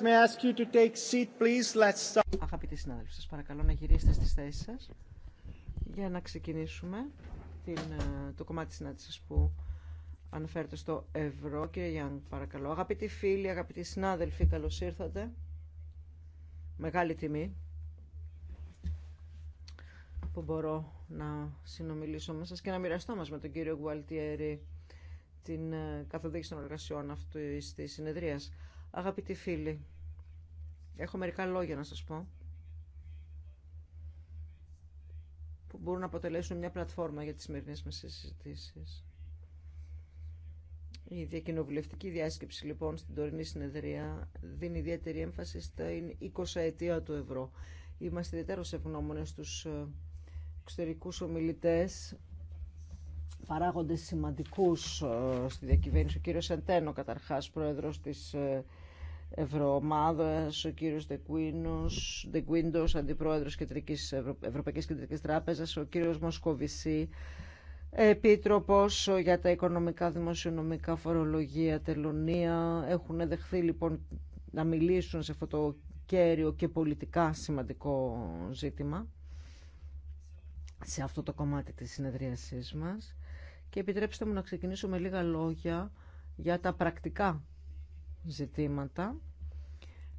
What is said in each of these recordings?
May I Αγαπητοί συνάδελφοι, σας παρακαλώ να γυρίσετε στις θέσεις σας για να ξεκινήσουμε ε, το κομμάτι της συνάντησης που αναφέρεται στο ευρώ. Κύριε Γιάννη, παρακαλώ. Αγαπητοί φίλοι, αγαπητοί συνάδελφοι, καλώς ήρθατε. Μεγάλη τιμή που μπορώ να συνομιλήσω με σας και να μοιραστώ μας με τον κύριο Γουαλτιέρη την ε, καθοδήγηση των εργασιών αυτής της συνεδρίας. Αγαπητοί φίλοι, έχω μερικά λόγια να σας πω που μπορούν να αποτελέσουν μια πλατφόρμα για τις σημερινέ μας συζητήσεις. Η διακοινοβουλευτική διάσκεψη λοιπόν στην τωρινή συνεδρία δίνει ιδιαίτερη έμφαση στην 20 ετία του ευρώ. Είμαστε ιδιαίτερο ευγνώμονε στου ε, εξωτερικού ομιλητές παράγοντες σημαντικού ε, στη διακυβέρνηση. Ο κύριο Αντένο καταρχά, πρόεδρο τη. Ε, Ευρωομάδας, ο κύριος Ντεγκουίντος, Αντιπρόεδρος Κεντρικής, Ευρωπαϊκής Κεντρικής Τράπεζας, ο κύριος Μοσκοβισή, Επίτροπος για τα οικονομικά, δημοσιονομικά, φορολογία, τελωνία. Έχουν δεχθεί λοιπόν να μιλήσουν σε αυτό το κέριο και πολιτικά σημαντικό ζήτημα σε αυτό το κομμάτι της συνεδρίασής μας και επιτρέψτε μου να ξεκινήσω με λίγα λόγια για τα πρακτικά ζητήματα.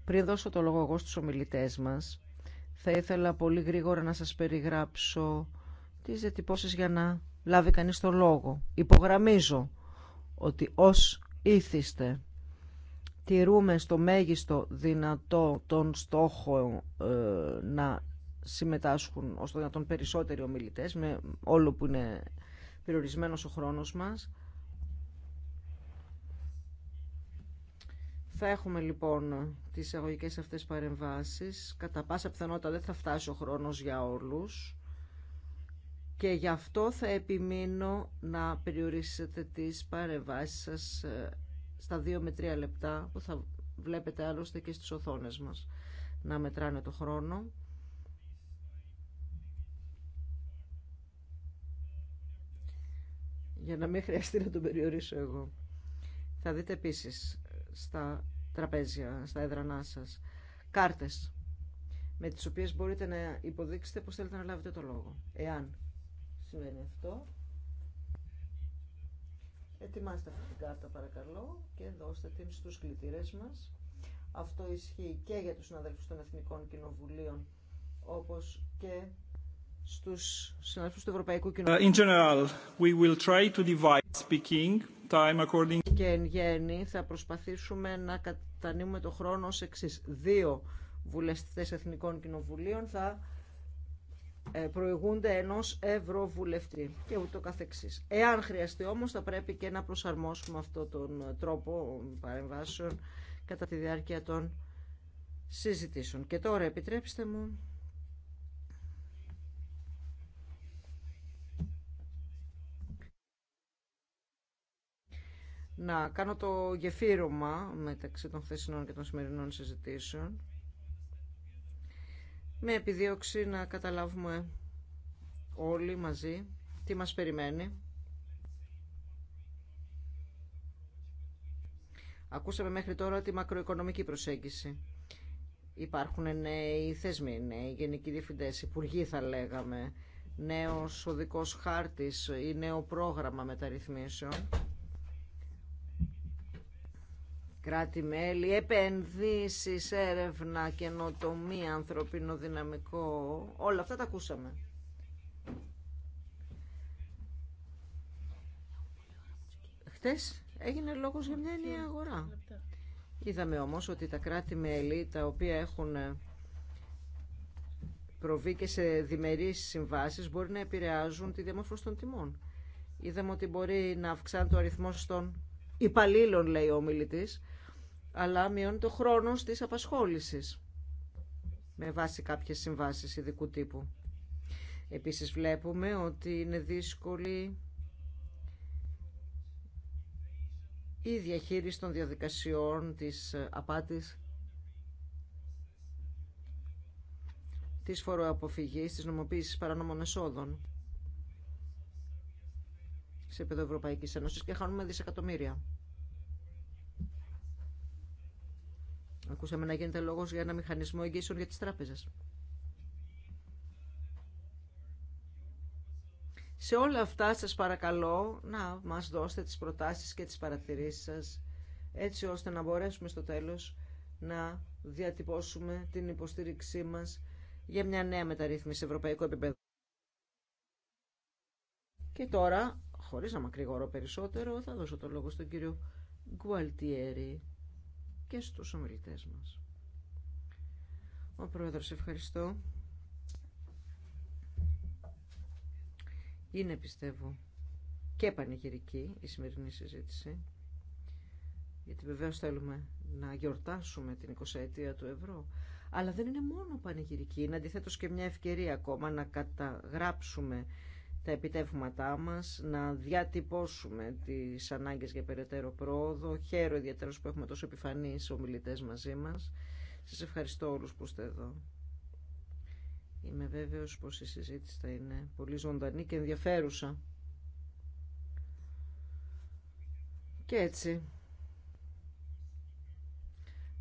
Πριν δώσω το λόγο εγώ στους ομιλητές μας, θα ήθελα πολύ γρήγορα να σας περιγράψω τις διατυπώσεις για να λάβει κανείς το λόγο. Υπογραμμίζω ότι ως ήθιστε τηρούμε στο μέγιστο δυνατό τον στόχο ε, να συμμετάσχουν ως το δυνατόν περισσότεροι ομιλητές με όλο που είναι περιορισμένος ο χρόνος μας. Θα έχουμε λοιπόν τις εισαγωγικέ αυτές παρεμβάσεις. Κατά πάσα πιθανότητα δεν θα φτάσει ο χρόνος για όλους. Και γι' αυτό θα επιμείνω να περιορίσετε τις παρεμβάσεις σας ε, στα 2 με 3 λεπτά που θα βλέπετε άλλωστε και στις οθόνες μας να μετράνε το χρόνο. Για να μην χρειαστεί να τον περιορίσω εγώ. Θα δείτε επίσης στα τραπέζια, στα έδρανά σας, κάρτες με τις οποίες μπορείτε να υποδείξετε πως θέλετε να λάβετε το λόγο. Εάν σημαίνει αυτό, ετοιμάστε αυτή την κάρτα παρακαλώ και δώστε την στους κλητήρες μας. Αυτό ισχύει και για τους συναδέλφους των Εθνικών Κοινοβουλίων, όπως και στους συναδέλφους του Ευρωπαϊκού ε, Κοινοβουλίου. In general, we will try to divide speaking time according... Και εν γέννη θα προσπαθήσουμε να κατανοούμε το χρόνο ως εξής. Δύο βουλευτές εθνικών κοινοβουλίων θα ε, προηγούνται ενός ευρωβουλευτή και ούτω καθεξής. Εάν χρειαστεί όμως θα πρέπει και να προσαρμόσουμε αυτό τον τρόπο παρεμβάσεων κατά τη διάρκεια των συζητήσεων. Και τώρα επιτρέψτε μου να κάνω το γεφύρωμα μεταξύ των χθεσινών και των σημερινών συζητήσεων με επιδίωξη να καταλάβουμε όλοι μαζί τι μας περιμένει. Ακούσαμε μέχρι τώρα τη μακροοικονομική προσέγγιση. Υπάρχουν νέοι θεσμοί, νέοι γενικοί διευθυντές, υπουργοί θα λέγαμε, νέος οδικός χάρτης ή νέο πρόγραμμα μεταρρυθμίσεων κράτη-μέλη, επενδύσεις, έρευνα, καινοτομία, ανθρωπίνο δυναμικό, όλα αυτά τα ακούσαμε. Χτες έγινε λόγος για μια ενιαία αγορά. Είδαμε όμως ότι τα κράτη-μέλη, τα οποία έχουν ε, προβεί και σε διμερείς συμβάσεις, μπορεί να επηρεάζουν τη διαμόρφωση των τιμών. Είδαμε ότι μπορεί να αυξάνει το αριθμό των υπαλλήλων, λέει ο ομιλητής, αλλά μειώνει το χρόνο τη απασχόλησης με βάση κάποιες συμβάσει ειδικού τύπου. Επίσης βλέπουμε ότι είναι δύσκολη η διαχείριση των διαδικασιών της ε, απάτης, της φοροαποφυγής, της νομοποίησης παρανόμων εσόδων σε επίπεδο Ευρωπαϊκής Ένωσης και χάνουμε δισεκατομμύρια. Ακούσαμε να γίνεται λόγος για ένα μηχανισμό εγγύσεων για τις τράπεζες. Σε όλα αυτά σας παρακαλώ να μας δώσετε τις προτάσεις και τις παρατηρήσεις σας έτσι ώστε να μπορέσουμε στο τέλος να διατυπώσουμε την υποστήριξή μας για μια νέα μεταρρύθμιση σε ευρωπαϊκό επίπεδο. Και τώρα, χωρίς να μακρηγορώ περισσότερο, θα δώσω το λόγο στον κύριο Γκουαλτιέρη και στους ομιλητές μας. Ο Πρόεδρος, ευχαριστώ. Είναι, πιστεύω, και πανηγυρική η σημερινή συζήτηση, γιατί βεβαίως θέλουμε να γιορτάσουμε την 20 αιτία του ευρώ. Αλλά δεν είναι μόνο πανηγυρική, είναι αντιθέτως και μια ευκαιρία ακόμα να καταγράψουμε τα επιτεύγματά μας, να διατυπώσουμε τις ανάγκες για περαιτέρω πρόοδο. Χαίρο ιδιαίτερα που έχουμε τόσο επιφανείς ομιλητές μαζί μας. Σας ευχαριστώ όλους που είστε εδώ. Είμαι βέβαιος πως η συζήτηση θα είναι πολύ ζωντανή και ενδιαφέρουσα. Και έτσι,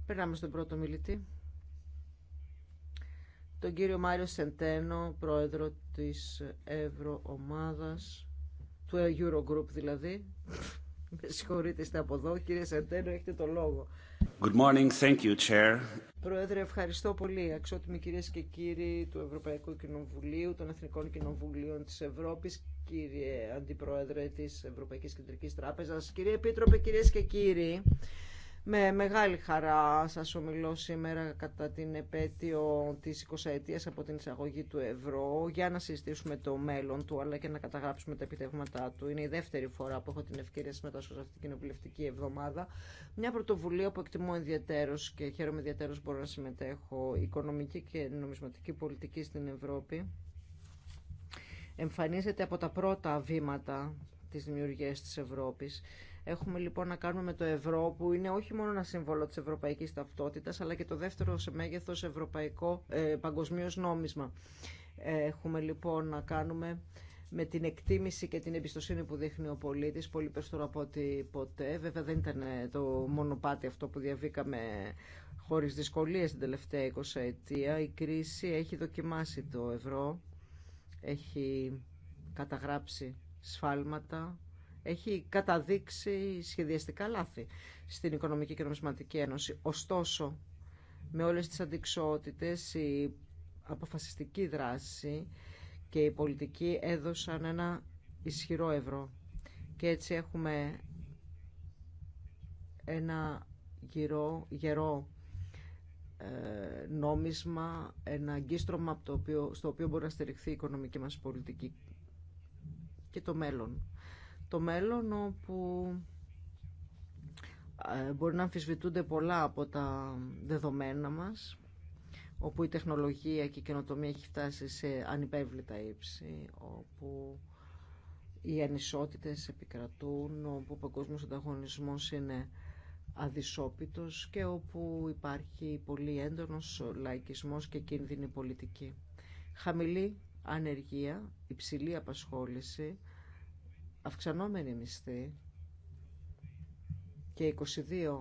περνάμε στον πρώτο μιλητή, τον κύριο Μάριο Σεντένο, πρόεδρο της Ευρωομάδας, του Eurogroup δηλαδή. Με συγχωρείτε, είστε από εδώ. Κύριε Σεντένο, έχετε το λόγο. Good morning. Thank you, Chair. Πρόεδρε, ευχαριστώ πολύ. Αξιότιμοι κυρίε και κύριοι του Ευρωπαϊκού Κοινοβουλίου, των Εθνικών Κοινοβουλίων τη Ευρώπη, κύριε Αντιπρόεδρε τη Ευρωπαϊκή Κεντρική Τράπεζα, κύριε Επίτροπε, κυρίε και κύριοι. Με μεγάλη χαρά σας ομιλώ σήμερα κατά την επέτειο της 20 ετίας από την εισαγωγή του ευρώ για να συζητήσουμε το μέλλον του αλλά και να καταγράψουμε τα επιτεύγματά του. Είναι η δεύτερη φορά που έχω την ευκαιρία συμμετάσχω σε αυτή την κοινοβουλευτική εβδομάδα. Μια πρωτοβουλία που εκτιμώ ιδιαίτερος και χαίρομαι που μπορώ να συμμετέχω οικονομική και νομισματική πολιτική στην Ευρώπη. Εμφανίζεται από τα πρώτα βήματα της δημιουργίας της Ευρώπης Έχουμε λοιπόν να κάνουμε με το ευρώ που είναι όχι μόνο ένα σύμβολο της ευρωπαϊκής ταυτότητας αλλά και το δεύτερο σε μέγεθος ευρωπαϊκό ε, παγκοσμίως νόμισμα. Έχουμε λοιπόν να κάνουμε με την εκτίμηση και την εμπιστοσύνη που δείχνει ο πολίτης, πολύ περισσότερο από ότι ποτέ. Βέβαια δεν ήταν ε, το μονοπάτι αυτό που διαβήκαμε χωρίς δυσκολίες την τελευταία 20 ετία. Η κρίση έχει δοκιμάσει το ευρώ, έχει καταγράψει σφάλματα, έχει καταδείξει σχεδιαστικά λάθη στην Οικονομική και Νομισματική Ένωση. Ωστόσο, με όλες τις αντικσότητες, η αποφασιστική δράση και η πολιτική έδωσαν ένα ισχυρό ευρώ. Και έτσι έχουμε ένα γυρό, γερό ε, νόμισμα, ένα αγκίστρωμα το οποίο, στο οποίο μπορεί να στηριχθεί η οικονομική μας πολιτική και το μέλλον το μέλλον όπου ε, μπορεί να αμφισβητούνται πολλά από τα δεδομένα μας όπου η τεχνολογία και η καινοτομία έχει φτάσει σε ανυπέβλητα ύψη, όπου οι ανισότητες επικρατούν, όπου ο παγκόσμιος ανταγωνισμός είναι αδυσόπιτος και όπου υπάρχει πολύ έντονος λαϊκισμός και κίνδυνη πολιτική. Χαμηλή ανεργία, υψηλή απασχόληση, αυξανόμενη μισθή και 22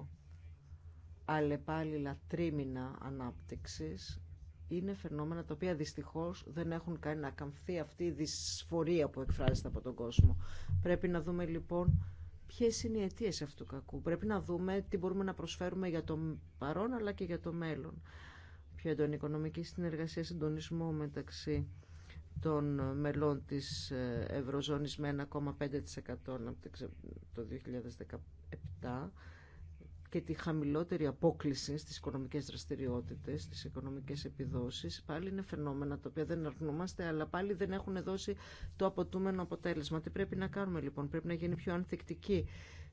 αλλεπάλληλα τρίμηνα ανάπτυξης είναι φαινόμενα τα οποία δυστυχώς δεν έχουν κάνει να καμφθεί αυτή η δυσφορία που εκφράζεται από τον κόσμο. Πρέπει να δούμε λοιπόν ποιες είναι οι αιτίες αυτού του κακού. Πρέπει να δούμε τι μπορούμε να προσφέρουμε για το παρόν αλλά και για το μέλλον. Πιο έντονη οικονομική συνεργασία, συντονισμό μεταξύ των μελών της ε, Ευρωζώνης με 1,5% το 2017 και τη χαμηλότερη απόκληση στις οικονομικές δραστηριότητες, στις οικονομικές επιδόσεις, πάλι είναι φαινόμενα τα οποία δεν αρνούμαστε, αλλά πάλι δεν έχουν δώσει το αποτούμενο αποτέλεσμα. Τι πρέπει να κάνουμε λοιπόν, πρέπει να γίνει πιο ανθεκτική,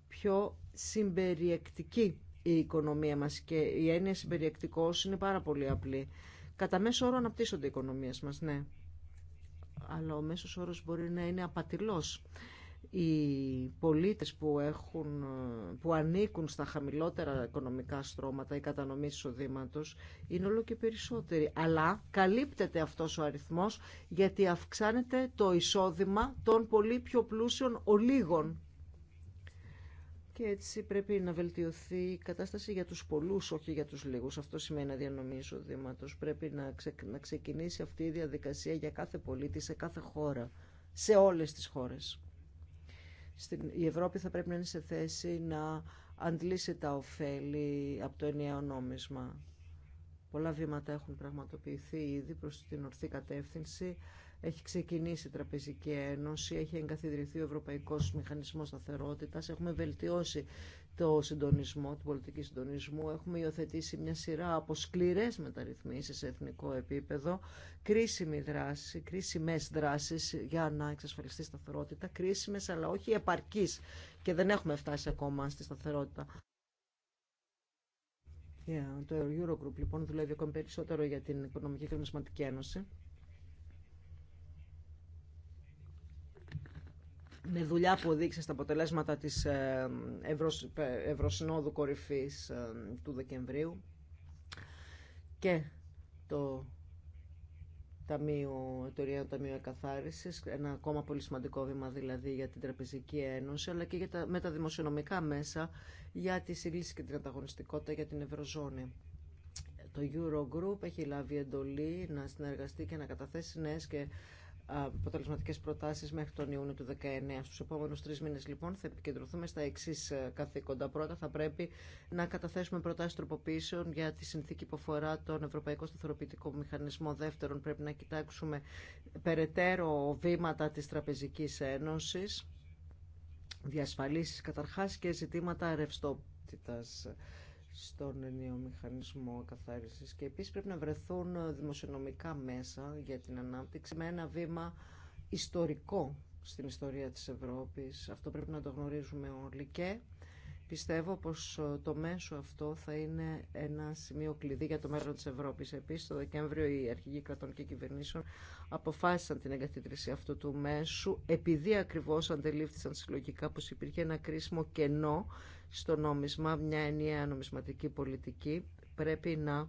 πιο συμπεριεκτική η οικονομία μας και η έννοια συμπεριεκτικός είναι πάρα πολύ απλή. Κατά μέσο όρο αναπτύσσονται οι οικονομίες μας, ναι αλλά ο μέσος όρος μπορεί να είναι απατηλός. Οι πολίτες που, έχουν, που ανήκουν στα χαμηλότερα οικονομικά στρώματα ή κατανομή εισοδήματο είναι όλο και περισσότεροι. Αλλά καλύπτεται αυτός ο αριθμός γιατί αυξάνεται το εισόδημα των πολύ πιο πλούσιων ολίγων και έτσι πρέπει να βελτιωθεί η κατάσταση για τους πολλούς, όχι για τους λίγους. Αυτό σημαίνει να διανομή εισοδήματος. Πρέπει να, ξεκινήσει αυτή η διαδικασία για κάθε πολίτη, σε κάθε χώρα, σε όλες τις χώρες. Στην, η Ευρώπη θα πρέπει να είναι σε θέση να αντλήσει τα ωφέλη από το ενιαίο νόμισμα. Πολλά βήματα έχουν πραγματοποιηθεί ήδη προς την ορθή κατεύθυνση. Έχει ξεκινήσει η Τραπεζική Ένωση, έχει εγκαθιδρυθεί ο Ευρωπαϊκό Μηχανισμό σταθερότητα. έχουμε βελτιώσει το συντονισμό, την πολιτική συντονισμού. Έχουμε υιοθετήσει μια σειρά από σκληρέ μεταρρυθμίσει σε εθνικό επίπεδο, κρίσιμη δράση, κρίσιμε δράσει για να εξασφαλιστεί σταθερότητα, κρίσιμε αλλά όχι επαρκή και δεν έχουμε φτάσει ακόμα στη σταθερότητα. Yeah, το Eurogroup λοιπόν δουλεύει ακόμη περισσότερο για την Οικονομική και Νομισματική Ένωση. με δουλειά που οδήγησε στα αποτελέσματα της ε, ε, Ευρωσυνόδου Κορυφής ε, του Δεκεμβρίου και το Ταμείο, το Ταμείο Εκαθάρισης, ένα ακόμα πολύ σημαντικό βήμα δηλαδή για την Τραπεζική Ένωση, αλλά και για τα, με τα δημοσιονομικά μέσα για τη σύγκληση και την ανταγωνιστικότητα για την Ευρωζώνη. Το Eurogroup έχει λάβει εντολή να συνεργαστεί και να καταθέσει νέες και αποτελεσματικέ προτάσεις μέχρι τον Ιούνιο του 2019. Στους επόμενους τρει μήνες λοιπόν θα επικεντρωθούμε στα εξή ε, καθήκοντα. Πρώτα θα πρέπει να καταθέσουμε προτάσεις τροποποίησεων για τη συνθήκη που αφορά τον Ευρωπαϊκό Σταθεροποιητικό Μηχανισμό. Δεύτερον πρέπει να κοιτάξουμε περαιτέρω βήματα τη Τραπεζική Ένωση, διασφαλίσει καταρχά και ζητήματα ρευστότητα στον ενίο μηχανισμό καθάρισης και επίσης πρέπει να βρεθούν δημοσιονομικά μέσα για την ανάπτυξη με ένα βήμα ιστορικό στην ιστορία της Ευρώπης. Αυτό πρέπει να το γνωρίζουμε όλοι και πιστεύω πως το μέσο αυτό θα είναι ένα σημείο κλειδί για το μέλλον της Ευρώπης. Επίσης, το Δεκέμβριο οι αρχηγοί κρατών και κυβερνήσεων αποφάσισαν την εγκαθίδρυση αυτού του μέσου επειδή ακριβώς αντελήφθησαν συλλογικά πως υπήρχε ένα κρίσιμο κενό στο νόμισμα, μια ενιαία νομισματική πολιτική πρέπει να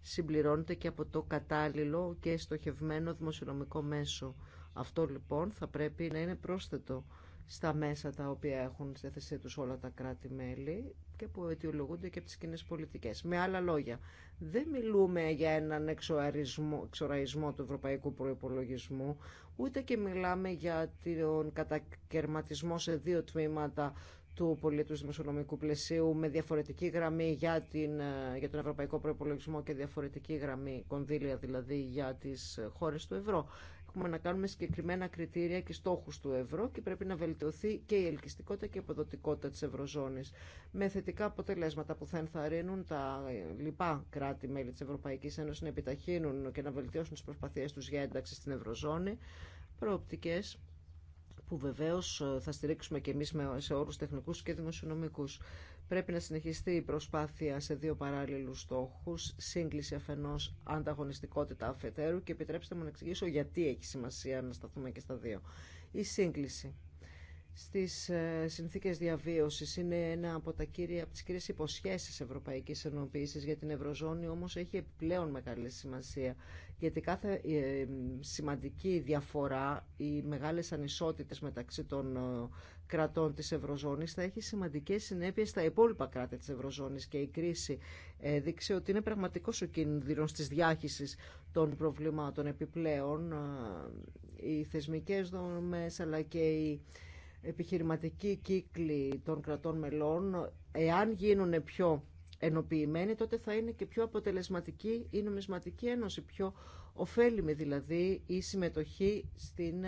συμπληρώνεται και από το κατάλληλο και στοχευμένο δημοσιονομικό μέσο. Αυτό λοιπόν θα πρέπει να είναι πρόσθετο στα μέσα τα οποία έχουν στη θέση τους όλα τα κράτη-μέλη και που αιτιολογούνται και από τις κοινέ πολιτικές. Με άλλα λόγια, δεν μιλούμε για έναν εξοραϊσμό του ευρωπαϊκού προϋπολογισμού, ούτε και μιλάμε για τον κατακαιρματισμό σε δύο τμήματα του πολίτου δημοσιονομικού πλαισίου με διαφορετική γραμμή για, την, ε, για τον ευρωπαϊκό προπολογισμό και διαφορετική γραμμή, κονδύλια δηλαδή, για τις χώρες του ευρώ. Έχουμε να κάνουμε συγκεκριμένα κριτήρια και στόχους του ευρώ και πρέπει να βελτιωθεί και η ελκυστικότητα και η αποδοτικότητα της ευρωζώνης με θετικά αποτελέσματα που θα ενθαρρύνουν τα λοιπά κράτη-μέλη της Ευρωπαϊκής Ένωσης να επιταχύνουν και να βελτιώσουν τις προσπαθίες τους για ένταξη στην ευρωζώνη, προοπτικές που βεβαίως ε, θα στηρίξουμε και εμείς σε όρους τεχνικούς και δημοσιονομικού. Πρέπει να συνεχιστεί η προσπάθεια σε δύο παράλληλους στόχου. σύγκληση αφενός, ανταγωνιστικότητα αφετέρου και επιτρέψτε μου να εξηγήσω γιατί έχει σημασία να σταθούμε και στα δύο. Η σύγκληση στις ε, συνθήκες διαβίωσης. Είναι ένα από, τα κύρια, από τις κύριες υποσχέσεις Ευρωπαϊκής Ενωποίησης για την Ευρωζώνη, όμως έχει επιπλέον μεγάλη σημασία, γιατί κάθε ε, ε, σημαντική διαφορά, οι μεγάλες ανισότητες μεταξύ των κρατών της Ευρωζώνης θα έχει σημαντικές συνέπειες στα υπόλοιπα κράτη της Ευρωζώνης και η κρίση έδειξε ότι είναι πραγματικό ο κίνδυνος της διάχυσης των προβλημάτων επιπλέον. Οι θεσμικές δομές αλλά και οι επιχειρηματικοί κύκλοι των κρατών μελών, εάν γίνουν πιο ενοποιημένοι, τότε θα είναι και πιο αποτελεσματική η νομισματική ένωση, πιο ωφέλιμη δηλαδή η συμμετοχή στην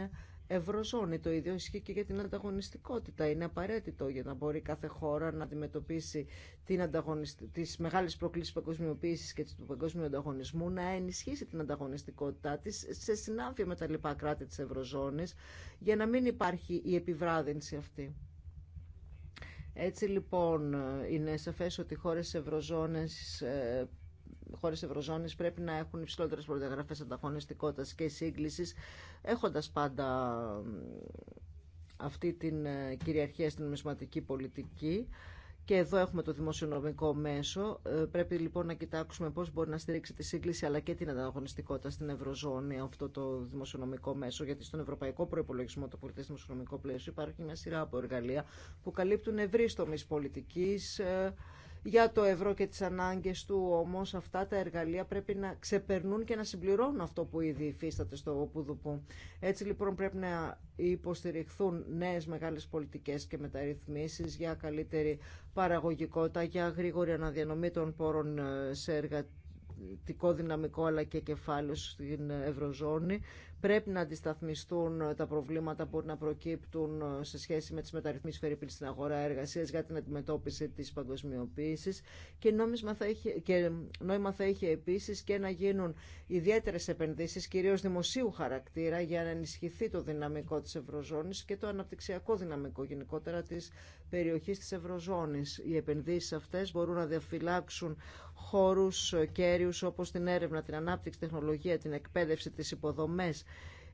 ευρωζώνη. Το ίδιο ισχύει και για την ανταγωνιστικότητα. Είναι απαραίτητο για να μπορεί κάθε χώρα να αντιμετωπίσει την μεγάλε τις μεγάλες προκλήσεις παγκοσμιοποίησης και του παγκόσμιου ανταγωνισμού, να ενισχύσει την ανταγωνιστικότητά της σε συνάφεια με τα λοιπά κράτη της ευρωζώνης, για να μην υπάρχει η επιβράδυνση αυτή. Έτσι λοιπόν ε, είναι σαφές ότι οι χώρες της Ευρωζώνης ε, χώρε Ευρωζώνη πρέπει να έχουν υψηλότερε προδιαγραφές ανταγωνιστικότητα και σύγκληση, έχοντα πάντα αυτή την ε, κυριαρχία στην νομισματική πολιτική. Και εδώ έχουμε το δημοσιονομικό μέσο. Ε, πρέπει λοιπόν να κοιτάξουμε πώς μπορεί να στηρίξει τη σύγκληση αλλά και την ανταγωνιστικότητα στην Ευρωζώνη αυτό το δημοσιονομικό μέσο. Γιατί στον Ευρωπαϊκό Προπολογισμό, το πολιτικό δημοσιονομικό πλαίσιο, υπάρχει μια σειρά από εργαλεία που καλύπτουν ευρύ τομεί πολιτική, ε, για το ευρώ και τις ανάγκες του. Όμως αυτά τα εργαλεία πρέπει να ξεπερνούν και να συμπληρώνουν αυτό που ήδη υφίσταται στο ΟΠΟΥΔΟΠΟΥ. Έτσι λοιπόν πρέπει να υποστηριχθούν νέες μεγάλες πολιτικές και μεταρρυθμίσεις για καλύτερη παραγωγικότητα, για γρήγορη αναδιανομή των πόρων ε, σε εργατικό δυναμικό αλλά και κεφάλαιο στην Ευρωζώνη Πρέπει να αντισταθμιστούν τα προβλήματα που μπορεί να προκύπτουν σε σχέση με τις μεταρρυθμίσεις φερρυπίν στην αγορά εργασίας για την αντιμετώπιση της παγκοσμιοποίησης και, και νόημα θα είχε επίσης και να γίνουν ιδιαίτερες επενδύσεις, κυρίως δημοσίου χαρακτήρα, για να ενισχυθεί το δυναμικό της Ευρωζώνης και το αναπτυξιακό δυναμικό γενικότερα της περιοχής της Ευρωζώνης. Οι επενδύσεις αυτές μπορούν να διαφυλάξουν χώρους κέριους όπως την έρευνα, την ανάπτυξη, τεχνολογία, την εκπαίδευση, τις υποδομές,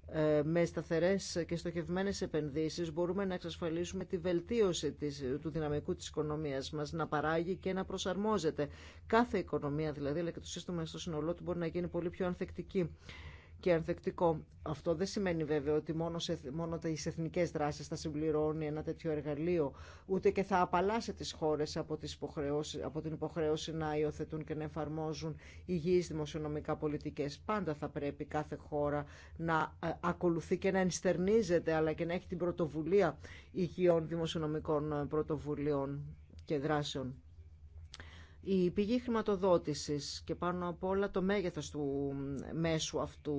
ε, με σταθερές και στοχευμένες επενδύσεις μπορούμε να εξασφαλίσουμε τη βελτίωση της, του δυναμικού της οικονομίας μας, να παράγει και να προσαρμόζεται. Κάθε οικονομία δηλαδή, αλλά και το σύστημα στο συνολό του μπορεί να γίνει πολύ πιο ανθεκτική και ανθεκτικό. Αυτό δεν σημαίνει βέβαια ότι μόνο, σε, μόνο τις εθνικές δράσεις θα συμπληρώνει ένα τέτοιο εργαλείο, ούτε και θα απαλλάσσει τις χώρες από, από την υποχρέωση να υιοθετούν και να εφαρμόζουν υγιείς δημοσιονομικά πολιτικές. Πάντα θα πρέπει κάθε χώρα να ε, ακολουθεί και να ενστερνίζεται, αλλά και να έχει την πρωτοβουλία υγιών δημοσιονομικών ε, πρωτοβουλίων και δράσεων η πηγή χρηματοδότησης και πάνω απ' όλα το μέγεθος του μέσου αυτού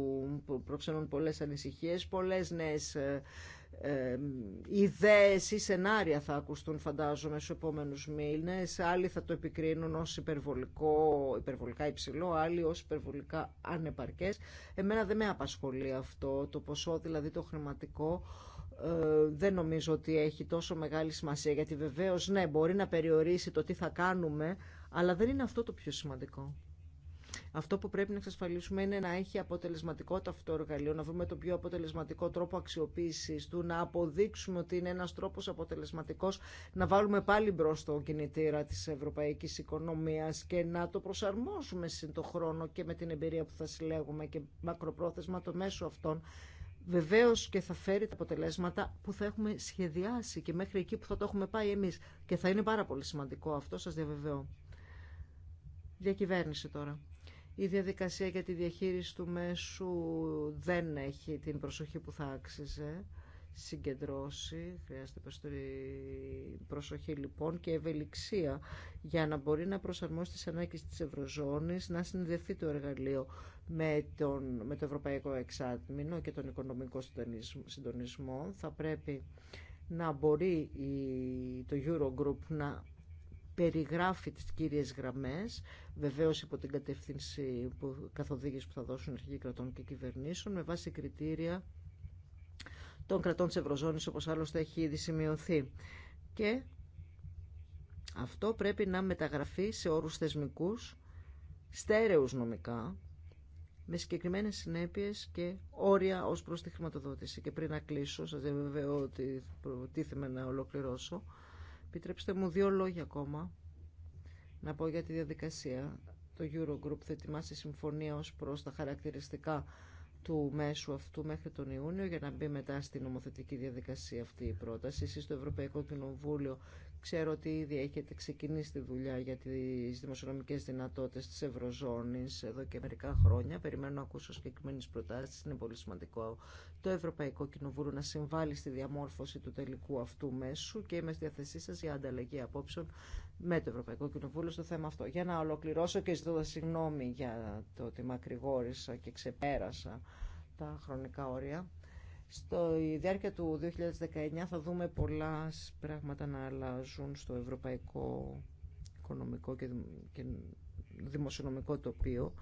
που προξενούν πολλές ανησυχίες, πολλές νέες ε, ε, ιδέες ή σενάρια θα ακουστούν φαντάζομαι στους επόμενους μήνες άλλοι θα το επικρίνουν ως υπερβολικό, υπερβολικά υψηλό άλλοι ως υπερβολικά ανεπαρκές εμένα δεν με απασχολεί αυτό το ποσό δηλαδή το χρηματικό ε, δεν νομίζω ότι έχει τόσο μεγάλη σημασία γιατί βεβαίως ναι μπορεί να περιορίσει το τι θα κάνουμε αλλά δεν είναι αυτό το πιο σημαντικό. Αυτό που πρέπει να εξασφαλίσουμε είναι να έχει αποτελεσματικότητα αυτό το εργαλείο, να βρούμε τον πιο αποτελεσματικό τρόπο αξιοποίηση του, να αποδείξουμε ότι είναι ένα τρόπο αποτελεσματικό, να βάλουμε πάλι μπρο το κινητήρα τη ευρωπαϊκή οικονομία και να το προσαρμόσουμε συν το χρόνο και με την εμπειρία που θα συλλέγουμε και μακροπρόθεσμα το μέσο αυτών. Βεβαίω και θα φέρει τα αποτελέσματα που θα έχουμε σχεδιάσει και μέχρι εκεί που θα το έχουμε πάει εμεί. Και θα είναι πάρα πολύ σημαντικό αυτό, σα διαβεβαιώ διακυβέρνηση τώρα. Η διαδικασία για τη διαχείριση του μέσου δεν έχει την προσοχή που θα άξιζε συγκεντρώσει. Χρειάζεται προσοχή λοιπόν και ευελιξία για να μπορεί να προσαρμόσει τις ανάγκες της Ευρωζώνης, να συνδεθεί το εργαλείο με, τον, με το Ευρωπαϊκό Εξάτμινο και τον Οικονομικό Συντονισμό. Θα πρέπει να μπορεί το Eurogroup να περιγράφει τις κύριες γραμμές βεβαίως υπό την κατεύθυνση που, καθοδήγηση που θα δώσουν αρχηγοί κρατών και κυβερνήσεων με βάση κριτήρια των κρατών της Ευρωζώνης όπως άλλωστε έχει ήδη σημειωθεί. Και αυτό πρέπει να μεταγραφεί σε όρους θεσμικούς, στέρεους νομικά, με συγκεκριμένε συνέπειε και όρια ω προ τη χρηματοδότηση. Και πριν να κλείσω, σα διαβεβαιώ ότι προτίθεμαι να ολοκληρώσω. Επιτρέψτε μου δύο λόγια ακόμα να πω για τη διαδικασία. Το Eurogroup θα ετοιμάσει συμφωνία ως προς τα χαρακτηριστικά του μέσου αυτού μέχρι τον Ιούνιο για να μπει μετά στην νομοθετική διαδικασία αυτή η πρόταση. Εσείς στο Ευρωπαϊκό Κοινοβούλιο Ξέρω ότι ήδη έχετε ξεκινήσει τη δουλειά για τις δημοσιονομικές δυνατότητες της Ευρωζώνης εδώ και μερικά χρόνια. Περιμένω να ακούσω συγκεκριμένε προτάσεις. Είναι πολύ σημαντικό το Ευρωπαϊκό Κοινοβούλιο να συμβάλλει στη διαμόρφωση του τελικού αυτού μέσου και είμαι στη διαθεσή σας για ανταλλαγή απόψεων με το Ευρωπαϊκό Κοινοβούλιο στο θέμα αυτό. Για να ολοκληρώσω και ζητώ συγγνώμη για το ότι μακρηγόρησα και ξεπέρασα τα χρονικά όρια. Στο διάρκεια του 2019 θα δούμε πολλά πράγματα να αλλάζουν στο ευρωπαϊκό οικονομικό και δημοσιονομικό τοπίο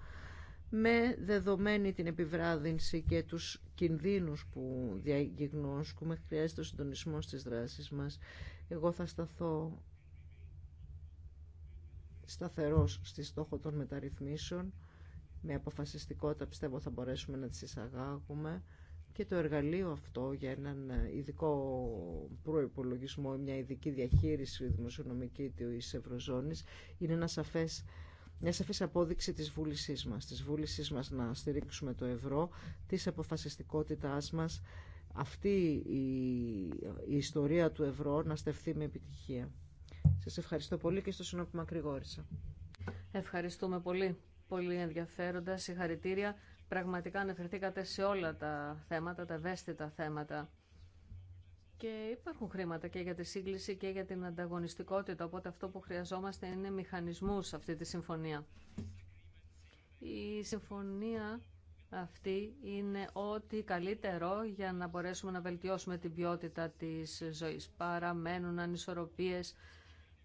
με δεδομένη την επιβράδυνση και τους κινδύνους που διαγνώσκουμε χρειάζεται ο συντονισμό της δράσης μας. Εγώ θα σταθώ σταθερός στη στόχο των μεταρρυθμίσεων. Με αποφασιστικότητα πιστεύω θα μπορέσουμε να τις εισαγάγουμε και το εργαλείο αυτό για έναν ε, ειδικό προϋπολογισμό, μια ειδική διαχείριση δημοσιονομική της Ευρωζώνης είναι ένα σαφές μια σαφής απόδειξη της βούλησής μας, της βούλησής μας να στηρίξουμε το ευρώ, της αποφασιστικότητάς μας, αυτή η, η ιστορία του ευρώ να στεφθεί με επιτυχία. Σας ευχαριστώ πολύ και στο σύνολο που Ευχαριστούμε πολύ. Πολύ ενδιαφέροντα. Συγχαρητήρια. Πραγματικά αναφερθήκατε σε όλα τα θέματα, τα ευαίσθητα θέματα. Και υπάρχουν χρήματα και για τη σύγκληση και για την ανταγωνιστικότητα, οπότε αυτό που χρειαζόμαστε είναι μηχανισμούς σε αυτή τη συμφωνία. Η συμφωνία αυτή είναι ό,τι καλύτερο για να μπορέσουμε να βελτιώσουμε την ποιότητα της ζωής. Παραμένουν ανισορροπίες,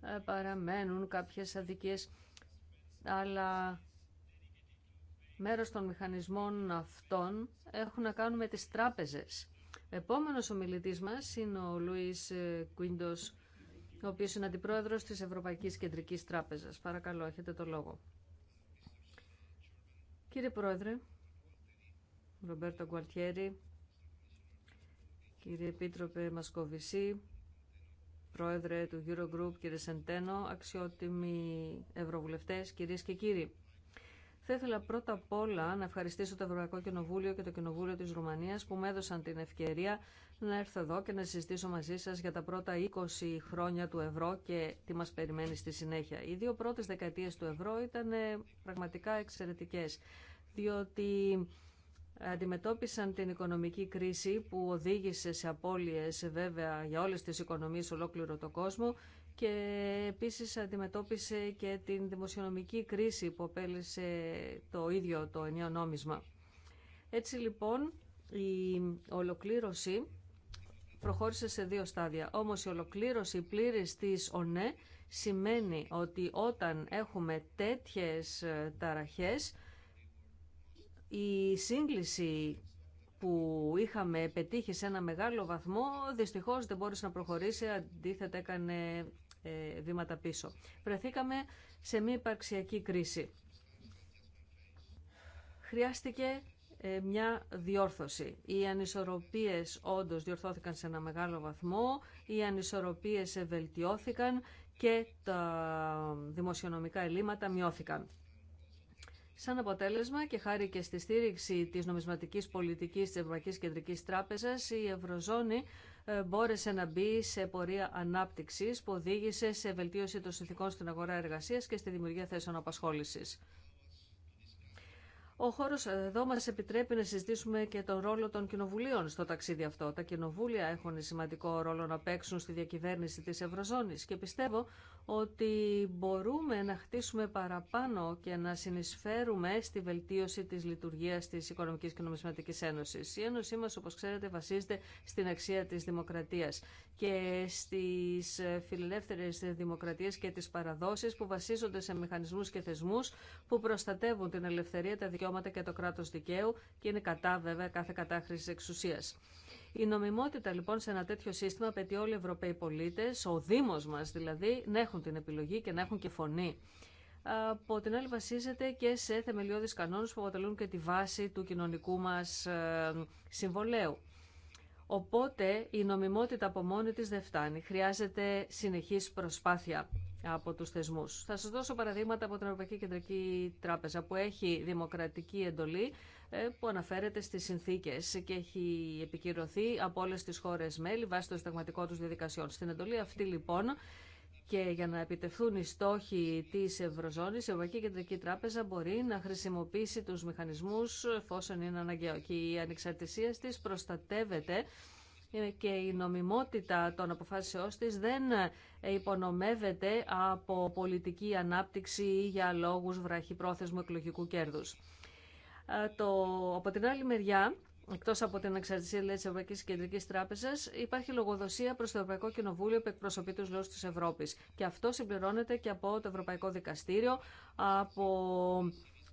ε, παραμένουν κάποιες αδικίες, αλλά Μέρος των μηχανισμών αυτών έχουν να κάνουν με τις τράπεζες. Επόμενος ομιλητής μας είναι ο Λουίς ε, Κουίντος, ο οποίος είναι αντιπρόεδρος της Ευρωπαϊκής Κεντρικής Τράπεζας. Παρακαλώ, έχετε το λόγο. Κύριε Πρόεδρε, Ρομπέρτο Γκουαλτιέρη, κύριε Επίτροπε Μασκοβισή, Πρόεδρε του Eurogroup, κύριε Σεντένο, αξιότιμοι ευρωβουλευτές, κυρίες και κύριοι. Θα ήθελα πρώτα απ' όλα να ευχαριστήσω το Ευρωπαϊκό Κοινοβούλιο και το Κοινοβούλιο της Ρουμανίας που με έδωσαν την ευκαιρία να έρθω εδώ και να συζητήσω μαζί σας για τα πρώτα 20 χρόνια του ευρώ και τι μας περιμένει στη συνέχεια. Οι δύο πρώτες δεκαετίες του ευρώ ήταν ε, πραγματικά εξαιρετικές, διότι αντιμετώπισαν την οικονομική κρίση που οδήγησε σε απώλειες βέβαια για όλες τις οικονομίες ολόκληρο το κόσμο και επίσης αντιμετώπισε και την δημοσιονομική κρίση που απέλησε το ίδιο το ενίο νόμισμα. Έτσι λοιπόν η ολοκλήρωση προχώρησε σε δύο στάδια. Όμως η ολοκλήρωση πλήρης της ΟΝΕ σημαίνει ότι όταν έχουμε τέτοιες ε, ταραχές η σύγκληση που είχαμε πετύχει σε ένα μεγάλο βαθμό δυστυχώς δεν μπόρεσε να προχωρήσει αντίθετα έκανε ε, βήματα πίσω. Βρεθήκαμε σε μη υπαρξιακή κρίση. Χρειάστηκε ε, μια διόρθωση. Οι ανισορροπίες όντως διορθώθηκαν σε ένα μεγάλο βαθμό, οι ανισορροπίες ευελτιώθηκαν και τα δημοσιονομικά ελλείμματα μειώθηκαν. Σαν αποτέλεσμα και χάρη και στη στήριξη της νομισματικής πολιτικής της Ευρωπαϊκής Κεντρικής Τράπεζας, η Ευρωζώνη ε, μπόρεσε να μπει σε πορεία ανάπτυξη που οδήγησε σε βελτίωση των συνθηκών στην αγορά εργασία και στη δημιουργία θέσεων απασχόλησης. Ο χώρος εδώ μας επιτρέπει να συζητήσουμε και τον ρόλο των κοινοβουλίων στο ταξίδι αυτό. Τα κοινοβούλια έχουν σημαντικό ρόλο να παίξουν στη διακυβέρνηση της Ευρωζώνης και πιστεύω ότι μπορούμε να χτίσουμε παραπάνω και να συνεισφέρουμε στη βελτίωση της λειτουργίας της Οικονομικής και Νομισματικής Ένωσης. Η Ένωσή μας, όπως ξέρετε, βασίζεται στην αξία της δημοκρατίας και στις φιλελεύθερες δημοκρατίες και τις παραδόσεις που βασίζονται σε μηχανισμούς και θεσμούς που προστατεύουν την ελευθερία, τα δικαιώματα και το κράτος δικαίου και είναι κατά βέβαια κάθε κατάχρηση εξουσίας. Η νομιμότητα λοιπόν σε ένα τέτοιο σύστημα απαιτεί όλοι οι Ευρωπαίοι πολίτε, ο Δήμο μα δηλαδή, να έχουν την επιλογή και να έχουν και φωνή. Από την άλλη βασίζεται και σε θεμελιώδεις κανόνε που αποτελούν και τη βάση του κοινωνικού μα ε, συμβολέου. Οπότε η νομιμότητα από μόνη της δεν φτάνει. Χρειάζεται συνεχής προσπάθεια από τους θεσμούς. Θα σας δώσω παραδείγματα από την Ευρωπαϊκή Κεντρική Τράπεζα που έχει δημοκρατική εντολή ε, που αναφέρεται στις συνθήκες και έχει επικυρωθεί από όλες τις χώρες μέλη βάσει των συνταγματικών τους διαδικασιών. Στην εντολή αυτή λοιπόν και για να επιτευχθούν οι στόχοι της Ευρωζώνης, η Ευρωπαϊκή Κεντρική Τράπεζα μπορεί να χρησιμοποιήσει τους μηχανισμούς εφόσον είναι αναγκαίο. Και η ανεξαρτησία της προστατεύεται και η νομιμότητα των αποφάσεώς της δεν υπονομεύεται από πολιτική ανάπτυξη ή για λόγους βραχυπρόθεσμου εκλογικού κέρδους. Ε, το, από την άλλη μεριά, εκτό από την εξαρτησία τη Ευρωπαϊκή Κεντρική Τράπεζα, υπάρχει λογοδοσία προ το Ευρωπαϊκό Κοινοβούλιο που εκπροσωπεί του λόγου τη Ευρώπη. Και αυτό συμπληρώνεται και από το Ευρωπαϊκό Δικαστήριο, από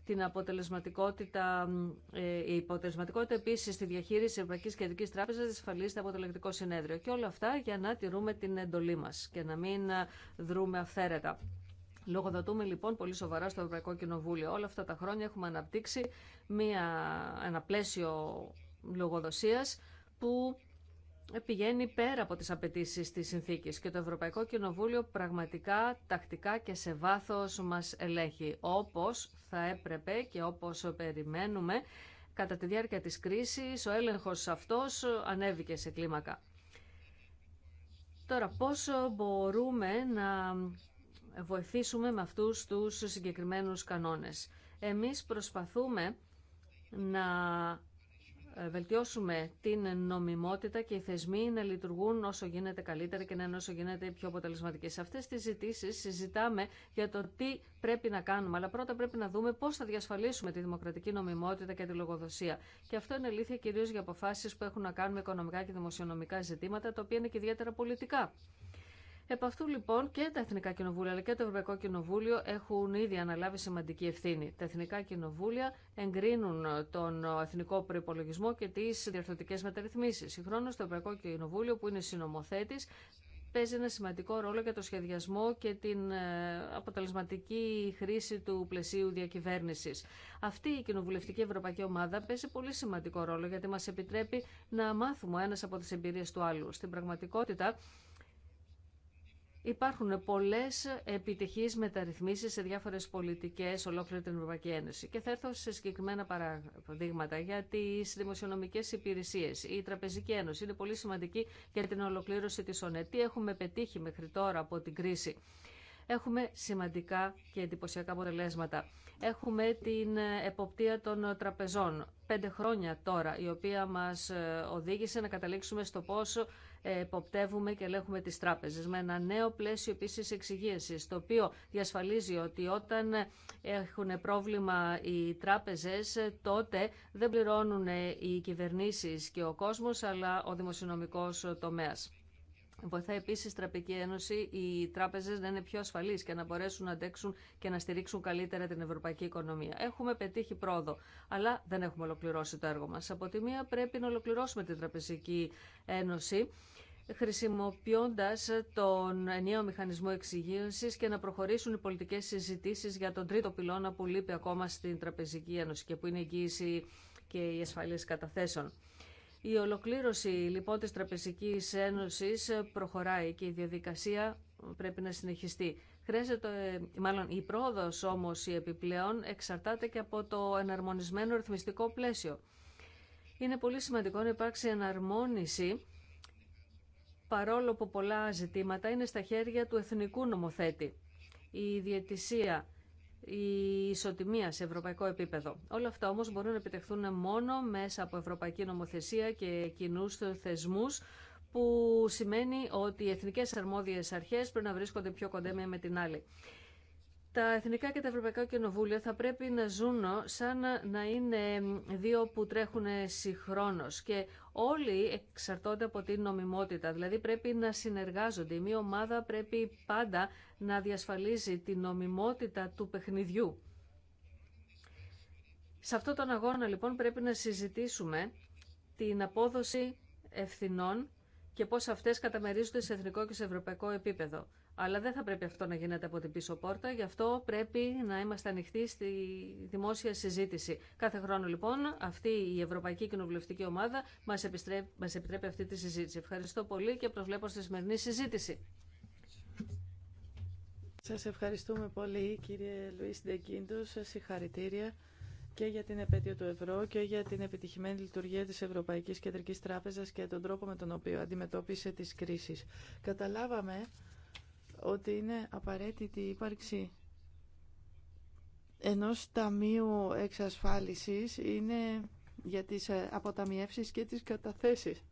την αποτελεσματικότητα, ε, η αποτελεσματικότητα επίση στη διαχείριση τη Ευρωπαϊκή Κεντρική Τράπεζα δυσφαλίζεται από το Ελεκτικό Συνέδριο. Και όλα αυτά για να τηρούμε την εντολή μα και να μην ε, δρούμε αυθαίρετα. Λογοδοτούμε λοιπόν πολύ σοβαρά στο Ευρωπαϊκό Κοινοβούλιο. Όλα αυτά τα χρόνια έχουμε αναπτύξει μια, ένα πλαίσιο λογοδοσίας που πηγαίνει πέρα από τις απαιτήσει της συνθήκης και το Ευρωπαϊκό Κοινοβούλιο πραγματικά τακτικά και σε βάθος μας ελέγχει όπως θα έπρεπε και όπως περιμένουμε κατά τη διάρκεια της κρίσης ο έλεγχος αυτός ανέβηκε σε κλίμακα. Τώρα πώς μπορούμε να βοηθήσουμε με αυτούς τους συγκεκριμένους κανόνες. Εμείς προσπαθούμε να ε, βελτιώσουμε την νομιμότητα και οι θεσμοί να λειτουργούν όσο γίνεται καλύτερα και να είναι όσο γίνεται πιο αποτελεσματικέ. Σε αυτέ τι ζητήσει συζητάμε για το τι πρέπει να κάνουμε, αλλά πρώτα πρέπει να δούμε πώς θα διασφαλίσουμε τη δημοκρατική νομιμότητα και τη λογοδοσία. Και αυτό είναι αλήθεια κυρίως για αποφάσεις που έχουν να κάνουν με οικονομικά και δημοσιονομικά ζητήματα, τα οποία είναι και ιδιαίτερα πολιτικά. Επ' αυτού λοιπόν και τα Εθνικά Κοινοβούλια αλλά και το Ευρωπαϊκό Κοινοβούλιο έχουν ήδη αναλάβει σημαντική ευθύνη. Τα Εθνικά Κοινοβούλια εγκρίνουν τον εθνικό προπολογισμό και τι διαρθρωτικέ μεταρρυθμίσει. Συγχρόνω, το Ευρωπαϊκό Κοινοβούλιο, που είναι συνομοθέτη, παίζει ένα σημαντικό ρόλο για το σχεδιασμό και την ε, αποτελεσματική χρήση του πλαισίου διακυβέρνηση. Αυτή η κοινοβουλευτική ευρωπαϊκή ομάδα παίζει πολύ σημαντικό ρόλο γιατί μα επιτρέπει να μάθουμε ένα από τι εμπειρίε του άλλου. Στην πραγματικότητα, Υπάρχουν πολλέ επιτυχεί μεταρρυθμίσει σε διάφορε πολιτικέ ολόκληρη την Ευρωπαϊκή Ένωση. Και θα έρθω σε συγκεκριμένα παραδείγματα για τι δημοσιονομικέ υπηρεσίε. Η Τραπεζική Ένωση είναι πολύ σημαντική για την ολοκλήρωση τη ΟΝΕ. Τι έχουμε πετύχει μέχρι τώρα από την κρίση. Έχουμε σημαντικά και εντυπωσιακά αποτελέσματα. Έχουμε την εποπτεία των τραπεζών. Πέντε χρόνια τώρα, η οποία μας ε, οδήγησε να καταλήξουμε στο πόσο εποπτεύουμε και ελέγχουμε τις τράπεζες. Με ένα νέο πλαίσιο επίσης εξυγίαση, το οποίο διασφαλίζει ότι όταν έχουν πρόβλημα οι τράπεζες, τότε δεν πληρώνουν οι κυβερνήσεις και ο κόσμος, αλλά ο δημοσιονομικός τομέας. Βοηθάει επίση η Τραπεζική Ένωση οι τράπεζε να είναι πιο ασφαλεί και να μπορέσουν να αντέξουν και να στηρίξουν καλύτερα την ευρωπαϊκή οικονομία. Έχουμε πετύχει πρόοδο, αλλά δεν έχουμε ολοκληρώσει το έργο μα. Από τη μία πρέπει να ολοκληρώσουμε την Τραπεζική Ένωση χρησιμοποιώντας τον ενιαίο μηχανισμό εξυγίανσης και να προχωρήσουν οι πολιτικές συζητήσεις για τον τρίτο πυλώνα που λείπει ακόμα στην Τραπεζική Ένωση και που είναι η εγγύηση και οι ασφαλείς καταθέσεων. Η ολοκλήρωση λοιπόν της Τραπεζικής Ένωσης προχωράει και η διαδικασία πρέπει να συνεχιστεί. Χρειάζεται, ε, μάλλον η πρόοδος όμως η επιπλέον εξαρτάται και από το εναρμονισμένο ρυθμιστικό πλαίσιο. Είναι πολύ σημαντικό να υπάρξει εναρμόνιση παρόλο που πολλά ζητήματα είναι στα χέρια του εθνικού νομοθέτη. Η διαιτησία, η ισοτιμία σε ευρωπαϊκό επίπεδο. Όλα αυτά όμως μπορούν να επιτευχθούν μόνο μέσα από ευρωπαϊκή νομοθεσία και κοινού θεσμούς που σημαίνει ότι οι εθνικές αρμόδιες αρχές πρέπει να βρίσκονται πιο κοντά με την άλλη. Τα Εθνικά και τα Ευρωπαϊκά Κοινοβούλια θα πρέπει να ζουν σαν να είναι δύο που τρέχουν συγχρόνως και όλοι εξαρτώνται από την νομιμότητα. Δηλαδή πρέπει να συνεργάζονται. Η μία ομάδα πρέπει πάντα να διασφαλίζει την νομιμότητα του παιχνιδιού. Σε αυτόν τον αγώνα λοιπόν πρέπει να συζητήσουμε την απόδοση ευθυνών και πώς αυτές καταμερίζονται σε εθνικό και σε ευρωπαϊκό επίπεδο. Αλλά δεν θα πρέπει αυτό να γίνεται από την πίσω πόρτα, γι' αυτό πρέπει να είμαστε ανοιχτοί στη δημόσια συζήτηση. Κάθε χρόνο λοιπόν αυτή η Ευρωπαϊκή Κοινοβουλευτική Ομάδα μας, επιτρέπει αυτή τη συζήτηση. Ευχαριστώ πολύ και προσβλέπω στη σημερινή συζήτηση. Σας ευχαριστούμε πολύ κύριε Λουίς Ντεγκίντο, σας συγχαρητήρια και για την επέτειο του ευρώ και για την επιτυχημένη λειτουργία της Ευρωπαϊκής Κεντρικής Τράπεζας και τον τρόπο με τον οποίο αντιμετώπισε τις κρίσεις. Καταλάβαμε ότι είναι απαραίτητη η ύπαρξη ενός ταμείου εξασφάλισης είναι για τις ε, αποταμιεύσεις και τις καταθέσεις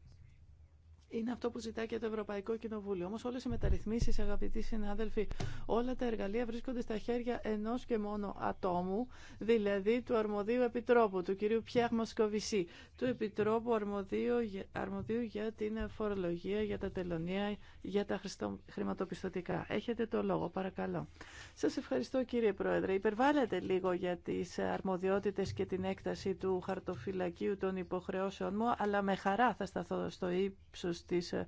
είναι αυτό που ζητάει και το Ευρωπαϊκό Κοινοβούλιο. Όμω όλε οι μεταρρυθμίσει, αγαπητοί συνάδελφοι, όλα τα εργαλεία βρίσκονται στα χέρια ενό και μόνο ατόμου, δηλαδή του αρμοδίου επιτρόπου, του κυρίου Πιάχ Μοσκοβισή, του επιτρόπου αρμοδίου, αρμοδίου για την φορολογία, για τα τελωνία, για τα χρηματοπιστωτικά. Έχετε το λόγο, παρακαλώ. Σα ευχαριστώ, κύριε Πρόεδρε. Υπερβάλλετε λίγο για τι αρμοδιότητε και την έκταση του χαρτοφυλακίου των υποχρεώσεων μου, αλλά με χαρά θα σταθώ στο ύψο της ε,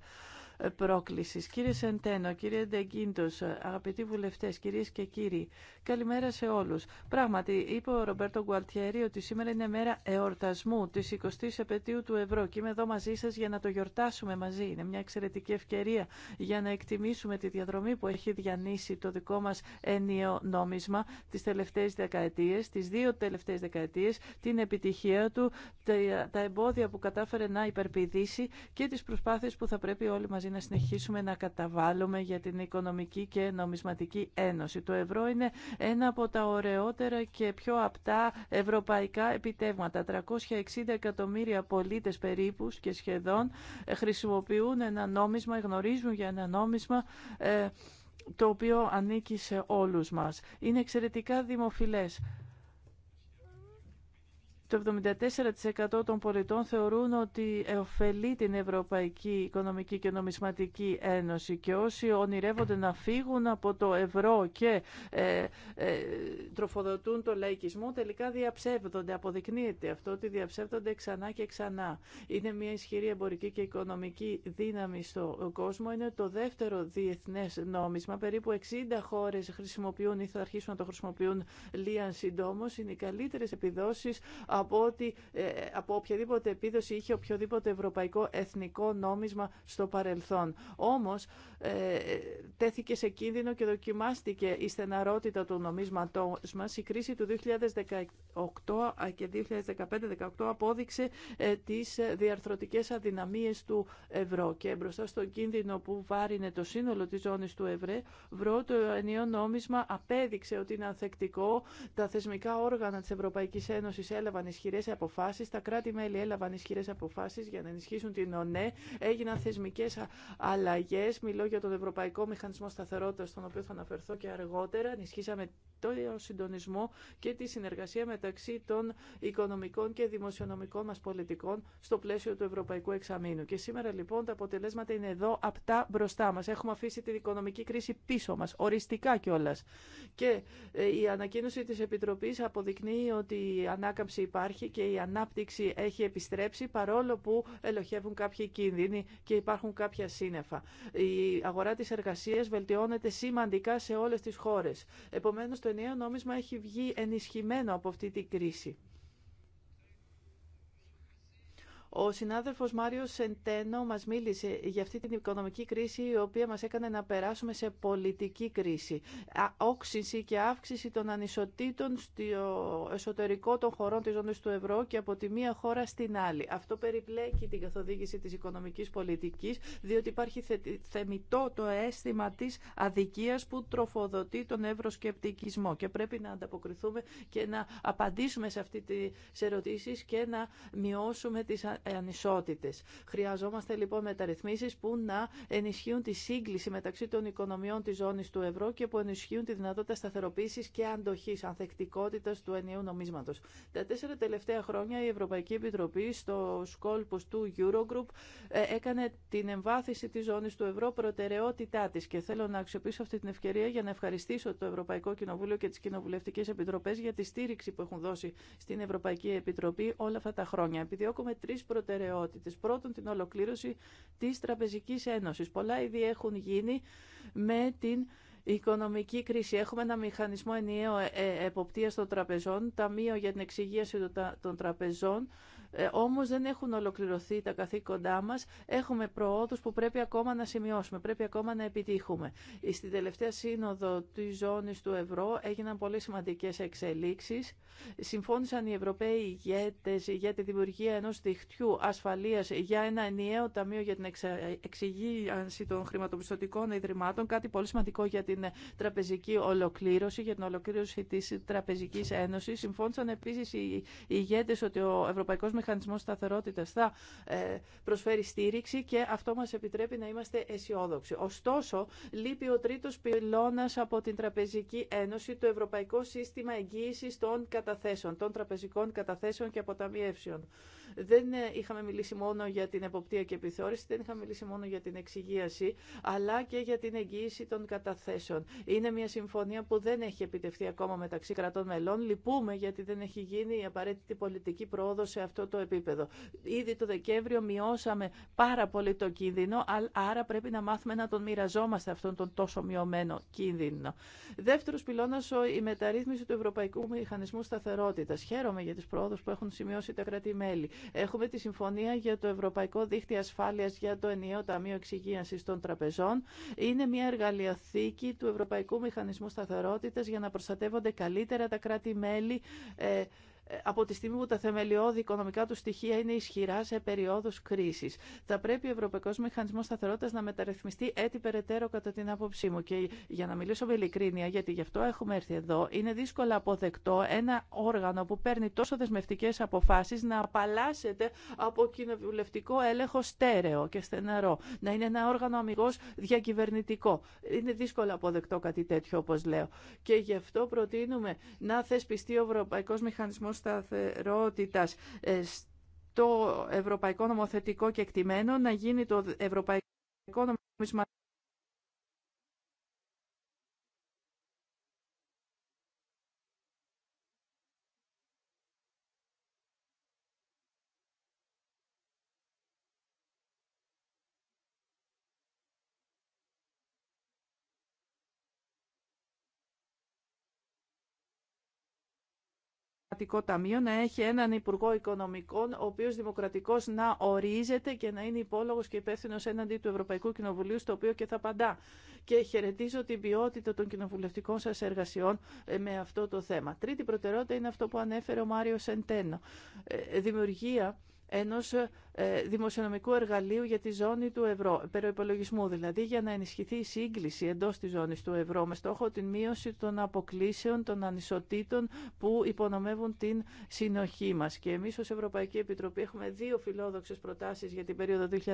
Κύριε Σεντένο, κύριε Ντεγκίντο, αγαπητοί βουλευτέ, κυρίε και κύριοι, καλημέρα σε όλου. Πράγματι, είπε ο Ρομπέρτο Γκουαλτιέρη ότι σήμερα είναι μέρα εορτασμού τη 20 η επαιτίου του ευρώ και είμαι εδώ μαζί σα για να το γιορτάσουμε μαζί. Είναι μια εξαιρετική ευκαιρία για να εκτιμήσουμε τη διαδρομή που έχει διανύσει το δικό μα ενίο νόμισμα τι τελευταίε δεκαετίε, τι δύο τελευταίε δεκαετίε, την επιτυχία του, τα εμπόδια που κατάφερε να υπερπηδήσει και τι προσπάθειε που θα πρέπει όλοι μαζί να συνεχίσουμε να καταβάλουμε για την οικονομική και νομισματική ένωση. Το ευρώ είναι ένα από τα ωραιότερα και πιο απτά ευρωπαϊκά επιτεύγματα. 360 εκατομμύρια πολίτες περίπου και σχεδόν χρησιμοποιούν ένα νόμισμα, γνωρίζουν για ένα νόμισμα ε, το οποίο ανήκει σε όλους μας. Είναι εξαιρετικά δημοφιλές το 74% των πολιτών θεωρούν ότι ωφελεί την Ευρωπαϊκή Οικονομική και Νομισματική Ένωση και όσοι ονειρεύονται να φύγουν από το ευρώ και ε, ε, τροφοδοτούν το λαϊκισμό τελικά διαψεύδονται, αποδεικνύεται αυτό ότι διαψεύδονται ξανά και ξανά. Είναι μια ισχυρή εμπορική και οικονομική δύναμη στο κόσμο. Είναι το δεύτερο διεθνές νόμισμα. Περίπου 60 χώρες χρησιμοποιούν ή θα αρχίσουν να το χρησιμοποιούν λίαν συντόμως. Είναι οι καλύτερες επιδόσεις από, ε, από οποιαδήποτε επίδοση είχε οποιοδήποτε ευρωπαϊκό εθνικό νόμισμα στο παρελθόν. Όμως ε, τέθηκε σε κίνδυνο και δοκιμάστηκε η στεναρότητα του νομίσματός μας. Η κρίση του 2018 και 2015-2018 απόδειξε ε, τις διαρθρωτικές αδυναμίες του ευρώ και μπροστά στον κίνδυνο που βάρινε το σύνολο της ζώνης του ευρώ, το ενιαίο νόμισμα απέδειξε ότι είναι ανθεκτικό. Τα θεσμικά όργανα της Ευρωπαϊκής Ένωσης έλαβαν έλαβαν ισχυρέ αποφάσει, τα κράτη-μέλη έλαβαν ισχυρέ αποφάσει για να ενισχύσουν την ΟΝΕ. Έγιναν θεσμικέ αλλαγέ. Μιλώ για τον Ευρωπαϊκό Μηχανισμό Σταθερότητα, στον οποίο θα αναφερθώ και αργότερα. Ενισχύσαμε το συντονισμό και τη συνεργασία μεταξύ των οικονομικών και δημοσιονομικών μα πολιτικών στο πλαίσιο του Ευρωπαϊκού Εξαμήνου. Και σήμερα λοιπόν τα αποτελέσματα είναι εδώ, απτά μπροστά μα. Έχουμε αφήσει την οικονομική κρίση πίσω μα, οριστικά κιόλα. Και ε, η ανακοίνωση τη Επιτροπή αποδεικνύει ότι η ανάκαμψη υπάρχει και η ανάπτυξη έχει επιστρέψει παρόλο που ελοχεύουν κάποιοι κίνδυνοι και υπάρχουν κάποια σύννεφα. Η αγορά της εργασίας βελτιώνεται σημαντικά σε όλες τις χώρες. Επομένως το νέο νόμισμα έχει βγει ενισχυμένο από αυτή την κρίση. Ο συνάδελφος Μάριος Σεντένο μας μίλησε για αυτή την οικονομική κρίση η οποία μας έκανε να περάσουμε σε πολιτική κρίση. Όξυνση και αύξηση των ανισοτήτων στο εσωτερικό των χωρών της ζώνης του ευρώ και από τη μία χώρα στην άλλη. Αυτό περιπλέκει την καθοδήγηση της οικονομικής πολιτικής διότι υπάρχει θεμητό το αίσθημα της αδικίας που τροφοδοτεί τον ευρωσκεπτικισμό και πρέπει να ανταποκριθούμε και να απαντήσουμε σε, αυτή τις ερωτήσεις και να μειώσουμε τις ανισότητες. Χρειαζόμαστε λοιπόν μεταρρυθμίσεις που να ενισχύουν τη σύγκληση μεταξύ των οικονομιών της ζώνης του ευρώ και που ενισχύουν τη δυνατότητα σταθεροποίησης και αντοχής, ανθεκτικότητας του ενιαίου νομίσματος. Τα τέσσερα τελευταία χρόνια η Ευρωπαϊκή Επιτροπή στο σκόλπο του Eurogroup ε, έκανε την εμβάθυνση της ζώνης του ευρώ προτεραιότητά της και θέλω να αξιοποιήσω αυτή την ευκαιρία για να ευχαριστήσω το Ευρωπαϊκό Κοινοβούλιο και τις Κοινοβουλευτικές Επιτροπές για τη στήριξη που έχουν δώσει στην Ευρωπαϊκή Επιτροπή όλα αυτά τα χρόνια. Επιδιώκουμε προτεραιότητες. Πρώτον, την ολοκλήρωση της Τραπεζικής Ένωσης. Πολλά ήδη έχουν γίνει με την οικονομική κρίση. Έχουμε ένα μηχανισμό ενιαίο ε, ε, εποπτείας των τραπεζών, ταμείο για την εξυγίαση των τραπεζών, ε, όμως δεν έχουν ολοκληρωθεί τα καθήκοντά μας. Έχουμε προόδους που πρέπει ακόμα να σημειώσουμε, πρέπει ακόμα να επιτύχουμε. Ε, στην τελευταία σύνοδο της ζώνης του ευρώ έγιναν πολύ σημαντικές εξελίξεις. Συμφώνησαν οι Ευρωπαίοι ηγέτες για τη δημιουργία ενός δικτυού ασφαλείας για ένα ενιαίο ταμείο για την εξυγίανση των χρηματοπιστωτικών ιδρυμάτων, κάτι πολύ σημαντικό για την τραπεζική ολοκλήρωση, για την ολοκλήρωση της Τραπεζικής Ένωσης. Συμφώνησαν επίσης οι ηγέτες ότι ο Ευρωπαϊκός μηχανισμός σταθερότητα θα ε, προσφέρει στήριξη και αυτό μας επιτρέπει να είμαστε αισιόδοξοι. Ωστόσο, λείπει ο τρίτος πυλώνας από την Τραπεζική Ένωση, το Ευρωπαϊκό Σύστημα Εγγύησης των Καταθέσεων, των τραπεζικών καταθέσεων και αποταμιεύσεων δεν ε, είχαμε μιλήσει μόνο για την εποπτεία και επιθεώρηση, δεν είχαμε μιλήσει μόνο για την εξυγίαση, αλλά και για την εγγύηση των καταθέσεων. Είναι μια συμφωνία που δεν έχει επιτευχθεί ακόμα μεταξύ κρατών μελών. Λυπούμε γιατί δεν έχει γίνει η απαραίτητη πολιτική πρόοδο σε αυτό το επίπεδο. Ήδη το Δεκέμβριο μειώσαμε πάρα πολύ το κίνδυνο, άρα πρέπει να μάθουμε να τον μοιραζόμαστε αυτόν τον τόσο μειωμένο κίνδυνο. Δεύτερο πυλώνα, η μεταρρύθμιση του Ευρωπαϊκού Μηχανισμού Σταθερότητα. Χαίρομαι για τι πρόοδου που έχουν σημειώσει τα κράτη-μέλη. Έχουμε τη συμφωνία για το Ευρωπαϊκό Δίκτυο Ασφάλειας για το Ενιαίο Ταμείο Εξυγίανση των Τραπεζών. Είναι μια εργαλειοθήκη του Ευρωπαϊκού Μηχανισμού Σταθερότητας για να προστατεύονται καλύτερα τα κράτη-μέλη ε, ε, από τη στιγμή που τα θεμελιώδη οικονομικά του στοιχεία είναι ισχυρά σε περιόδου κρίση. Θα πρέπει ο Ευρωπαϊκό Μηχανισμό Σταθερότητα να μεταρρυθμιστεί έτσι περαιτέρω, κατά την άποψή μου. Και για να μιλήσω με ειλικρίνεια, γιατί γι' αυτό έχουμε έρθει εδώ, είναι δύσκολα αποδεκτό ένα όργανο που παίρνει τόσο δεσμευτικέ αποφάσει να απαλλάσσεται από κοινοβουλευτικό έλεγχο στέρεο και στεναρό. Να είναι ένα όργανο αμυγό διακυβερνητικό. Είναι δύσκολα αποδεκτό κάτι τέτοιο, όπω λέω. Και γι' αυτό προτείνουμε να θεσπιστεί ο Ευρωπαϊκό Μηχανισμό σταθερότητας ε, στο ευρωπαϊκό νομοθετικό κεκτημένο να γίνει το ευρωπαϊκό νομισματικό Δημοκρατικό Ταμείο να έχει έναν Υπουργό Οικονομικών, ο οποίο δημοκρατικό να ορίζεται και να είναι υπόλογο και υπεύθυνο έναντι του Ευρωπαϊκού Κοινοβουλίου, στο οποίο και θα παντά. Και χαιρετίζω την ποιότητα των κοινοβουλευτικών σα εργασιών ε, με αυτό το θέμα. Τρίτη προτεραιότητα είναι αυτό που ανέφερε ο Μάριο Σεντένο. Ε, ε, δημιουργία ενό. Ε, δημοσιονομικού εργαλείου για τη ζώνη του ευρώ, περιοπολογισμού δηλαδή, για να ενισχυθεί η σύγκληση εντό τη ζώνη του ευρώ με στόχο την μείωση των αποκλήσεων, των ανισοτήτων που υπονομεύουν την συνοχή μα. Και εμεί ω Ευρωπαϊκή Επιτροπή έχουμε δύο φιλόδοξε προτάσει για την περίοδο 2021-2027,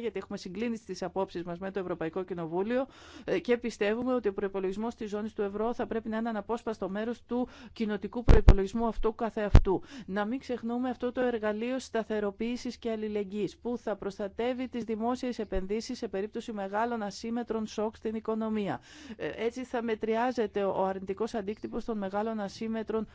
γιατί έχουμε συγκλίνει τι απόψει μα με το Ευρωπαϊκό Κοινοβούλιο ε, και πιστεύουμε ότι ο προπολογισμό τη ζώνη του ευρώ θα πρέπει να είναι αναπόσπαστο μέρο του κοινοτικού προπολογισμού αυτού καθεαυτού. Να μην ξεχνούμε αυτό το εργαλείο σταθεροποίησης και αλληλεγγύης που θα προστατεύει τις δημόσιες επενδύσεις σε περίπτωση μεγάλων ασύμετρων σοκ στην οικονομία. Ε, έτσι θα μετριάζεται ο αρνητικός αντίκτυπος των μεγάλων ασύμετρων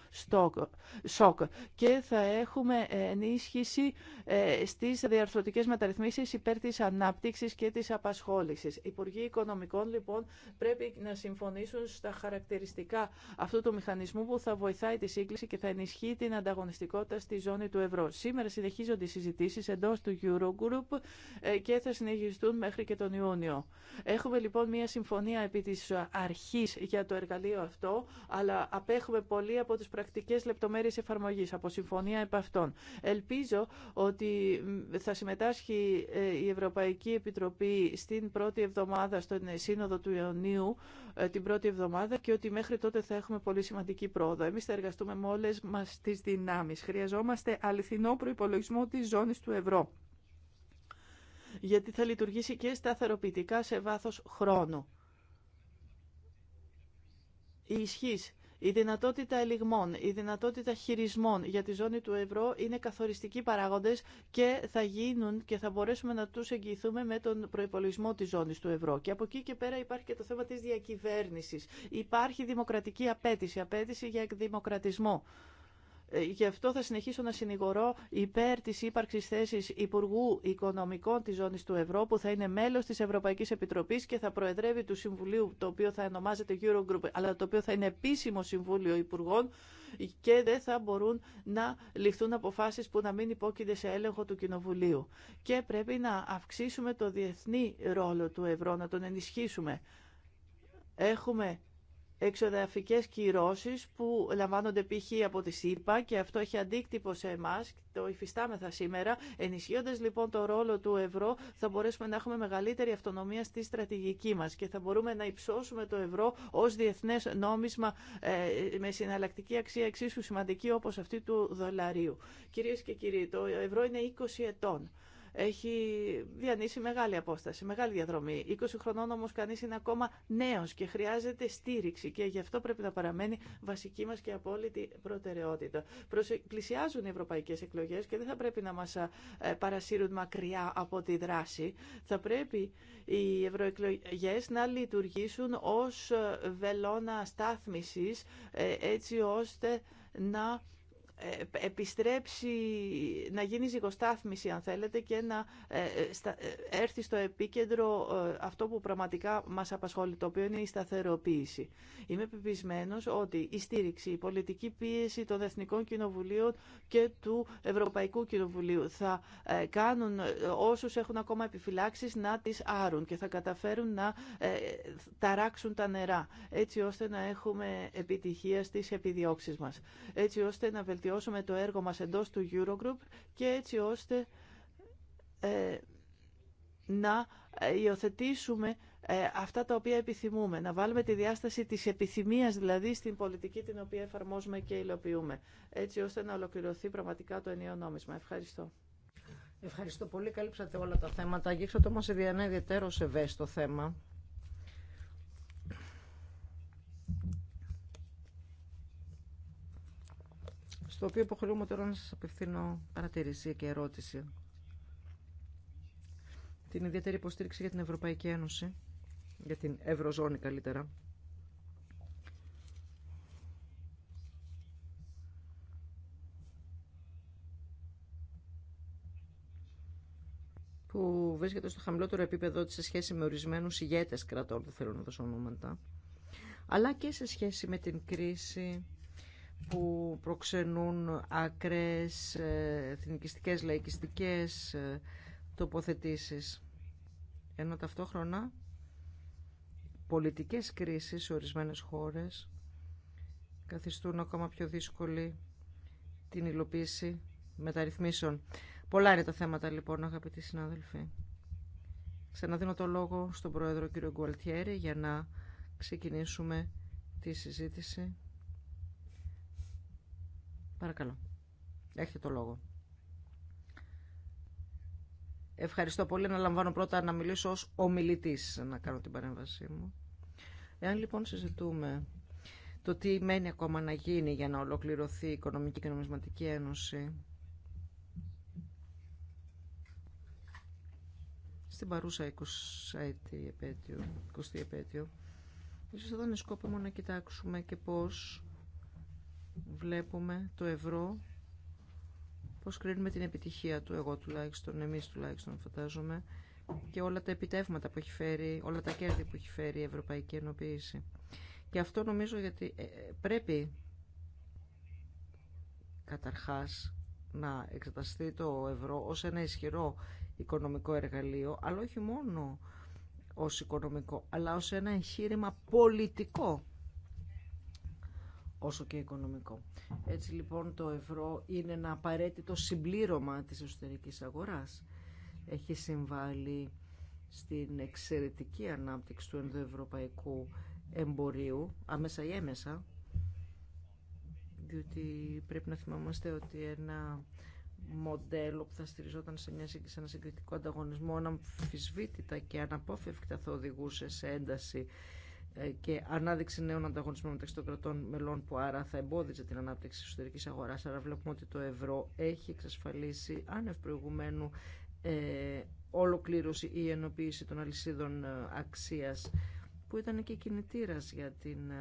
σοκ και θα έχουμε ενίσχυση ε, στις διαρθρωτικές μεταρρυθμίσεις υπέρ της ανάπτυξης και της απασχόλησης. Οι Υπουργοί Οικονομικών λοιπόν πρέπει να συμφωνήσουν στα χαρακτηριστικά αυτού του μηχανισμού που θα βοηθάει τη σύγκληση και θα ενισχύει την ανταγωνιστικότητα στη ζώνη του ευρώ. Σήμερα συνεχίζουμε συνεχίζονται οι συζητήσεις εντός του Eurogroup ε, και θα συνεχιστούν μέχρι και τον Ιούνιο. Έχουμε λοιπόν μια συμφωνία επί τη αρχής για το εργαλείο αυτό, αλλά απέχουμε πολύ από τι πρακτικέ λεπτομέρειε εφαρμογή από συμφωνία επ' αυτών. Ελπίζω ότι θα συμμετάσχει ε, η Ευρωπαϊκή Επιτροπή στην πρώτη εβδομάδα, στον Σύνοδο του Ιωνίου, ε, την πρώτη εβδομάδα και ότι μέχρι τότε θα έχουμε πολύ σημαντική πρόοδο. Εμεί θα εργαστούμε με όλε μας τι δυνάμεις. Χρειαζόμαστε αληθινό προπολογισμό εξοπλισμό της ζώνης του ευρώ. Γιατί θα λειτουργήσει και σταθεροποιητικά σε βάθος χρόνου. Η ισχύς η δυνατότητα ελιγμών, η δυνατότητα χειρισμών για τη ζώνη του ευρώ είναι καθοριστικοί παράγοντες και θα γίνουν και θα μπορέσουμε να τους εγγυηθούμε με τον προϋπολογισμό της ζώνης του ευρώ. Και από εκεί και πέρα υπάρχει και το θέμα της διακυβέρνησης. Υπάρχει δημοκρατική απέτηση, απέτηση για εκδημοκρατισμό ε, γι' αυτό θα συνεχίσω να συνηγορώ υπέρ της ύπαρξης θέσης Υπουργού Οικονομικών της Ζώνης του Ευρώ που θα είναι μέλος της Ευρωπαϊκής Επιτροπής και θα προεδρεύει του Συμβουλίου το οποίο θα ονομάζεται Eurogroup αλλά το οποίο θα είναι επίσημο Συμβούλιο Υπουργών και δεν θα μπορούν να ληφθούν αποφάσεις που να μην υπόκεινται σε έλεγχο του Κοινοβουλίου. Και πρέπει να αυξήσουμε το διεθνή ρόλο του ευρώ, να τον ενισχύσουμε. Έχουμε εξοδαφικές κυρώσεις που λαμβάνονται π.χ. από τη ΣΥΠΑ και αυτό έχει αντίκτυπο σε εμάς, το υφιστάμεθα σήμερα. Ενισχύοντας λοιπόν το ρόλο του ευρώ θα μπορέσουμε να έχουμε μεγαλύτερη αυτονομία στη στρατηγική μας και θα μπορούμε να υψώσουμε το ευρώ ως διεθνές νόμισμα ε, με συναλλακτική αξία εξίσου σημαντική όπως αυτή του δολαρίου. Κυρίε και κύριοι, το ευρώ είναι 20 ετών έχει διανύσει μεγάλη απόσταση, μεγάλη διαδρομή. 20 χρονών όμως κανείς είναι ακόμα νέος και χρειάζεται στήριξη και γι' αυτό πρέπει να παραμένει βασική μας και απόλυτη προτεραιότητα. Πλησιάζουν οι ευρωπαϊκές εκλογές και δεν θα πρέπει να μας ε, παρασύρουν μακριά από τη δράση. Θα πρέπει οι ευρωεκλογέ να λειτουργήσουν ως ε, βελόνα στάθμισης ε, έτσι ώστε να ε, επιστρέψει, να γίνει ζυγοστάθμιση αν θέλετε και να ε, ε, έρθει στο επίκεντρο αυτό που πραγματικά μας απασχολεί, το οποίο είναι η σταθεροποίηση. Είμαι πεπισμένος ότι η στήριξη, η πολιτική πίεση των Εθνικών Κοινοβουλίων και του Ευρωπαϊκού Κοινοβουλίου θα κάνουν όσους έχουν ακόμα επιφυλάξεις να τις άρουν και θα καταφέρουν να ταράξουν τα νερά, έτσι ώστε να έχουμε επιτυχία στις επιδιώξεις μας, έτσι ώστε να βελτιώσουμε βελτιώσουμε το έργο μας εντός του Eurogroup και έτσι ώστε ε, να ε, υιοθετήσουμε ε, αυτά τα οποία επιθυμούμε. Να βάλουμε τη διάσταση της επιθυμίας δηλαδή στην πολιτική την οποία εφαρμόζουμε και υλοποιούμε. Έτσι ώστε να ολοκληρωθεί πραγματικά το ενιαίο νόμισμα. Ευχαριστώ. Ευχαριστώ πολύ. Καλύψατε όλα τα θέματα. Αγγίξατε όμως ιδιαίτερα ευαίσθητο θέμα. στο οποίο υποχρεούμε τώρα να σας απευθύνω παρατήρηση και ερώτηση. Την ιδιαίτερη υποστήριξη για την Ευρωπαϊκή Ένωση, για την Ευρωζώνη καλύτερα, που βρίσκεται στο χαμηλότερο επίπεδο της σε σχέση με ορισμένους ηγέτες κρατών, δεν θέλω να δώσω ονόματα, αλλά και σε σχέση με την κρίση που προξενούν άκρες ε, εθνικιστικές, λαϊκιστικές ε, τοποθετήσεις. Ενώ ταυτόχρονα πολιτικές κρίσεις σε ορισμένες χώρες καθιστούν ακόμα πιο δύσκολη την υλοποίηση μεταρρυθμίσεων. Πολλά είναι τα θέματα λοιπόν αγαπητοί συνάδελφοι. Ξαναδίνω το λόγο στον Πρόεδρο κύριο Γκουαλτιέρη για να ξεκινήσουμε τη συζήτηση. Παρακαλώ. Έχετε το λόγο. Ευχαριστώ πολύ να λαμβάνω πρώτα να μιλήσω ως ομιλητής, να κάνω την παρέμβασή μου. Εάν λοιπόν συζητούμε το τι μένει ακόμα να γίνει για να ολοκληρωθεί η Οικονομική και Νομισματική Ένωση, στην παρούσα 20η επέτειο, 20 ίσως θα είναι σκόπιμο να κοιτάξουμε και πώς βλέπουμε το ευρώ, πώς κρίνουμε την επιτυχία του, εγώ τουλάχιστον, εμείς τουλάχιστον φαντάζομαι, και όλα τα επιτεύγματα που έχει φέρει, όλα τα κέρδη που έχει φέρει η Ευρωπαϊκή Ενοποίηση. Και αυτό νομίζω γιατί ε, πρέπει καταρχάς να εξεταστεί το ευρώ ως ένα ισχυρό οικονομικό εργαλείο, αλλά όχι μόνο ως οικονομικό, αλλά ως ένα εγχείρημα πολιτικό όσο και οικονομικό. Έτσι λοιπόν το ευρώ είναι ένα απαραίτητο συμπλήρωμα της εσωτερικής αγοράς. Έχει συμβάλει στην εξαιρετική ανάπτυξη του ενδοευρωπαϊκού εμπορίου, άμεσα ή έμεσα, διότι πρέπει να θυμάμαστε ότι ένα μοντέλο που θα στηριζόταν σε, μια, σε ένα συγκριτικό ανταγωνισμό αναμφισβήτητα και αναπόφευκτα θα οδηγούσε σε ένταση ε, και ανάδειξη νέων ανταγωνισμών μεταξύ των κρατών μελών που άρα θα εμπόδιζε την ανάπτυξη της εσωτερικής αγοράς. Άρα βλέπουμε ότι το ευρώ έχει εξασφαλίσει άνευ προηγουμένου ε, ολοκλήρωση ή ενοποίηση των αλυσίδων ε, αξίας που ήταν και κινητήρα για την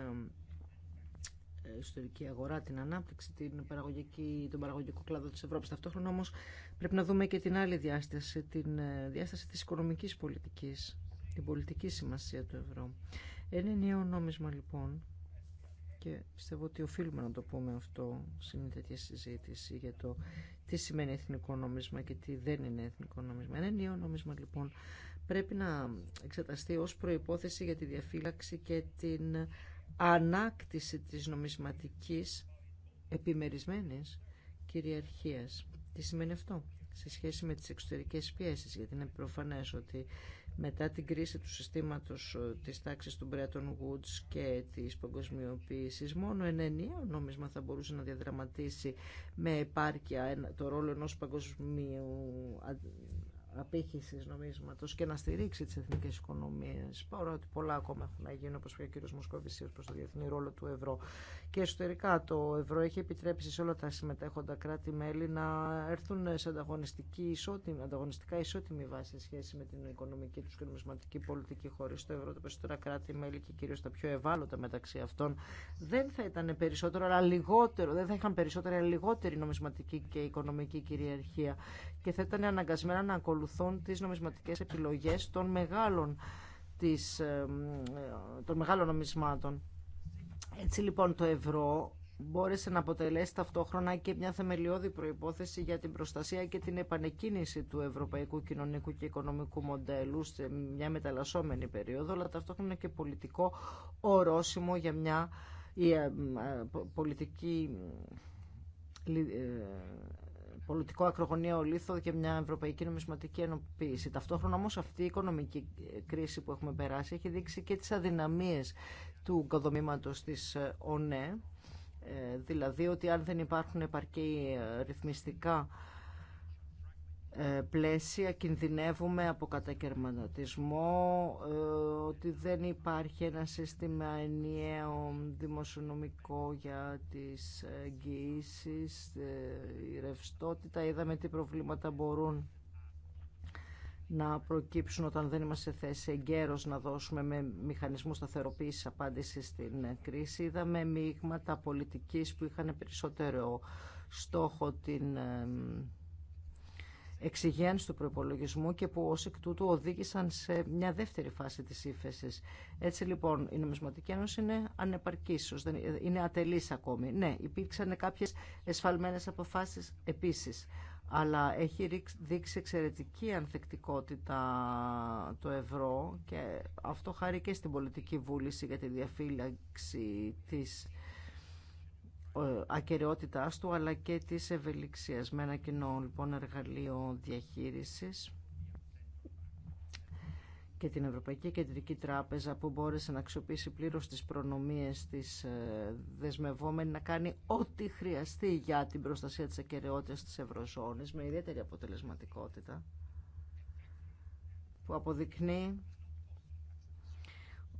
ιστορική ε, αγορά, την ανάπτυξη, την παραγωγική, τον παραγωγικό κλάδο της Ευρώπης. Ταυτόχρονα όμως πρέπει να δούμε και την άλλη διάσταση, την διάσταση της οικονομικής πολιτικής, την πολιτική σημασία του ευρώ. Ένα νέο νόμισμα λοιπόν και πιστεύω ότι οφείλουμε να το πούμε αυτό σε μια τέτοια συζήτηση για το τι σημαίνει εθνικό νόμισμα και τι δεν είναι εθνικό νόμισμα. Ένα νέο νόμισμα λοιπόν πρέπει να εξεταστεί ως προϋπόθεση για τη διαφύλαξη και την ανάκτηση της νομισματικής επιμερισμένης κυριαρχίας. Τι σημαίνει αυτό σε σχέση με τις εξωτερικές πιέσεις, γιατί είναι προφανές ότι μετά την κρίση του συστήματος ε, της τάξης του Bretton Woods και της παγκοσμιοποίησης μόνο ένα ενιαίο νόμισμα θα μπορούσε να διαδραματίσει με επάρκεια το ρόλο ενός παγκοσμίου απήχηση νομίσματος και να στηρίξει τις εθνικές οικονομίες παρότι πολλά ακόμα έχουν να γίνουν όπω είπε ο κ. Μοσκοβησίος προ το διεθνή ρόλο του ευρώ και εσωτερικά το ευρώ έχει επιτρέψει σε όλα τα συμμετέχοντα κράτη-μέλη να έρθουν σε ανταγωνιστική ισότιμη, ανταγωνιστικά ισότιμη βάση σε σχέση με την οικονομική του και νομισματική πολιτική χωρίς το ευρώ τα περισσότερα κράτη-μέλη και κυρίω τα πιο ευάλωτα μεταξύ αυτών δεν θα ήταν περισσότερο αλλά λιγότερο, δεν θα είχαν περισσότερη, αλλά λιγότερη νομισματική και οικονομική κυριαρχία και θα ήταν αναγκασμένα να ακολουθούν ακολουθούν τις νομισματικές επιλογές των μεγάλων, της, ε, των μεγάλων νομισμάτων. Έτσι λοιπόν το ευρώ μπόρεσε να αποτελέσει ταυτόχρονα και μια θεμελιώδη προϋπόθεση για την προστασία και την επανεκκίνηση του ευρωπαϊκού κοινωνικού και οικονομικού μοντέλου σε μια μεταλλασσόμενη περίοδο, αλλά ταυτόχρονα και πολιτικό ορόσημο για μια ε, ε, πολιτική πολιτικό ακρογωνιαίο λίθο και μια ευρωπαϊκή νομισματική ενοποίηση. Ταυτόχρονα όμως αυτή η οικονομική κρίση που έχουμε περάσει έχει δείξει και τις αδυναμίες του οικοδομήματος της ε, ΟΝΕ, ε, δηλαδή ότι αν δεν υπάρχουν επαρκή ε, ρυθμιστικά πλαίσια κινδυνεύουμε από κατακαιρματισμό, ε, ότι δεν υπάρχει ένα σύστημα ενιαίο δημοσιονομικό για τις εγγυήσεις, ε, η ρευστότητα. Είδαμε τι προβλήματα μπορούν να προκύψουν όταν δεν είμαστε σε θέση εγκαίρως να δώσουμε με μηχανισμούς σταθεροποίησης απάντηση στην κρίση. Είδαμε μείγματα πολιτικής που είχαν περισσότερο στόχο την εξυγένση του προπολογισμού και που ως εκ τούτου οδήγησαν σε μια δεύτερη φάση της ύφεση. Έτσι λοιπόν η Νομισματική Ένωση είναι ανεπαρκής, είναι ατελής ακόμη. Ναι, υπήρξαν κάποιες εσφαλμένες αποφάσεις επίσης αλλά έχει δείξει εξαιρετική ανθεκτικότητα το ευρώ και αυτό χάρη και στην πολιτική βούληση για τη διαφύλαξη της ε, ακεραιότητάς του αλλά και της ευελιξίας με ένα κοινό λοιπόν εργαλείο διαχείρισης και την Ευρωπαϊκή Κεντρική Τράπεζα που μπόρεσε να αξιοποιήσει πλήρως τις προνομίες της ε, δεσμευόμενη να κάνει ό,τι χρειαστεί για την προστασία της ακεραιότητας της Ευρωζώνης με ιδιαίτερη αποτελεσματικότητα που αποδεικνύει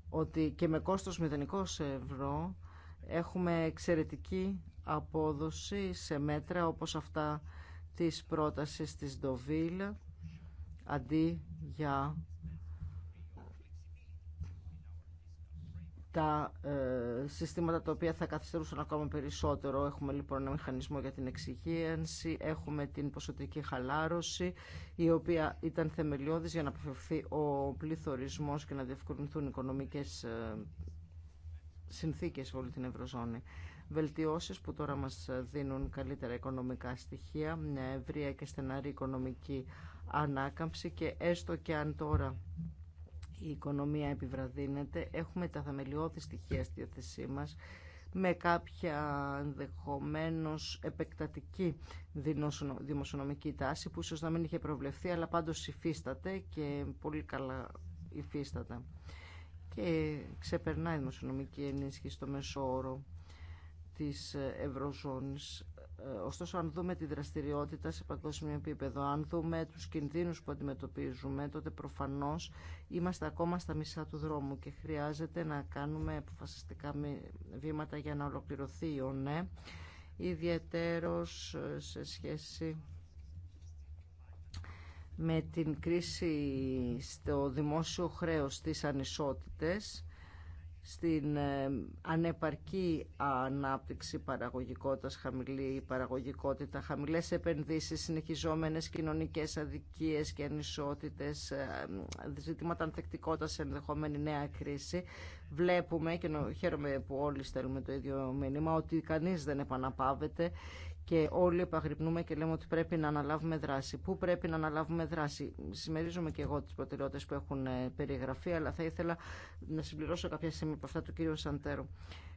ότι και με κόστος μηδενικό ευρώ Έχουμε εξαιρετική απόδοση σε μέτρα όπως αυτά της πρότασης της Ντοβίλ αντί για τα ε, συστήματα τα οποία θα καθυστερούσαν ακόμα περισσότερο. Έχουμε λοιπόν ένα μηχανισμό για την εξυγίανση, έχουμε την ποσοτική χαλάρωση, η οποία ήταν θεμελιώδης για να αποφευθεί ο πληθωρισμός και να διευκολυνθούν οικονομικές ε, συνθήκες σε όλη την Ευρωζώνη. Βελτιώσεις που τώρα μας δίνουν καλύτερα οικονομικά στοιχεία, μια ευρεία και στεναρή οικονομική ανάκαμψη και έστω και αν τώρα η οικονομία επιβραδύνεται, έχουμε τα θεμελιώδη στοιχεία στη διάθεσή μας με κάποια ενδεχομένω επεκτατική δημοσιονομική τάση που ίσως να μην είχε προβλεφθεί αλλά πάντως υφίσταται και πολύ καλά υφίσταται και ξεπερνάει η δημοσιονομική ενίσχυση στο μέσο όρο της Ευρωζώνης. Ε, ωστόσο, αν δούμε τη δραστηριότητα σε παγκόσμιο επίπεδο, αν δούμε τους κινδύνους που αντιμετωπίζουμε, τότε προφανώς είμαστε ακόμα στα μισά του δρόμου και χρειάζεται να κάνουμε αποφασιστικά βήματα για να ολοκληρωθεί ο ναι, ιδιαίτερος ε, σε σχέση με την κρίση στο δημόσιο χρέος στις ανισότητες, στην ε, ανεπαρκή ανάπτυξη παραγωγικότητας, χαμηλή παραγωγικότητα, χαμηλές επενδύσεις, συνεχιζόμενες κοινωνικές αδικίες και ανισότητες, ε, ζητήματα ανθεκτικότητας σε ενδεχόμενη νέα κρίση. Βλέπουμε και χαίρομαι που όλοι στέλνουμε το ίδιο μήνυμα ότι κανείς δεν επαναπάβεται και όλοι επαγρυπνούμε και λέμε ότι πρέπει να αναλάβουμε δράση. Πού πρέπει να αναλάβουμε δράση. Συμμερίζομαι και εγώ τι προτεραιότητε που έχουν ε, περιγραφεί, αλλά θα ήθελα να συμπληρώσω κάποια στιγμή από αυτά του κύριου Σαντέρου.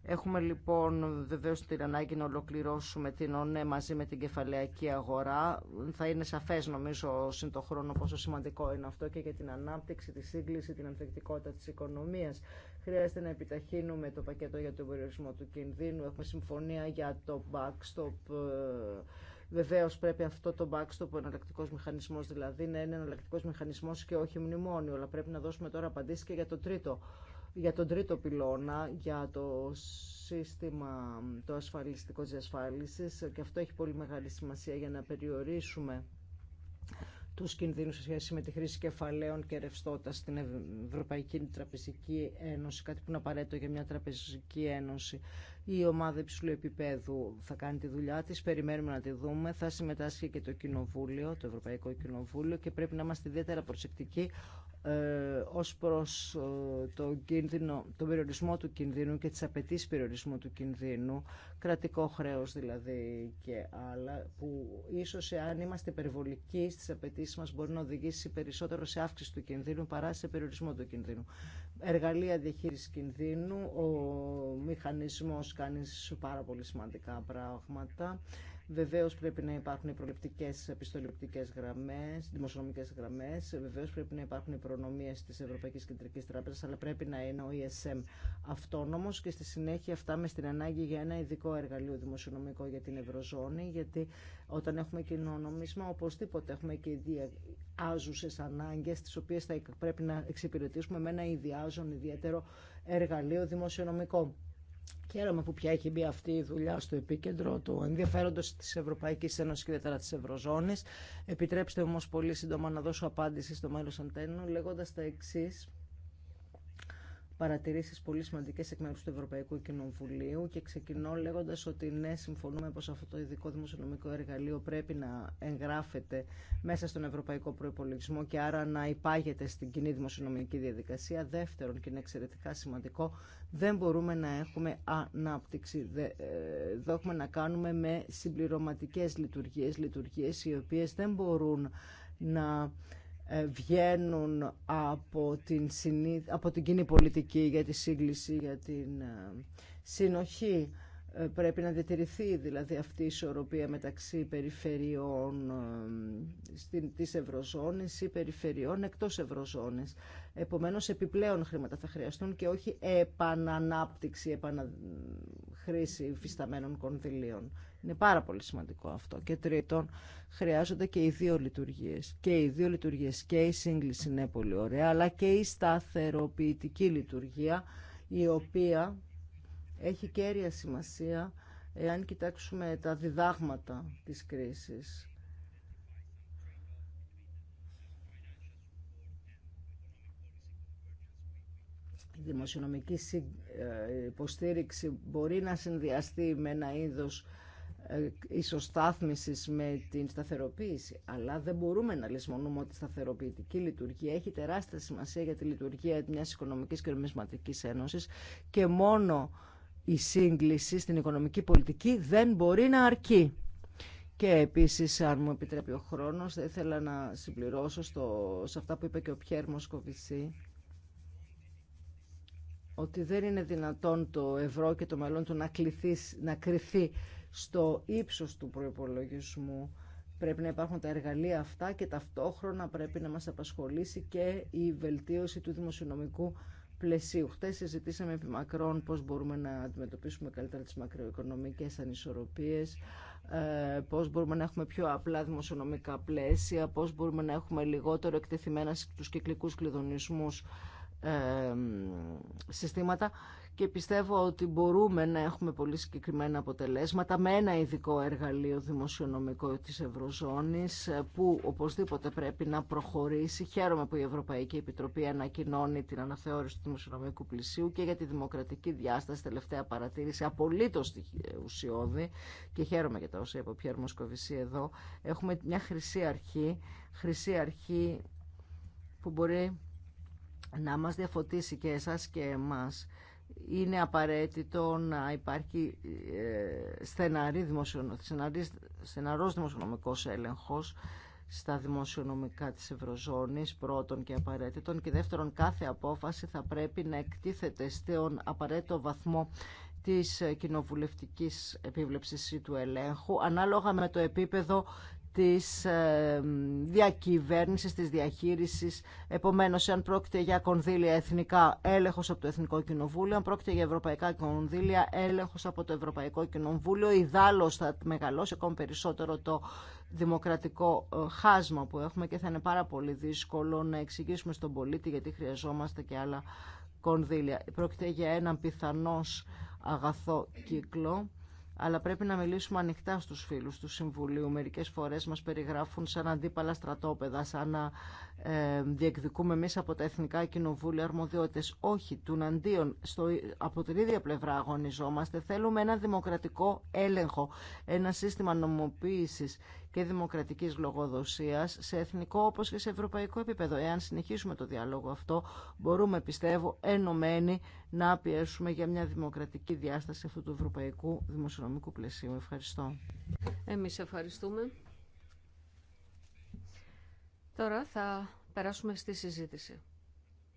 Έχουμε λοιπόν βεβαίω την ανάγκη να ολοκληρώσουμε την ΟΝΕ μαζί με την κεφαλαιακή αγορά. Θα είναι σαφέ νομίζω συν το χρόνο πόσο σημαντικό είναι αυτό και για την ανάπτυξη, τη σύγκληση, την ανθεκτικότητα τη οικονομία Χρειάζεται να επιταχύνουμε το πακέτο για το περιορισμό του κινδύνου. Έχουμε συμφωνία για το backstop. Ε, Βεβαίω πρέπει αυτό το backstop, ο εναλλακτικό μηχανισμό δηλαδή, να είναι εναλλακτικό μηχανισμό και όχι μνημόνιο. Αλλά πρέπει να δώσουμε τώρα απαντήσει και για, το τρίτο, για τον τρίτο πυλώνα, για το σύστημα το ασφαλιστικό διασφάλιση. Και αυτό έχει πολύ μεγάλη σημασία για να περιορίσουμε τους κινδύνους σε σχέση με τη χρήση κεφαλαίων και ρευστότητα στην Ευρωπαϊκή Τραπεζική Ένωση, κάτι που είναι απαραίτητο για μια τραπεζική ένωση. Η ομάδα υψηλού επίπεδου θα κάνει τη δουλειά τη, περιμένουμε να τη δούμε. Θα συμμετάσχει και το Κοινοβούλιο, το Ευρωπαϊκό Κοινοβούλιο και πρέπει να είμαστε ιδιαίτερα προσεκτικοί ε, ω προ ε, το κίνδυνο, τον περιορισμό του κινδύνου και τι απαιτήσει περιορισμού του κινδύνου, κρατικό χρέο δηλαδή και άλλα, που ίσω αν είμαστε υπερβολικοί στι απαιτήσει μα μπορεί να οδηγήσει περισσότερο σε αύξηση του κινδύνου παρά σε περιορισμό του κινδύνου. Εργαλεία διαχείριση κινδύνου, ο μηχανισμό κάνεις πάρα πολύ σημαντικά πράγματα. Βεβαίως πρέπει να υπάρχουν οι προληπτικές γραμμέ, γραμμές, δημοσιονομικές γραμμές. Βεβαίως πρέπει να υπάρχουν οι προνομίες της Ευρωπαϊκής Κεντρικής Τράπεζας, αλλά πρέπει να είναι ο ESM ε αυτόνομος και στη συνέχεια φτάμε στην ανάγκη για ένα ειδικό εργαλείο δημοσιονομικό για την Ευρωζώνη, γιατί όταν έχουμε κοινό νομίσμα, οπωσδήποτε έχουμε και ιδιάζουσες ανάγκες, τι οποίε θα πρέπει να εξυπηρετήσουμε με ένα ιδιάζον ιδιαίτερο εργαλείο δημοσιονομικό. Χαίρομαι που πια έχει μπει αυτή η δουλειά στο επίκεντρο του ενδιαφέροντο τη Ευρωπαϊκή Ένωση και ιδιαίτερα τη Ευρωζώνη. Επιτρέψτε όμω πολύ σύντομα να δώσω απάντηση στο μέλο Αντένου λέγοντα τα εξή. Παρατηρήσει πολύ σημαντικέ εκ μέρου του Ευρωπαϊκού Κοινοβουλίου και ξεκινώ λέγοντα ότι ναι, συμφωνούμε πω αυτό το ειδικό δημοσιονομικό εργαλείο πρέπει να εγγράφεται μέσα στον Ευρωπαϊκό Προπολογισμό και άρα να υπάγεται στην κοινή δημοσιονομική διαδικασία. Δεύτερον, και είναι εξαιρετικά σημαντικό, δεν μπορούμε να έχουμε ανάπτυξη. Ε, εδώ έχουμε να κάνουμε με συμπληρωματικέ λειτουργίε, λειτουργίε, οι οποίε δεν μπορούν να ε, βγαίνουν από την, συνή... από την κοινή πολιτική για τη σύγκληση, για την ε, συνοχή. Ε, πρέπει να διατηρηθεί δηλαδή αυτή η ισορροπία μεταξύ περιφερειών της Ευρωζώνης ή περιφερειών εκτός Ευρωζώνης. Επομένως επιπλέον χρήματα θα χρειαστούν και όχι επανανάπτυξη, επαναχρήση φυσταμένων κονδυλίων. Είναι πάρα πολύ σημαντικό αυτό. Και τρίτον, χρειάζονται και οι δύο λειτουργίες. Και οι δύο λειτουργίες και η σύγκληση είναι πολύ ωραία, αλλά και η σταθεροποιητική λειτουργία, η οποία έχει κέρια σημασία εάν κοιτάξουμε τα διδάγματα της κρίσης. Η δημοσιονομική ε, υποστήριξη μπορεί να συνδυαστεί με ένα είδος ε, ισοστάθμισης με την σταθεροποίηση. Αλλά δεν μπορούμε να λησμονούμε ότι η σταθεροποιητική λειτουργία έχει τεράστια σημασία για τη λειτουργία μιας οικονομικής και νομισματικής ένωσης και μόνο η σύγκληση στην οικονομική πολιτική δεν μπορεί να αρκεί. Και επίσης, αν μου επιτρέπει ο χρόνος, θα ήθελα να συμπληρώσω στο, σε αυτά που είπε και ο Πιέρ Μοσκοβισή, ότι δεν είναι δυνατόν το ευρώ και το μέλλον του να, κληθεί, να κρυθεί στο ύψος του προϋπολογισμού. Πρέπει να υπάρχουν τα εργαλεία αυτά και ταυτόχρονα πρέπει να μας απασχολήσει και η βελτίωση του δημοσιονομικού πλαισίου. Χτες συζητήσαμε επί μακρόν πώς μπορούμε να αντιμετωπίσουμε καλύτερα τις μακροοικονομικές ανισορροπίες, ε, πώς μπορούμε να έχουμε πιο απλά δημοσιονομικά πλαίσια, πώς μπορούμε να έχουμε λιγότερο εκτεθειμένα στους κυκλικούς κλειδονισμούς συστήματα και πιστεύω ότι μπορούμε να έχουμε πολύ συγκεκριμένα αποτελέσματα με ένα ειδικό εργαλείο δημοσιονομικό της Ευρωζώνης που οπωσδήποτε πρέπει να προχωρήσει. Χαίρομαι που η Ευρωπαϊκή Επιτροπή ανακοινώνει την αναθεώρηση του δημοσιονομικού πλησίου και για τη δημοκρατική διάσταση τελευταία παρατήρηση απολύτως ουσιώδη και χαίρομαι για τα όσα είπε ο Πιέρ εδώ. Έχουμε μια χρυσή αρχή, χρυσή αρχή που μπορεί να μας διαφωτίσει και εσάς και εμάς. Είναι απαραίτητο να υπάρχει ε, στεναρή δημοσιονομικό στεναρός δημοσιονομικός έλεγχος στα δημοσιονομικά της Ευρωζώνης πρώτον και απαραίτητον και δεύτερον κάθε απόφαση θα πρέπει να εκτίθεται στον απαραίτητο βαθμό της κοινοβουλευτικής επίβλεψης ή του ελέγχου ανάλογα με το επίπεδο της ε, διακυβέρνησης, της διαχείρισης. Επομένως, αν πρόκειται για κονδύλια εθνικά, έλεγχος από το Εθνικό Κοινοβούλιο, αν πρόκειται για ευρωπαϊκά κονδύλια, έλεγχος από το Ευρωπαϊκό Κοινοβούλιο, ιδάλλως θα μεγαλώσει ακόμη περισσότερο το δημοκρατικό ε, χάσμα που έχουμε και θα είναι πάρα πολύ δύσκολο να εξηγήσουμε στον πολίτη γιατί χρειαζόμαστε και άλλα κονδύλια. Πρόκειται για έναν πιθανός αγαθό κύκλο αλλά πρέπει να μιλήσουμε ανοιχτά στους φίλους του Συμβουλίου. Μερικές φορές μας περιγράφουν σαν αντίπαλα στρατόπεδα, σαν να ε, διεκδικούμε εμεί από τα Εθνικά Κοινοβούλια αρμοδιότητες. Όχι, τουναντίον, αντίον, στο, από την ίδια πλευρά αγωνιζόμαστε. Θέλουμε ένα δημοκρατικό έλεγχο, ένα σύστημα νομοποίησης και δημοκρατικής λογοδοσίας σε εθνικό όπω και σε ευρωπαϊκό επίπεδο. Εάν συνεχίσουμε το διάλογο αυτό, μπορούμε, πιστεύω, ενωμένοι να πιέσουμε για μια δημοκρατική διάσταση αυτού του ευρωπαϊκού δημοσιονομικού πλαισίου. Ευχαριστώ. Εμεί ευχαριστούμε. Τώρα θα περάσουμε στη συζήτηση.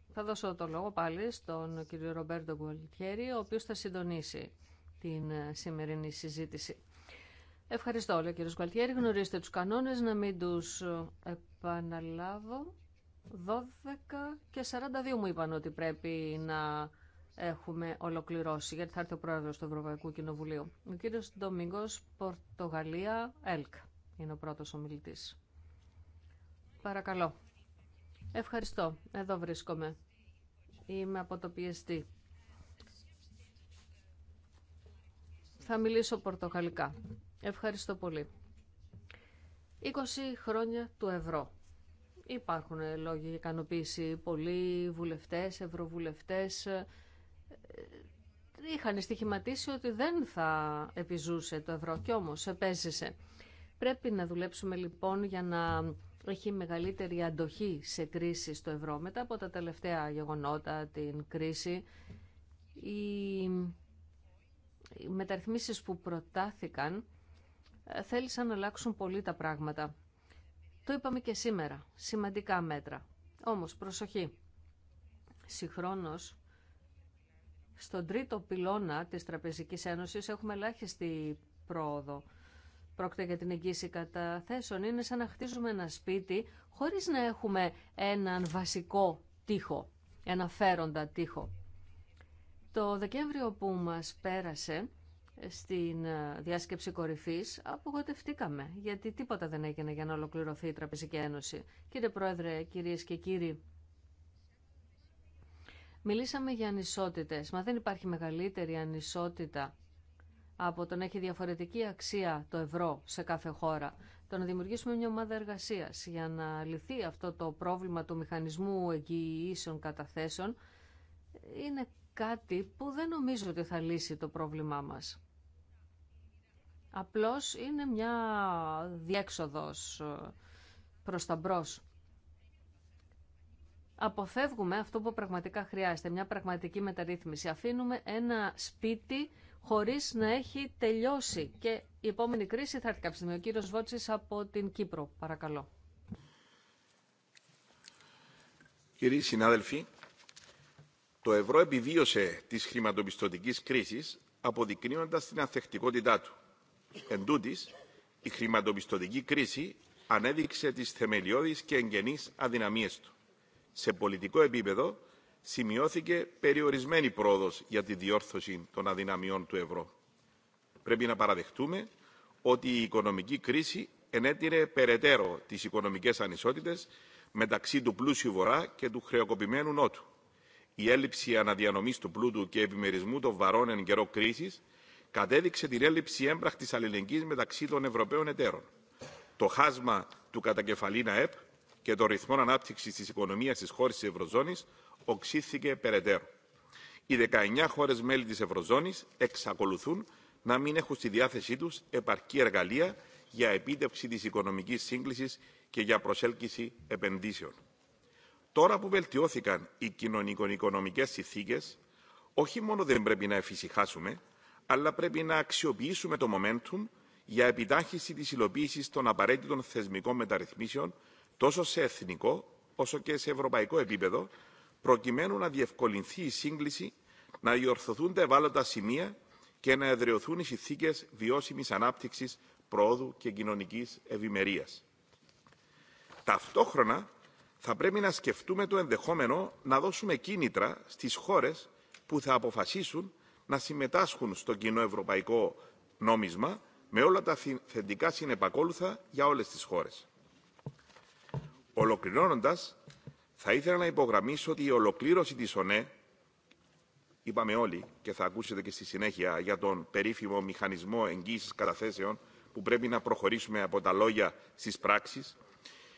Θα δώσω το λόγο πάλι στον κύριο Ρομπέρτο Γκουαλτιέρη, ο οποίος θα συντονίσει την ε, σημερινή συζήτηση. Ευχαριστώ, λέει ο Σκουαλτιέρη. Γκουαλτιέρη. Γνωρίζετε τους κανόνες, να μην τους ε, επαναλάβω. 12 και 42 μου είπαν ότι πρέπει να έχουμε ολοκληρώσει, γιατί θα έρθει ο πρόεδρος του Ευρωπαϊκού Κοινοβουλίου. Ο κύριο Ντομίγκος, Πορτογαλία, ΕΛΚ, είναι ο πρώτος ομιλητής. Παρακαλώ. Ευχαριστώ. Εδώ βρίσκομαι. Είμαι από το PSD. Θα μιλήσω πορτογαλικά. Ευχαριστώ πολύ. 20 χρόνια του ευρώ. Υπάρχουν λόγοι για ικανοποίηση. Πολλοί βουλευτές, ευρωβουλευτές ε, είχαν στοιχηματίσει ότι δεν θα επιζούσε το ευρώ και όμως επέζησε. Πρέπει να δουλέψουμε λοιπόν για να έχει μεγαλύτερη αντοχή σε κρίση στο ευρώ. Μετά από τα τελευταία γεγονότα, την κρίση, οι μεταρρυθμίσεις που προτάθηκαν θέλησαν να αλλάξουν πολύ τα πράγματα. Το είπαμε και σήμερα. Σημαντικά μέτρα. Όμως, προσοχή. Συγχρόνως, στον τρίτο πυλώνα της Τραπεζικής Ένωσης έχουμε ελάχιστη πρόοδο. Πρόκειται για την εγγύηση καταθέσεων. Είναι σαν να χτίζουμε ένα σπίτι χωρίς να έχουμε έναν βασικό τοίχο, ένα φέροντα τοίχο. Το Δεκέμβριο που μας πέρασε, στην ε, διάσκεψη κορυφής, απογοητευτήκαμε, γιατί τίποτα δεν έγινε για να ολοκληρωθεί η Τραπεζική Ένωση. Κύριε Πρόεδρε, κυρίε και κύριοι, μιλήσαμε για ανισότητε, μα δεν υπάρχει μεγαλύτερη ανισότητα από το να έχει διαφορετική αξία το ευρώ σε κάθε χώρα, το να δημιουργήσουμε μια ομάδα εργασία για να λυθεί αυτό το πρόβλημα του μηχανισμού εγγυήσεων καταθέσεων, είναι κάτι που δεν νομίζω ότι θα λύσει το πρόβλημά μας. Απλώς είναι μια διέξοδος ε, προς τα μπρος. Αποφεύγουμε αυτό που πραγματικά χρειάζεται, μια πραγματική μεταρρύθμιση. Αφήνουμε ένα σπίτι χωρίς να έχει τελειώσει. Και η επόμενη κρίση θα έρθει κάποια στιγμή. Ο κύριος Βότσης από την Κύπρο, παρακαλώ. Κύριοι συνάδελφοι, το ευρώ επιβίωσε της χρηματοπιστωτικής κρίσης, αποδεικνύοντας την ανθεκτικότητά του. Εν τούτης, η χρηματοπιστωτική κρίση ανέδειξε τις θεμελιώδεις και εγγενείς αδυναμίες του. Σε πολιτικό επίπεδο σημειώθηκε περιορισμένη πρόοδος για τη διόρθωση των αδυναμιών του ευρώ. Πρέπει να παραδεχτούμε ότι η οικονομική κρίση ενέτεινε περαιτέρω τις οικονομικές ανισότητες μεταξύ του πλούσιου βορρά και του χρεοκοπημένου νότου. Η έλλειψη αναδιανομής του πλούτου και επιμερισμού των βαρών εν καιρό κρίσης κατέδειξε την έλλειψη έμπρακτη αλληλεγγύη μεταξύ των Ευρωπαίων εταίρων. Το χάσμα του κατακεφαλήνα ΕΠ και των ρυθμών ανάπτυξη τη οικονομία τη χώρα τη Ευρωζώνη οξύθηκε περαιτέρω. Οι 19 χώρε μέλη τη Ευρωζώνη εξακολουθούν να μην έχουν στη διάθεσή του επαρκή εργαλεία για επίτευξη τη οικονομική σύγκληση και για προσέλκυση επενδύσεων. Τώρα που βελτιώθηκαν οι κοινωνικο-οικονομικέ συνθήκε, όχι μόνο δεν πρέπει να εφησυχάσουμε, αλλά πρέπει να αξιοποιήσουμε το momentum για επιτάχυση της υλοποίησης των απαραίτητων θεσμικών μεταρρυθμίσεων τόσο σε εθνικό όσο και σε ευρωπαϊκό επίπεδο, προκειμένου να διευκολυνθεί η σύγκληση, να διορθωθούν τα ευάλωτα σημεία και να εδραιωθούν οι συνθήκε βιώσιμη ανάπτυξη, προόδου και κοινωνική ευημερία. Ταυτόχρονα, θα πρέπει να σκεφτούμε το ενδεχόμενο να δώσουμε κίνητρα στι χώρες που θα αποφασίσουν να συμμετάσχουν στο κοινό ευρωπαϊκό νόμισμα με όλα τα θετικά συνεπακόλουθα για όλες τις χώρες. Ολοκληρώνοντας, θα ήθελα να υπογραμμίσω ότι η ολοκλήρωση της ΩΝΕ, είπαμε όλοι και θα ακούσετε και στη συνέχεια για τον περίφημο μηχανισμό εγγύησης καταθέσεων που πρέπει να προχωρήσουμε από τα λόγια στις πράξεις,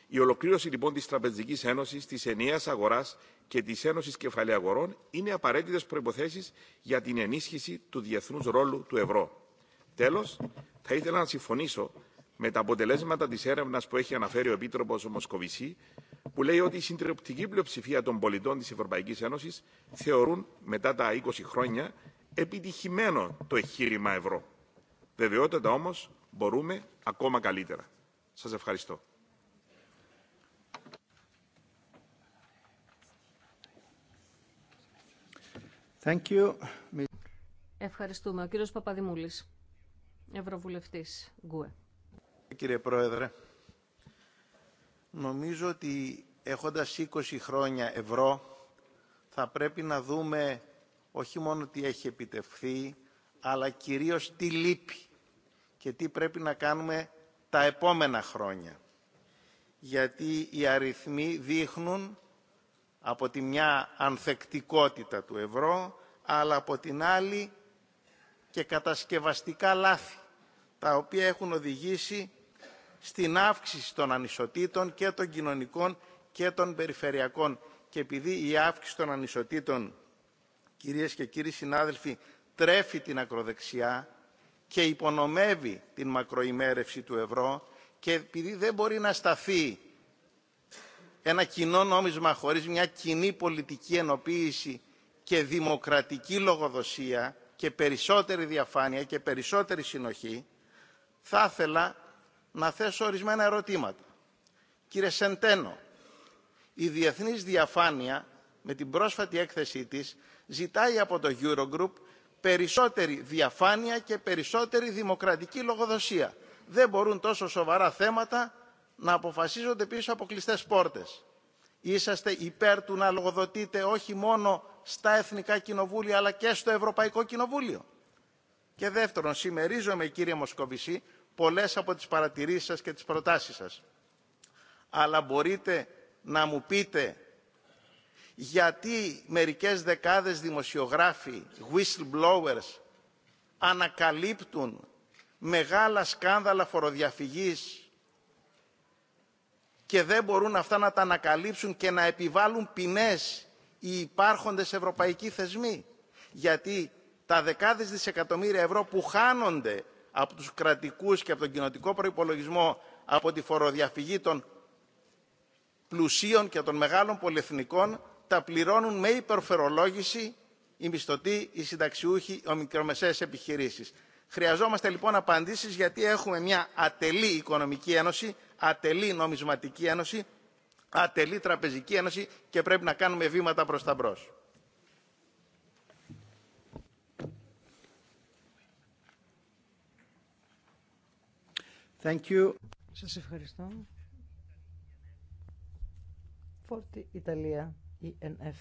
η ολοκλήρωση λοιπόν τη Τραπεζική Ένωση, τη ενιαία αγορά και τη Ένωση Κεφαλαίου Αγορών είναι απαραίτητε προποθέσει για την ενίσχυση του διεθνού ρόλου του ευρώ. Τέλο, θα ήθελα να συμφωνήσω με τα αποτελέσματα τη έρευνα που έχει αναφέρει ο Επίτροπο Μοσκοβισή, που λέει ότι η συντριπτική πλειοψηφία των πολιτών τη Ευρωπαϊκή Ένωση θεωρούν μετά τα 20 χρόνια επιτυχημένο το εγχείρημα ευρώ. Βεβαιότητα όμω μπορούμε ακόμα καλύτερα. Σα ευχαριστώ. Ευχαριστούμε. Ο κύριος Παπαδημούλης, Ευρωβουλευτής Γκουε. Κύριε Πρόεδρε, νομίζω ότι έχοντας 20 χρόνια ευρώ θα πρέπει να δούμε όχι μόνο τι έχει επιτευχθεί, αλλά κυρίως τι λείπει και τι πρέπει να κάνουμε τα επόμενα χρόνια. Γιατί οι αριθμοί δείχνουν από τη μια ανθεκτικότητα του ευρώ, αλλά από την άλλη και κατασκευαστικά λάθη, τα οποία έχουν οδηγήσει στην αύξηση των ανισοτήτων και των κοινωνικών και των περιφερειακών. Και επειδή η αύξηση των ανισοτήτων, κυρίες και κύριοι συνάδελφοι, τρέφει την ακροδεξιά και υπονομεύει την μακροημέρευση του ευρώ και επειδή δεν μπορεί να σταθεί ένα κοινό νόμισμα χωρίς μια κοινή πολιτική ενοποίηση και δημοκρατική λογοδοσία και περισσότερη διαφάνεια και περισσότερη συνοχή, θα ήθελα να θέσω ορισμένα ερωτήματα. Κύριε Σεντένο, η διεθνής διαφάνεια με την πρόσφατη έκθεσή της ζητάει από το Eurogroup περισσότερη διαφάνεια και περισσότερη δημοκρατική λογοδοσία. Δεν μπορούν τόσο σοβαρά θέματα να αποφασίζονται πίσω από κλειστές πόρτες. Είσαστε υπέρ του να λογοδοτείτε όχι μόνο στα Εθνικά Κοινοβούλια αλλά και στο Ευρωπαϊκό Κοινοβούλιο. Και δεύτερον, σημερίζομαι, κύριε Μοσκοβισή πολλές από τις παρατηρήσεις σας και τις προτάσεις σας. Αλλά μπορείτε να μου πείτε γιατί μερικές δεκάδες δημοσιογράφοι, whistleblowers, ανακαλύπτουν μεγάλα σκάνδαλα φοροδιαφυγής και δεν μπορούν αυτά να τα ανακαλύψουν και να επιβάλλουν ποινές οι υπάρχοντες ευρωπαϊκοί θεσμοί. Γιατί τα δεκάδες δισεκατομμύρια ευρώ που χάνονται από τους κρατικούς και από τον κοινοτικό προϋπολογισμό από τη φοροδιαφυγή των πλουσίων και των μεγάλων πολυεθνικών τα πληρώνουν με υπερφερολόγηση οι μισθωτοί, οι συνταξιούχοι, οι μικρομεσαίες επιχειρήσεις. Χρειαζόμαστε λοιπόν απαντήσεις γιατί έχουμε μια ατελή οικονομική ένωση, ατελή νομισματική ένωση, ατελή τραπεζική ένωση και πρέπει να κάνουμε βήματα προς τα μπρος. Thank ευχαριστώ. Φόρτι Ιταλία, e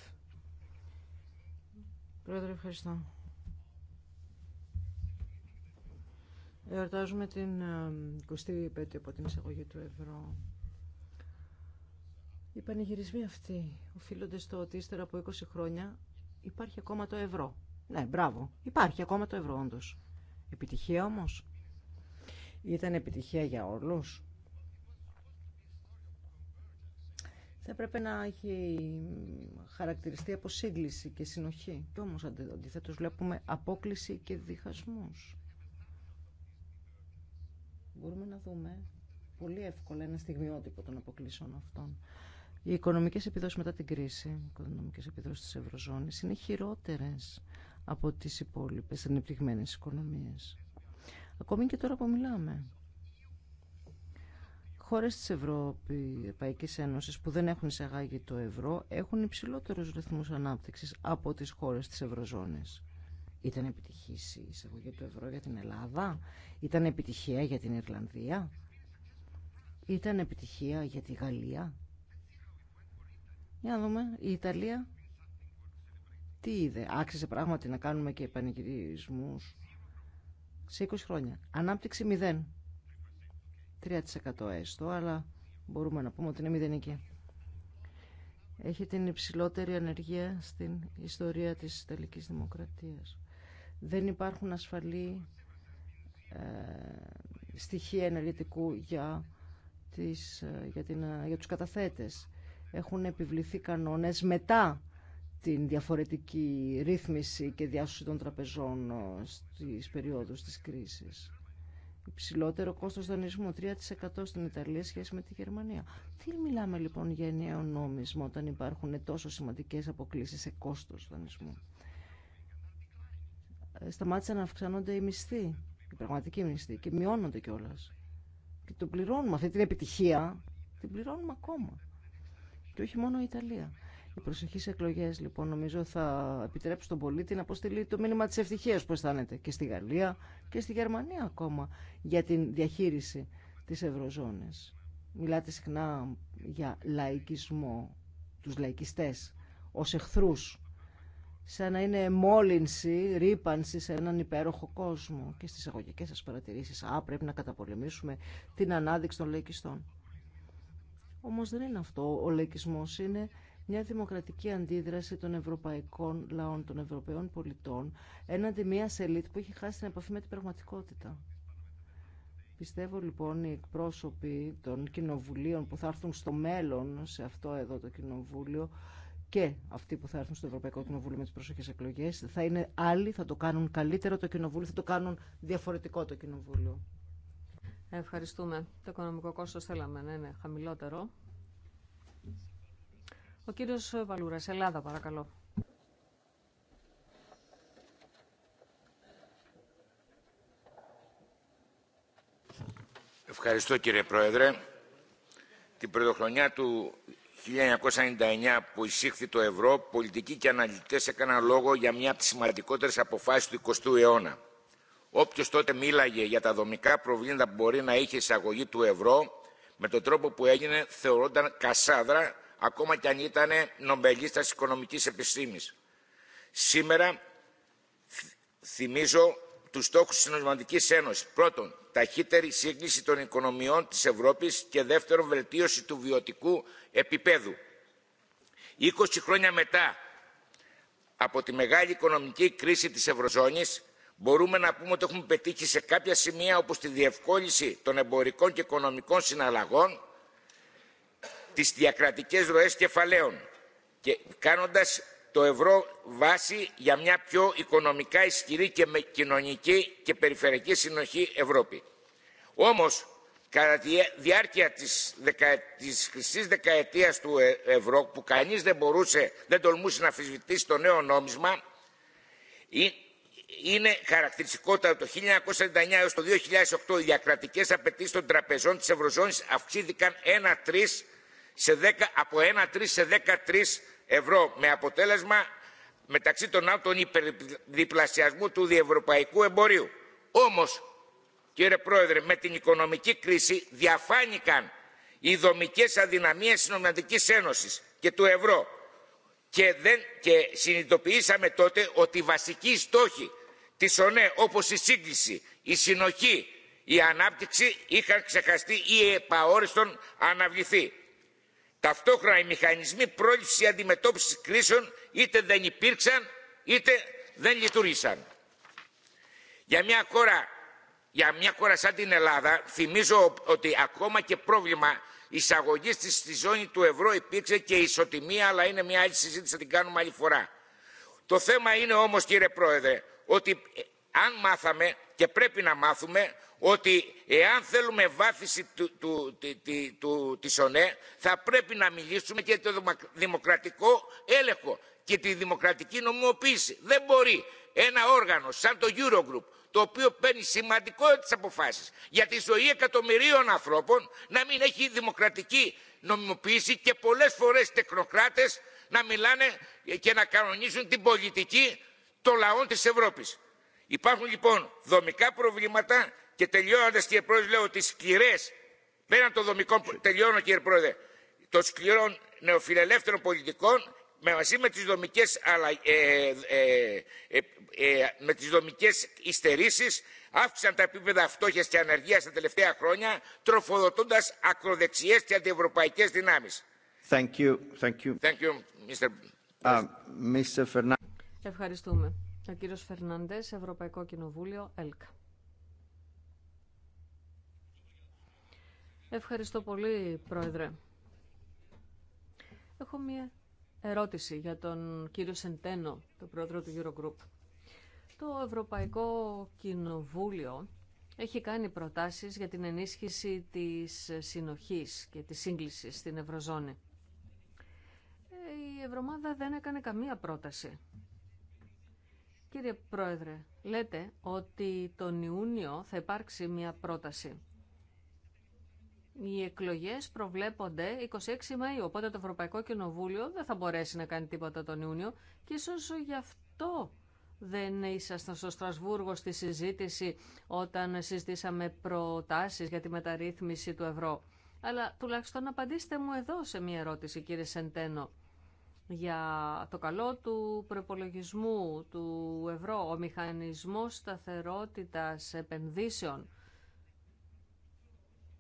Πρόεδρε, ευχαριστώ. Εορτάζουμε την 20η ε, επέτειο από την εισαγωγή του ευρώ. Οι πανηγυρισμοί αυτοί οφείλονται στο ότι ύστερα από 25 η απο την εισαγωγη του ευρω υπάρχει ακόμα το ευρώ. Ναι, μπράβο. Υπάρχει ακόμα το ευρώ, όντω. Επιτυχία όμω. Ήταν επιτυχία για όλου. Θα έπρεπε να έχει χαρακτηριστεί από σύγκληση και συνοχή. Κι όμως αντιθέτως βλέπουμε απόκληση και διχασμούς μπορούμε να δούμε πολύ εύκολα ένα στιγμιότυπο των αποκλήσεων αυτών. Οι οικονομικές επιδόσεις μετά την κρίση, οι οικονομικές επιδόσεις της Ευρωζώνης είναι χειρότερες από τις υπόλοιπε ανεπτυγμένε οικονομίες. Ακόμη και τώρα που μιλάμε. Χώρες της Ευρωπαϊκή Ένωση που δεν έχουν εισαγάγει το ευρώ έχουν υψηλότερου ρυθμού ανάπτυξη από τι χώρε τη Ευρωζώνης. Ήταν επιτυχή η εισαγωγή του ευρώ για την Ελλάδα. Ήταν επιτυχία για την Ιρλανδία. Ήταν επιτυχία για τη Γαλλία. Για να δούμε, η Ιταλία τι είδε. Άξιζε πράγματι να κάνουμε και πανηγυρισμούς σε 20 χρόνια. Ανάπτυξη 0. 3% έστω, αλλά μπορούμε να πούμε ότι είναι μηδενική. Έχει την υψηλότερη ανεργία στην ιστορία της Ιταλικής Δημοκρατίας δεν υπάρχουν ασφαλή ε, στοιχεία ενεργητικού για, τις, ε, για, την, ε, για τους καταθέτες. Έχουν επιβληθεί κανόνες μετά την διαφορετική ρύθμιση και διάσωση των τραπεζών στις περιόδους της κρίσης. Υψηλότερο κόστος δανεισμού, 3% στην Ιταλία σχέση με τη Γερμανία. Τι μιλάμε λοιπόν για νέο νόμισμα όταν υπάρχουν τόσο σημαντικές αποκλήσεις σε κόστος δανεισμού. Ε, σταμάτησαν να αυξάνονται οι μισθοί, οι πραγματικοί μισθοί και μειώνονται κιόλα. Και το πληρώνουμε αυτή την επιτυχία, την πληρώνουμε ακόμα. Και όχι μόνο η Ιταλία. Οι προσεχεί εκλογέ, λοιπόν, νομίζω θα επιτρέψουν τον πολίτη να αποστείλει το μήνυμα τη ευτυχία που αισθάνεται και στη Γαλλία και στη Γερμανία ακόμα για την διαχείριση τη Ευρωζώνη. Μιλάτε συχνά για λαϊκισμό, του λαϊκιστές, ω εχθρού σαν να είναι μόλυνση, ρήπανση σε έναν υπέροχο κόσμο. Και στις εγωγικές σας παρατηρήσεις, α, πρέπει να καταπολεμήσουμε την ανάδειξη των λαϊκιστών. Όμως δεν είναι αυτό. Ο λαϊκισμός είναι μια δημοκρατική αντίδραση των ευρωπαϊκών λαών, των ευρωπαίων πολιτών, έναντι μια ελίτ που έχει χάσει την επαφή με την πραγματικότητα. Πιστεύω λοιπόν οι εκπρόσωποι των κοινοβουλίων που θα έρθουν στο μέλλον σε αυτό εδώ το κοινοβούλιο και αυτοί που θα έρθουν στο Ευρωπαϊκό Κοινοβούλιο με τι προσεχέ εκλογέ. Θα είναι άλλοι, θα το κάνουν καλύτερο το Κοινοβούλιο, θα το κάνουν διαφορετικό το Κοινοβούλιο. Ευχαριστούμε. Το οικονομικό κόστο θέλαμε να είναι χαμηλότερο. Ο κύριο Βαλούρα, Ελλάδα, παρακαλώ. Ευχαριστώ κύριε Πρόεδρε. Την πρωτοχρονιά του 1999 που εισήχθη το ευρώ, πολιτικοί και αναλυτές έκαναν λόγο για μια από τις σημαντικότερες αποφάσεις του 20ου αιώνα. Όποιος τότε μίλαγε για τα δομικά προβλήματα που μπορεί να είχε εισαγωγή του ευρώ, με τον τρόπο που έγινε θεωρώνταν κασάδρα, ακόμα κι αν ήταν νομπελίστας οικονομικής επιστήμης. Σήμερα θυμίζω του στόχου τη Ενωσματική Ένωση. Πρώτον, ταχύτερη σύγκληση των οικονομιών τη Ευρώπη και δεύτερον, βελτίωση του βιωτικού επίπεδου. 20 χρόνια μετά από τη μεγάλη οικονομική κρίση της Ευρωζώνης, μπορούμε να πούμε ότι έχουμε πετύχει σε κάποια σημεία όπως τη διευκόλυνση των εμπορικών και οικονομικών συναλλαγών, τις διακρατικές ροές κεφαλαίων και κάνοντας το ευρώ βάση για μια πιο οικονομικά ισχυρή και με κοινωνική και περιφερειακή συνοχή Ευρώπη. Όμως, κατά τη διάρκεια της, δεκα... της χρυσής δεκαετίας του ε, ευρώ, που κανείς δεν μπορούσε, δεν τολμούσε να αφισβητήσει το νέο νόμισμα, είναι χαρακτηριστικότατο το 1999 έως το 2008 οι διακρατικές απαιτήσεις των τραπεζών της Ευρωζώνης σε 10, από 1-3 σε 13 ευρώ με αποτέλεσμα μεταξύ των άλλων τον υπερδιπλασιασμό του διευρωπαϊκού εμπορίου. Όμως, κύριε Πρόεδρε, με την οικονομική κρίση διαφάνηκαν οι δομικές αδυναμίες της Νομιαντικής Ένωσης και του ευρώ και, δεν, και συνειδητοποιήσαμε τότε ότι οι βασικοί στόχοι της ΟΝΕ όπως η σύγκληση, η συνοχή, η ανάπτυξη είχαν ξεχαστεί ή επαόριστον αναβληθεί ταυτόχρονα οι μηχανισμοί πρόληψης και αντιμετώπισης κρίσεων είτε δεν υπήρξαν είτε δεν λειτουργήσαν. Για μια χώρα, για μια χώρα σαν την Ελλάδα θυμίζω ότι ακόμα και πρόβλημα εισαγωγής της στη ζώνη του ευρώ υπήρξε και ισοτιμία αλλά είναι μια άλλη συζήτηση θα την κάνουμε άλλη φορά. Το θέμα είναι όμως κύριε Πρόεδρε ότι αν μάθαμε και πρέπει να μάθουμε ότι εάν θέλουμε βάθηση του, του, του, της ΟΝΕ θα πρέπει να μιλήσουμε και το δημοκρατικό έλεγχο και τη δημοκρατική νομιμοποίηση. Δεν μπορεί ένα όργανο σαν το Eurogroup το οποίο παίρνει σημαντικό τις αποφάσεις για τη ζωή εκατομμυρίων ανθρώπων να μην έχει δημοκρατική νομιμοποίηση και πολλές φορές τεχνοκράτες να μιλάνε και να κανονίζουν την πολιτική των λαών της Ευρώπης. Υπάρχουν λοιπόν δομικά προβλήματα και τελειώνοντα κύριε Πρόεδρε λέω ότι σκληρέ, πέραν των δομικών, τελειώνω κύριε Πρόεδρε, των σκληρών νεοφιλελεύθερων πολιτικών με, μαζί με τις δομικές, αλλά, ε, ε, ε, ε αύξησαν τα επίπεδα φτώχειας και ανεργίας τα τελευταία χρόνια τροφοδοτώντας ακροδεξιές και αντιευρωπαϊκές δυνάμεις. Thank you. Thank you. Thank you, Mr. Uh, Ευχαριστούμε. Ο κύριος Φερνάντες, Ευρωπαϊκό Κοινοβούλιο, ΕΛΚΑ. Ευχαριστώ πολύ, Πρόεδρε. Έχω μία ερώτηση για τον κύριο Σεντένο, τον πρόεδρο του Eurogroup. Το Ευρωπαϊκό Κοινοβούλιο έχει κάνει προτάσεις για την ενίσχυση της συνοχής και της σύγκλησης στην Ευρωζώνη. Ε, η Ευρωμάδα δεν έκανε καμία πρόταση Κύριε Πρόεδρε, λέτε ότι τον Ιούνιο θα υπάρξει μια πρόταση. Οι εκλογές προβλέπονται 26 Μαΐου, οπότε το Ευρωπαϊκό Κοινοβούλιο δεν θα μπορέσει να κάνει τίποτα τον Ιούνιο και ίσως γι' αυτό δεν ήσασταν στο Στρασβούργο στη συζήτηση όταν συζητήσαμε προτάσεις για τη μεταρρύθμιση του ευρώ. Αλλά τουλάχιστον απαντήστε μου εδώ σε μια ερώτηση κύριε Σεντένο για το καλό του προπολογισμού του ευρώ, ο μηχανισμός σταθερότητας επενδύσεων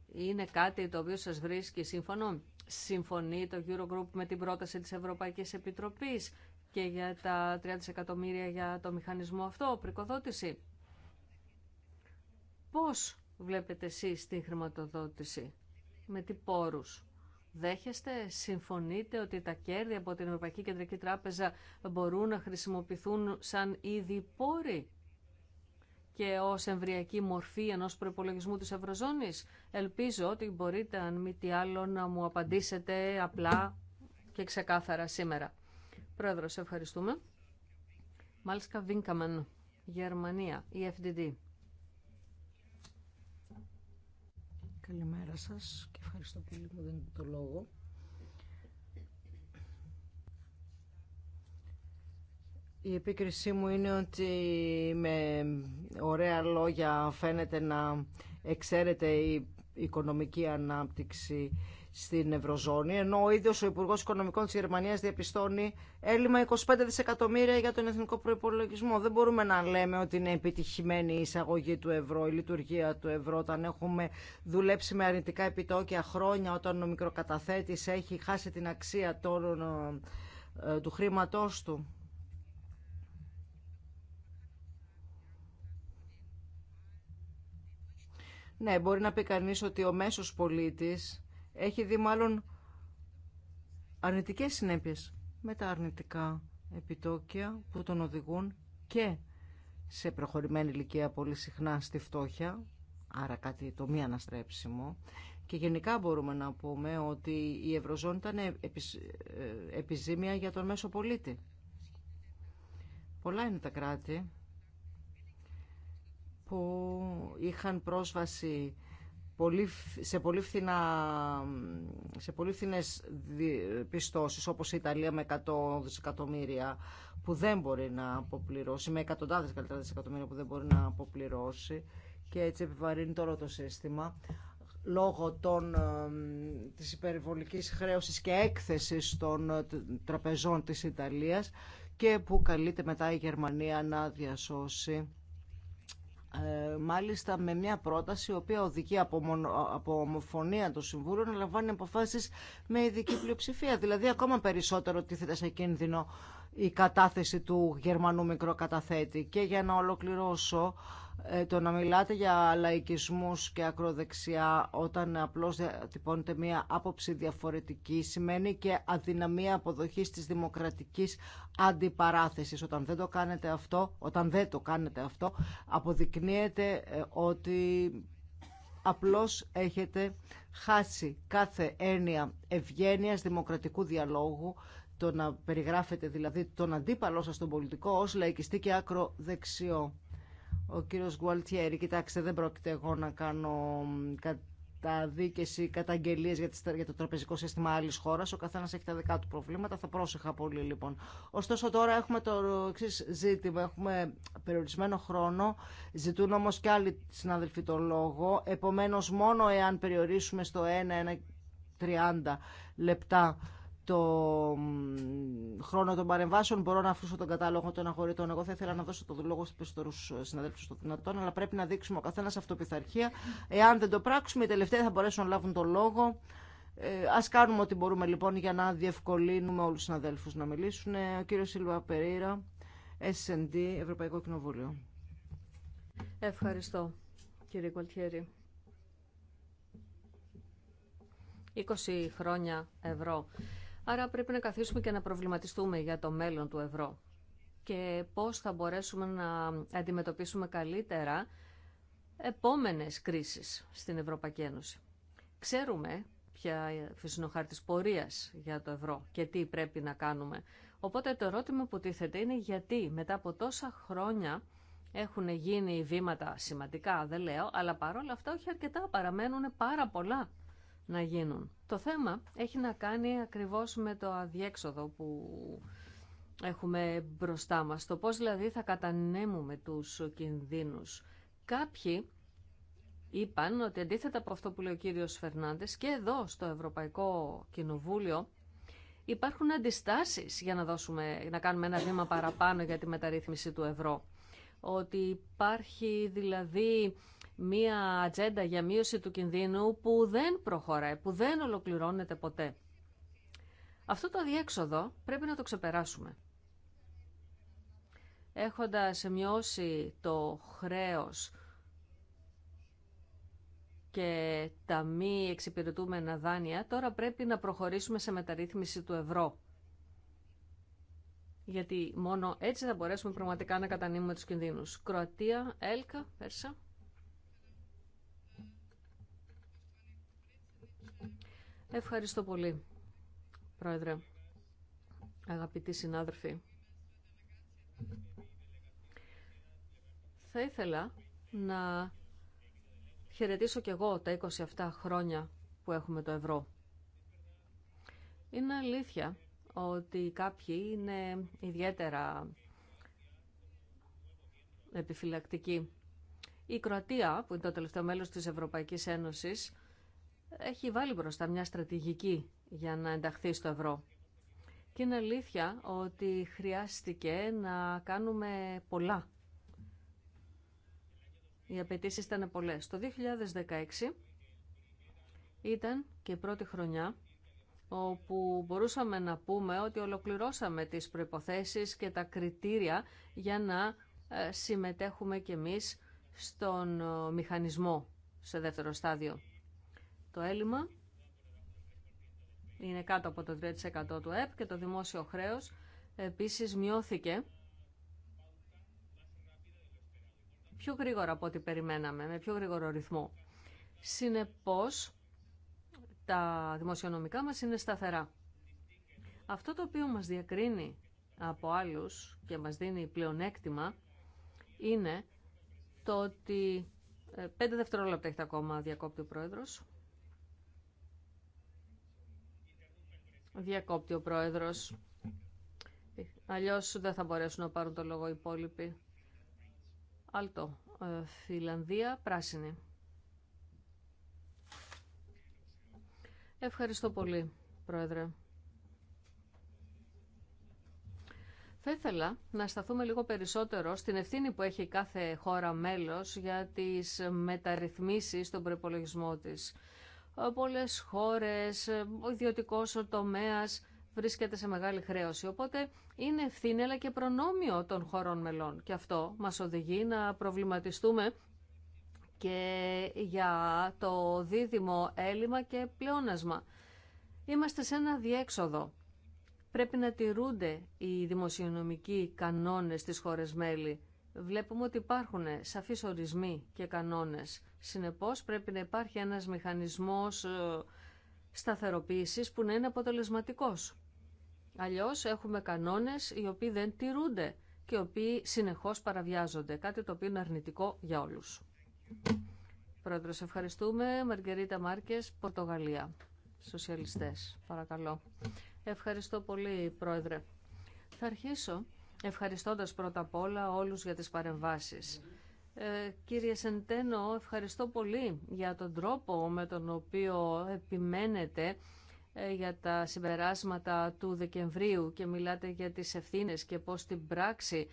είναι κάτι το οποίο σας βρίσκει σύμφωνο. Συμφωνεί το Eurogroup με την πρόταση της Ευρωπαϊκής Επιτροπής και για τα 30 εκατομμύρια για το μηχανισμό αυτό, πρικοδότηση. Πώς βλέπετε εσείς την χρηματοδότηση, με τι πόρους. Δέχεστε, συμφωνείτε ότι τα κέρδη από την Ευρωπαϊκή Κεντρική Τράπεζα μπορούν να χρησιμοποιηθούν σαν ήδη πόροι και ως εμβριακή μορφή ενός προπολογισμού της Ευρωζώνης. Ελπίζω ότι μπορείτε, αν μη τι άλλο, να μου απαντήσετε απλά και ξεκάθαρα σήμερα. Πρόεδρος, ευχαριστούμε. Μάλσκα Βίνκαμαν, Γερμανία, EFDD. Καλημέρα σας και ευχαριστώ πολύ που μου δίνετε το λόγο. Η επίκρισή μου είναι ότι με ωραία λόγια φαίνεται να εξαίρεται η οικονομική ανάπτυξη στην Ευρωζώνη, ενώ ο ίδιος ο Υπουργός Οικονομικών της Γερμανίας διαπιστώνει έλλειμμα 25 δισεκατομμύρια για τον εθνικό προϋπολογισμό. Δεν μπορούμε να λέμε ότι είναι επιτυχημένη η εισαγωγή του ευρώ, η λειτουργία του ευρώ, όταν έχουμε δουλέψει με αρνητικά επιτόκια χρόνια, όταν ο μικροκαταθέτης έχει χάσει την αξία ε, του χρήματός του. Ναι, μπορεί να πει κανείς ότι ο μέσος πολίτης έχει δει μάλλον αρνητικές συνέπειες με τα αρνητικά επιτόκια που τον οδηγούν και σε προχωρημένη ηλικία πολύ συχνά στη φτώχεια, άρα κάτι το μη αναστρέψιμο. Και γενικά μπορούμε να πούμε ότι η Ευρωζώνη ήταν ε, ε, επιζήμια για τον μέσο πολίτη. Πολλά είναι τα κράτη που είχαν πρόσβαση σε, πολύ φθηνά, σε πολύ φθηνές πιστώσεις όπως η Ιταλία με 100 δισεκατομμύρια που δεν μπορεί να αποπληρώσει, με εκατοντάδες δισεκατομμύρια που δεν μπορεί να αποπληρώσει και έτσι επιβαρύνει τώρα το σύστημα λόγω των, ε, της υπερβολικής χρέωσης και έκθεσης των ε, τραπεζών της Ιταλίας και που καλείται μετά η Γερμανία να διασώσει ε, μάλιστα με μια πρόταση η οποία οδηγεί από, μονο, από ομοφωνία των Συμβούλων να λαμβάνει αποφάσεις με ειδική πλειοψηφία. Δηλαδή ακόμα περισσότερο τίθεται σε κίνδυνο η κατάθεση του Γερμανού μικροκαταθέτη. Και για να ολοκληρώσω, ε, το να μιλάτε για λαϊκισμούς και ακροδεξιά όταν απλώς τυπώνετε μία άποψη διαφορετική σημαίνει και αδυναμία αποδοχής της δημοκρατικής αντιπαράθεσης. Όταν δεν το κάνετε αυτό, όταν δεν το κάνετε αυτό αποδεικνύεται ε, ότι απλώς έχετε χάσει κάθε έννοια ευγένειας δημοκρατικού διαλόγου το να περιγράφετε δηλαδή τον αντίπαλό σας τον πολιτικό ως λαϊκιστή και ακροδεξιό ο κύριος Γουαλτιέρη. Κοιτάξτε, δεν πρόκειται εγώ να κάνω καταδίκες ή καταγγελίες για το τραπεζικό σύστημα άλλης χώρας. Ο καθένας έχει τα δικά του προβλήματα, θα πρόσεχα πολύ λοιπόν. Ωστόσο τώρα έχουμε το εξή ζήτημα, έχουμε περιορισμένο χρόνο, ζητούν όμως και άλλοι συναδελφοί το λόγο. Επομένως μόνο εάν περιορίσουμε στο 1-1-30 λεπτά το χρόνο των παρεμβάσεων. Μπορώ να αφήσω τον κατάλογο των αγορητών. Εγώ θα ήθελα να δώσω το λόγο στου περισσότερου ε, συναδέλφου των δυνατών, αλλά πρέπει να δείξουμε ο καθένα αυτοπιθαρχία. Εάν δεν το πράξουμε, οι τελευταίοι θα μπορέσουν να λάβουν το λόγο. Ε, Α κάνουμε ό,τι μπορούμε λοιπόν για να διευκολύνουμε όλου του συναδέλφου να μιλήσουν. Ο κύριο Σίλβα Περίρα, SND, Ευρωπαϊκό Κοινοβούλιο. Ευχαριστώ, κύριε Κολτιέρη. 20 χρόνια ευρώ Άρα πρέπει να καθίσουμε και να προβληματιστούμε για το μέλλον του ευρώ και πώς θα μπορέσουμε να αντιμετωπίσουμε καλύτερα επόμενες κρίσεις στην Ευρωπαϊκή Ένωση. Ξέρουμε ποια είναι ο πορείας για το ευρώ και τι πρέπει να κάνουμε. Οπότε το ερώτημα που τίθεται είναι γιατί μετά από τόσα χρόνια έχουν γίνει βήματα σημαντικά, δεν λέω, αλλά παρόλα αυτά όχι αρκετά, παραμένουν πάρα πολλά να γίνουν. Το θέμα έχει να κάνει ακριβώς με το αδιέξοδο που έχουμε μπροστά μας. Το πώς δηλαδή θα κατανέμουμε τους κινδύνους. Κάποιοι είπαν ότι αντίθετα από αυτό που λέει ο κύριος Φερνάντες και εδώ στο Ευρωπαϊκό Κοινοβούλιο υπάρχουν αντιστάσεις για να, δώσουμε, να κάνουμε ένα βήμα παραπάνω για τη μεταρρύθμιση του ευρώ. Ότι υπάρχει δηλαδή μία ατζέντα για μείωση του κινδύνου που δεν προχωράει, που δεν ολοκληρώνεται ποτέ. Αυτό το αδιέξοδο πρέπει να το ξεπεράσουμε. Έχοντας μειώσει το χρέος και τα μη εξυπηρετούμενα δάνεια, τώρα πρέπει να προχωρήσουμε σε μεταρρύθμιση του ευρώ. Γιατί μόνο έτσι θα μπορέσουμε πραγματικά να κατανείμουμε τους κινδύνους. Κροατία, Έλκα, Πέρσα. Ευχαριστώ πολύ, Πρόεδρε, αγαπητοί συνάδελφοι. Θα ήθελα να χαιρετήσω και εγώ τα 27 χρόνια που έχουμε το ευρώ. Είναι αλήθεια ότι κάποιοι είναι ιδιαίτερα επιφυλακτικοί. Η Κροατία, που είναι το τελευταίο μέλος της Ευρωπαϊκής Ένωσης, έχει βάλει μπροστά μια στρατηγική για να ενταχθεί στο ευρώ. Και είναι αλήθεια ότι χρειάστηκε να κάνουμε πολλά. Οι απαιτήσει ήταν πολλές. Το 2016 ήταν και η πρώτη χρονιά όπου μπορούσαμε να πούμε ότι ολοκληρώσαμε τις προϋποθέσεις και τα κριτήρια για να ε, συμμετέχουμε κι εμείς στον ε, μηχανισμό σε δεύτερο στάδιο. Το έλλειμμα είναι κάτω από το 3% του ΕΠ και το δημόσιο χρέος επίσης μειώθηκε πιο γρήγορα από ό,τι περιμέναμε, με πιο γρήγορο ρυθμό. Συνεπώς, τα δημοσιονομικά μας είναι σταθερά. Αυτό το οποίο μας διακρίνει από άλλους και μας δίνει πλεονέκτημα είναι το ότι... Ε, πέντε δευτερόλεπτα έχετε ακόμα διακόπτει ο Πρόεδρος. Διακόπτει ο Πρόεδρος. Αλλιώς δεν θα μπορέσουν να πάρουν το λόγο οι υπόλοιποι. Αλτό. Ε, Φιλανδία, πράσινη. Ευχαριστώ πολύ, Πρόεδρε. Θα ήθελα να σταθούμε λίγο περισσότερο στην ευθύνη που έχει κάθε χώρα μέλος για τις μεταρρυθμίσεις στον προπολογισμό της. Ε, πολλές χώρες, ε, ο ιδιωτικός ο τομέας βρίσκεται σε μεγάλη χρέωση. Οπότε είναι ευθύνη αλλά και προνόμιο των χωρών μελών. Και αυτό μας οδηγεί να προβληματιστούμε και για το δίδυμο έλλειμμα και πλεόνασμα. Είμαστε σε ένα διέξοδο. Πρέπει να τηρούνται οι δημοσιονομικοί κανόνες στις χώρες μέλη βλέπουμε ότι υπάρχουν σαφείς ορισμοί και κανόνες. Συνεπώς πρέπει να υπάρχει ένας μηχανισμός ε, σταθεροποίησης που να είναι αποτελεσματικός. Αλλιώς έχουμε κανόνες οι οποίοι δεν τηρούνται και οι οποίοι συνεχώς παραβιάζονται, κάτι το οποίο είναι αρνητικό για όλους. Πρόεδρος, ευχαριστούμε. Μαργκερίτα Μάρκες, Πορτογαλία. Σοσιαλιστές, παρακαλώ. Ευχαριστώ πολύ, Πρόεδρε. Θα αρχίσω ευχαριστώντας πρώτα απ' όλα όλους για τις παρεμβάσεις. Ε, κύριε Σεντένο, ευχαριστώ πολύ για τον τρόπο με τον οποίο επιμένετε ε, για τα συμπεράσματα του Δεκεμβρίου και μιλάτε για τις ευθύνες και πώς στην πράξη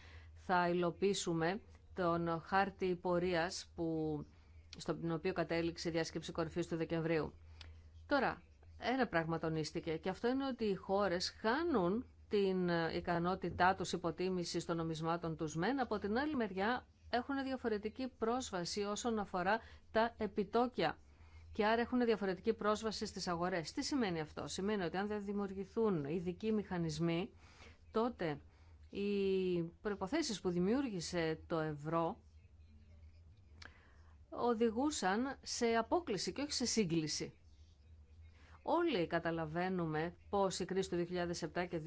θα υλοποιήσουμε τον χάρτη πορείας που, στον οποίο κατέληξε η διάσκεψη κορυφής του Δεκεμβρίου. Τώρα, ένα πράγμα τονίστηκε και αυτό είναι ότι οι χώρες χάνουν την ικανότητά τους υποτίμησης των νομισμάτων τους μεν, από την άλλη μεριά έχουν διαφορετική πρόσβαση όσον αφορά τα επιτόκια και άρα έχουν διαφορετική πρόσβαση στις αγορές. Τι σημαίνει αυτό? Σημαίνει ότι αν δεν δημιουργηθούν ειδικοί μηχανισμοί, τότε οι προϋποθέσεις που δημιούργησε το ευρώ οδηγούσαν σε απόκληση και όχι σε σύγκληση. Όλοι καταλαβαίνουμε πως η κρίση του 2007 και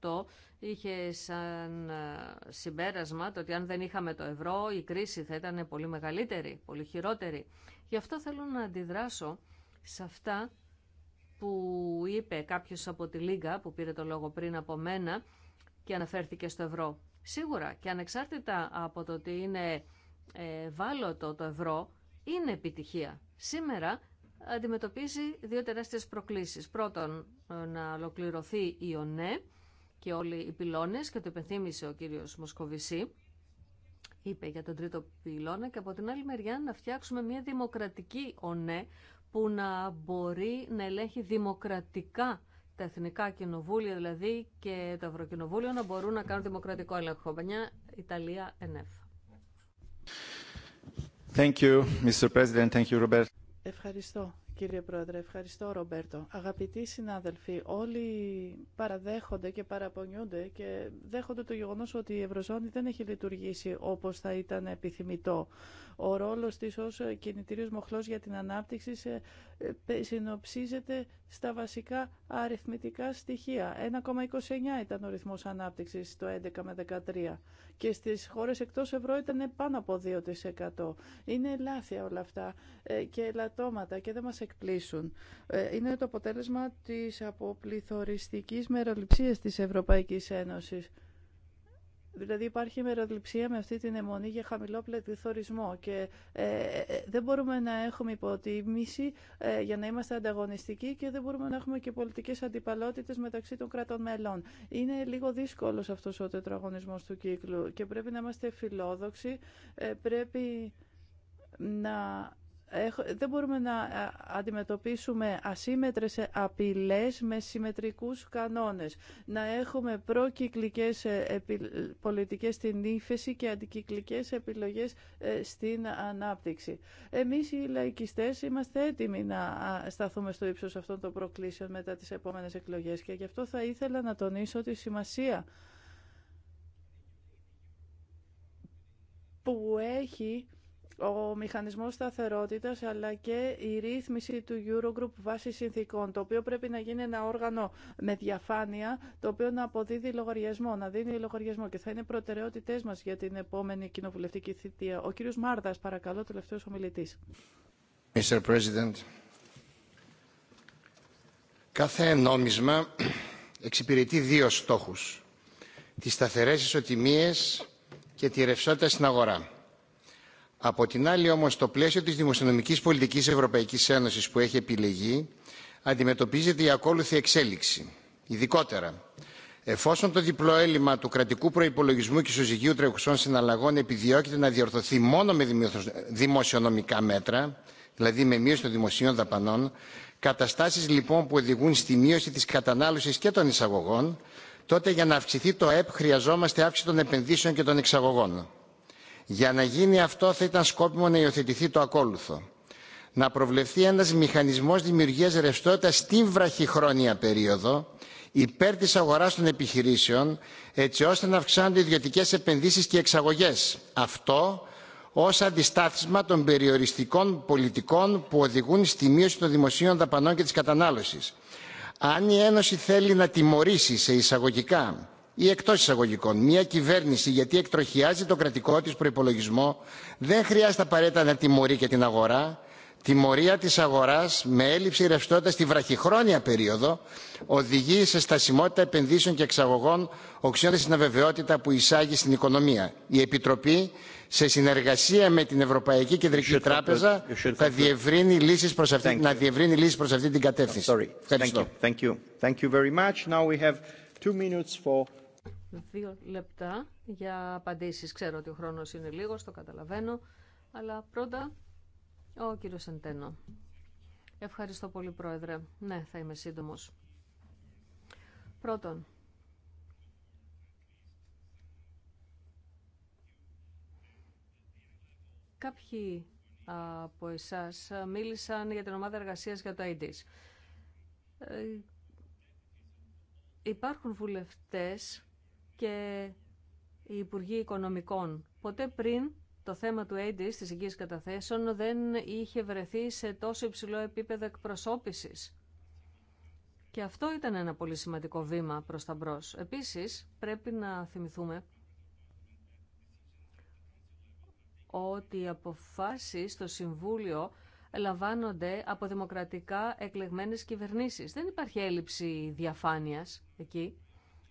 2008 είχε σαν ε, συμπέρασμα το ότι αν δεν είχαμε το ευρώ η κρίση θα ήταν πολύ μεγαλύτερη, πολύ χειρότερη. Γι' αυτό θέλω να αντιδράσω σε αυτά που είπε κάποιος από τη Λίγκα που πήρε το λόγο πριν από μένα και αναφέρθηκε στο ευρώ. Σίγουρα και ανεξάρτητα από το ότι είναι βάλωτο ε, το ευρώ είναι επιτυχία. Σήμερα αντιμετωπίζει δύο τεράστιες προκλήσεις. Πρώτον, να ολοκληρωθεί η ΟΝΕ και όλοι οι πυλώνες και το υπενθύμησε ο κύριος Μοσκοβισή είπε για τον τρίτο πυλώνα και από την άλλη μεριά να φτιάξουμε μια δημοκρατική ΟΝΕ που να μπορεί να ελέγχει δημοκρατικά τα εθνικά κοινοβούλια δηλαδή και το Ευρωκοινοβούλιο να μπορούν να κάνουν δημοκρατικό έλεγχο. Μια Ιταλία ΕΝΕΦ. Thank you, Mr. President. Thank you, Ευχαριστώ κύριε Πρόεδρε. Ευχαριστώ, Ρομπέρτο. Αγαπητοί συνάδελφοι, όλοι παραδέχονται και παραπονιούνται και δέχονται το γεγονός ότι η Ευρωζώνη δεν έχει λειτουργήσει όπως θα ήταν επιθυμητό. Ο ρόλος της ως κινητήριος μοχλός για την ανάπτυξη ε, συνοψίζεται στα βασικά αριθμητικά στοιχεία. 1,29 ήταν ο ρυθμός ανάπτυξης το 11 με 13 και στις χώρες εκτός ευρώ ήταν πάνω από 2%. Είναι λάθεια όλα αυτά ε, και ελαττώματα και δεν μας ε, είναι το αποτέλεσμα της αποπληθωριστικής μεροληψίας της Ευρωπαϊκής Ένωσης. Δηλαδή υπάρχει μεροληψία με αυτή την αιμονή για χαμηλό πληθωρισμό και ε, ε, ε δεν μπορούμε να έχουμε υποτίμηση για να είμαστε ανταγωνιστικοί και δεν μπορούμε να έχουμε και πολιτικές αντιπαλότητες μεταξύ των κρατών μελών. Είναι λίγο δύσκολος αυτός ο τετραγωνισμός του κύκλου και πρέπει να είμαστε φιλόδοξοι, πρέπει να δεν μπορούμε να ε, αντιμετωπίσουμε ασύμετρες απειλές με συμμετρικούς κανόνες. Να έχουμε προκυκλικές ε, πολιτικές στην ύφεση και αντικυκλικές επιλογές ε, στην ανάπτυξη. Εμείς οι λαϊκιστές είμαστε έτοιμοι να σταθούμε στο ύψος αυτών των προκλήσεων μετά τις επόμενες εκλογές και γι' αυτό θα ήθελα να τονίσω τη σημασία που έχει ο μηχανισμός σταθερότητας αλλά και η ρύθμιση του Eurogroup βάσει συνθήκων, το οποίο πρέπει να γίνει ένα όργανο με διαφάνεια, το οποίο να αποδίδει λογαριασμό, να δίνει λογαριασμό και θα είναι προτεραιότητές μας για την επόμενη κοινοβουλευτική θητεία. Ο κύριος Μάρδας, παρακαλώ, τελευταίος ομιλητής. Mr. President, κάθε νόμισμα εξυπηρετεί δύο στόχους. Τις σταθερές ισοτιμίες και τη ρευσότητα στην αγορά από την άλλη όμως το πλαίσιο της δημοσιονομικής πολιτικής Ευρωπαϊκής Ένωσης που έχει επιλεγεί αντιμετωπίζεται η ακόλουθη εξέλιξη. Ειδικότερα, εφόσον το διπλό έλλειμμα του κρατικού προϋπολογισμού και ισοζυγίου τρεχουσών συναλλαγών επιδιώκεται να διορθωθεί μόνο με δημοσιονομικά μέτρα, δηλαδή με μείωση των δημοσίων δαπανών, καταστάσεις λοιπόν που οδηγούν στη μείωση της κατανάλωσης και των εισαγωγών, τότε για να αυξηθεί το ΕΠ χρειαζόμαστε αύξηση των επενδύσεων και των εξαγωγών. Για να γίνει αυτό θα ήταν σκόπιμο να υιοθετηθεί το ακόλουθο. Να προβλεφθεί ένας μηχανισμός δημιουργίας ρευστότητα στην βραχυχρόνια περίοδο υπέρ της αγοράς των επιχειρήσεων έτσι ώστε να αυξάνονται ιδιωτικές επενδύσεις και εξαγωγές. Αυτό ως αντιστάθμισμα των περιοριστικών πολιτικών που οδηγούν στη μείωση των δημοσίων δαπανών και της κατανάλωσης. Αν η Ένωση θέλει να τιμωρήσει σε εισαγωγικά ή εκτό εισαγωγικών. Μια κυβέρνηση γιατί εκτροχιάζει το κρατικό τη προπολογισμό δεν χρειάζεται απαραίτητα να τιμωρεί και την αγορά. Τιμωρία τη αγορά με έλλειψη ρευστότητα στη βραχυχρόνια περίοδο οδηγεί σε στασιμότητα επενδύσεων και εξαγωγών, οξύνοντα την αβεβαιότητα που εισάγει στην οικονομία. Η Επιτροπή, σε συνεργασία με την Ευρωπαϊκή Κεντρική Τράπεζα, θα διευρύνει να διευρύνει λύσει προ αυτή την κατεύθυνση δύο λεπτά για απαντήσεις. Ξέρω ότι ο χρόνος είναι λίγος, το καταλαβαίνω, αλλά πρώτα ο κύριος Σεντένο. Ευχαριστώ πολύ, Πρόεδρε. Ναι, θα είμαι σύντομος. Πρώτον, κάποιοι από εσάς μίλησαν για την ομάδα εργασίας για το IDs. Ε, υπάρχουν βουλευτές και οι Υπουργοί Οικονομικών. Ποτέ πριν το θέμα του AIDS της Υγείας καταθέσεων δεν είχε βρεθεί σε τόσο υψηλό επίπεδο εκπροσώπησης. Και αυτό ήταν ένα πολύ σημαντικό βήμα προς τα μπρος. Επίσης, πρέπει να θυμηθούμε ότι οι αποφάσεις στο Συμβούλιο λαμβάνονται από δημοκρατικά εκλεγμένες κυβερνήσεις. Δεν υπάρχει έλλειψη διαφάνειας εκεί.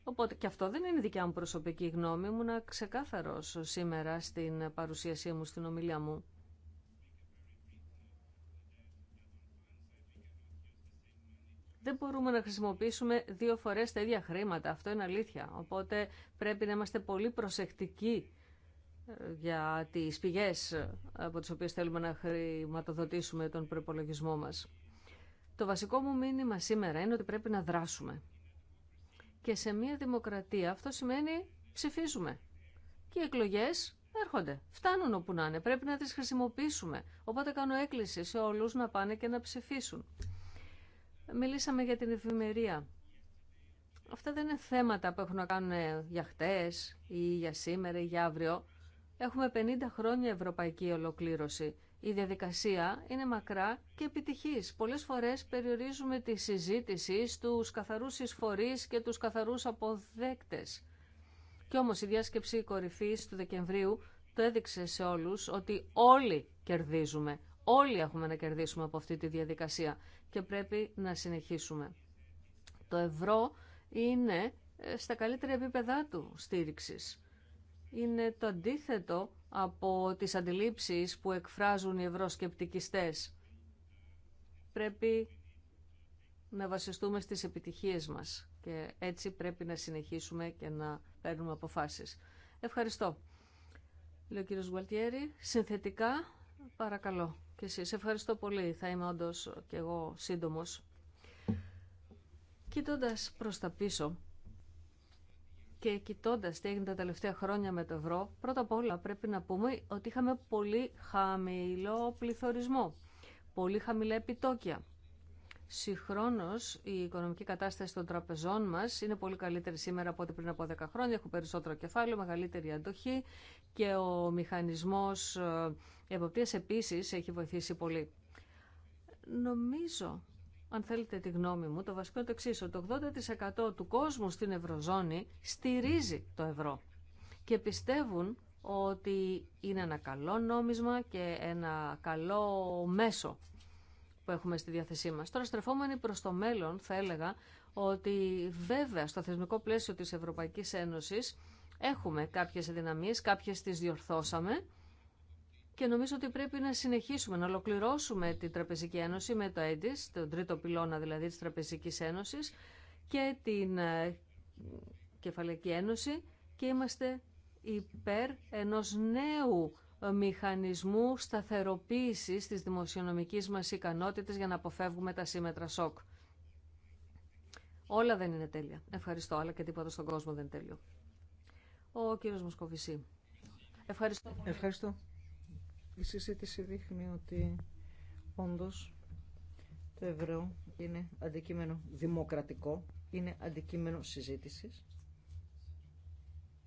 Οπότε και αυτό δεν είναι δικιά μου προσωπική γνώμη, ήμουν ξεκάθαρο σήμερα στην παρουσίασή μου, στην ομιλία μου. Δεν μπορούμε να χρησιμοποιήσουμε δύο φορές τα ίδια χρήματα, αυτό είναι αλήθεια. Οπότε πρέπει να είμαστε πολύ προσεκτικοί ε, για τις πηγές ε, από τις οποίες θέλουμε να χρηματοδοτήσουμε τον προπολογισμό μας. Το βασικό μου μήνυμα σήμερα είναι ότι πρέπει να δράσουμε. Και σε μια δημοκρατία αυτό σημαίνει ψηφίζουμε. Και οι εκλογές έρχονται, φτάνουν όπου να είναι, πρέπει να τις χρησιμοποιήσουμε. Οπότε κάνω έκκληση σε όλους να πάνε και να ψηφίσουν. Μιλήσαμε για την ευημερία. Αυτά δεν είναι θέματα που έχουν να κάνουν για χτέ ή για σήμερα ή για αύριο. Έχουμε 50 χρόνια ευρωπαϊκή ολοκλήρωση η διαδικασία είναι μακρά και επιτυχής. Πολλές φορές περιορίζουμε τη συζήτηση στους καθαρούς εισφορείς και τους καθαρούς αποδέκτες. Κι όμως η διάσκεψη κορυφής του Δεκεμβρίου το έδειξε σε όλους ότι όλοι κερδίζουμε. Όλοι έχουμε να κερδίσουμε από αυτή τη διαδικασία και πρέπει να συνεχίσουμε. Το ευρώ είναι ε, στα καλύτερα επίπεδά του στήριξης. Είναι το αντίθετο από τις αντιλήψεις που εκφράζουν οι ευρωσκεπτικιστές. Πρέπει να βασιστούμε στις επιτυχίες μας και έτσι πρέπει να συνεχίσουμε και να παίρνουμε αποφάσεις. Ευχαριστώ. Λέω ο κύριος Γουαλτιέρη, συνθετικά παρακαλώ και εσείς. Ευχαριστώ πολύ, θα είμαι όντω και εγώ σύντομος. Κοιτώντας προς τα πίσω, και κοιτώντα τι έγινε τα τελευταία χρόνια με το ευρώ, πρώτα απ' όλα πρέπει να πούμε ότι είχαμε πολύ χαμηλό πληθωρισμό, πολύ χαμηλά επιτόκια. Συγχρόνω, η οικονομική κατάσταση των τραπεζών μας είναι πολύ καλύτερη σήμερα από ό,τι πριν από 10 χρόνια. Έχουν περισσότερο κεφάλαιο, μεγαλύτερη αντοχή και ο μηχανισμό ε, εποπτείας επίση έχει βοηθήσει πολύ. Νομίζω αν θέλετε τη γνώμη μου, το βασικό είναι το εξή το 80% του κόσμου στην Ευρωζώνη στηρίζει το ευρώ και πιστεύουν ότι είναι ένα καλό νόμισμα και ένα καλό μέσο που έχουμε στη διάθεσή μας. Τώρα στρεφόμενοι προς το μέλλον θα έλεγα ότι βέβαια στο θεσμικό πλαίσιο της Ευρωπαϊκής Ένωσης έχουμε κάποιες δυναμίες, κάποιες τις διορθώσαμε και νομίζω ότι πρέπει να συνεχίσουμε, να ολοκληρώσουμε την Τραπεζική Ένωση με το ΕΝΤΙΣ, τον τρίτο πυλώνα δηλαδή της Τραπεζικής Ένωσης και την ε, Κεφαλαϊκή Ένωση και είμαστε υπέρ ενός νέου ε, μηχανισμού σταθεροποίησης της δημοσιονομικής μας ικανότητας για να αποφεύγουμε τα σύμμετρα σοκ. Όλα δεν είναι τέλεια. Ευχαριστώ, αλλά και τίποτα στον κόσμο δεν τέλειο. Ο κύριος Μοσκοβισή. Ευχαριστώ. Ευχαριστώ. Η συζήτηση δείχνει ότι όντως το ευρώ είναι αντικείμενο δημοκρατικό, είναι αντικείμενο συζήτησης.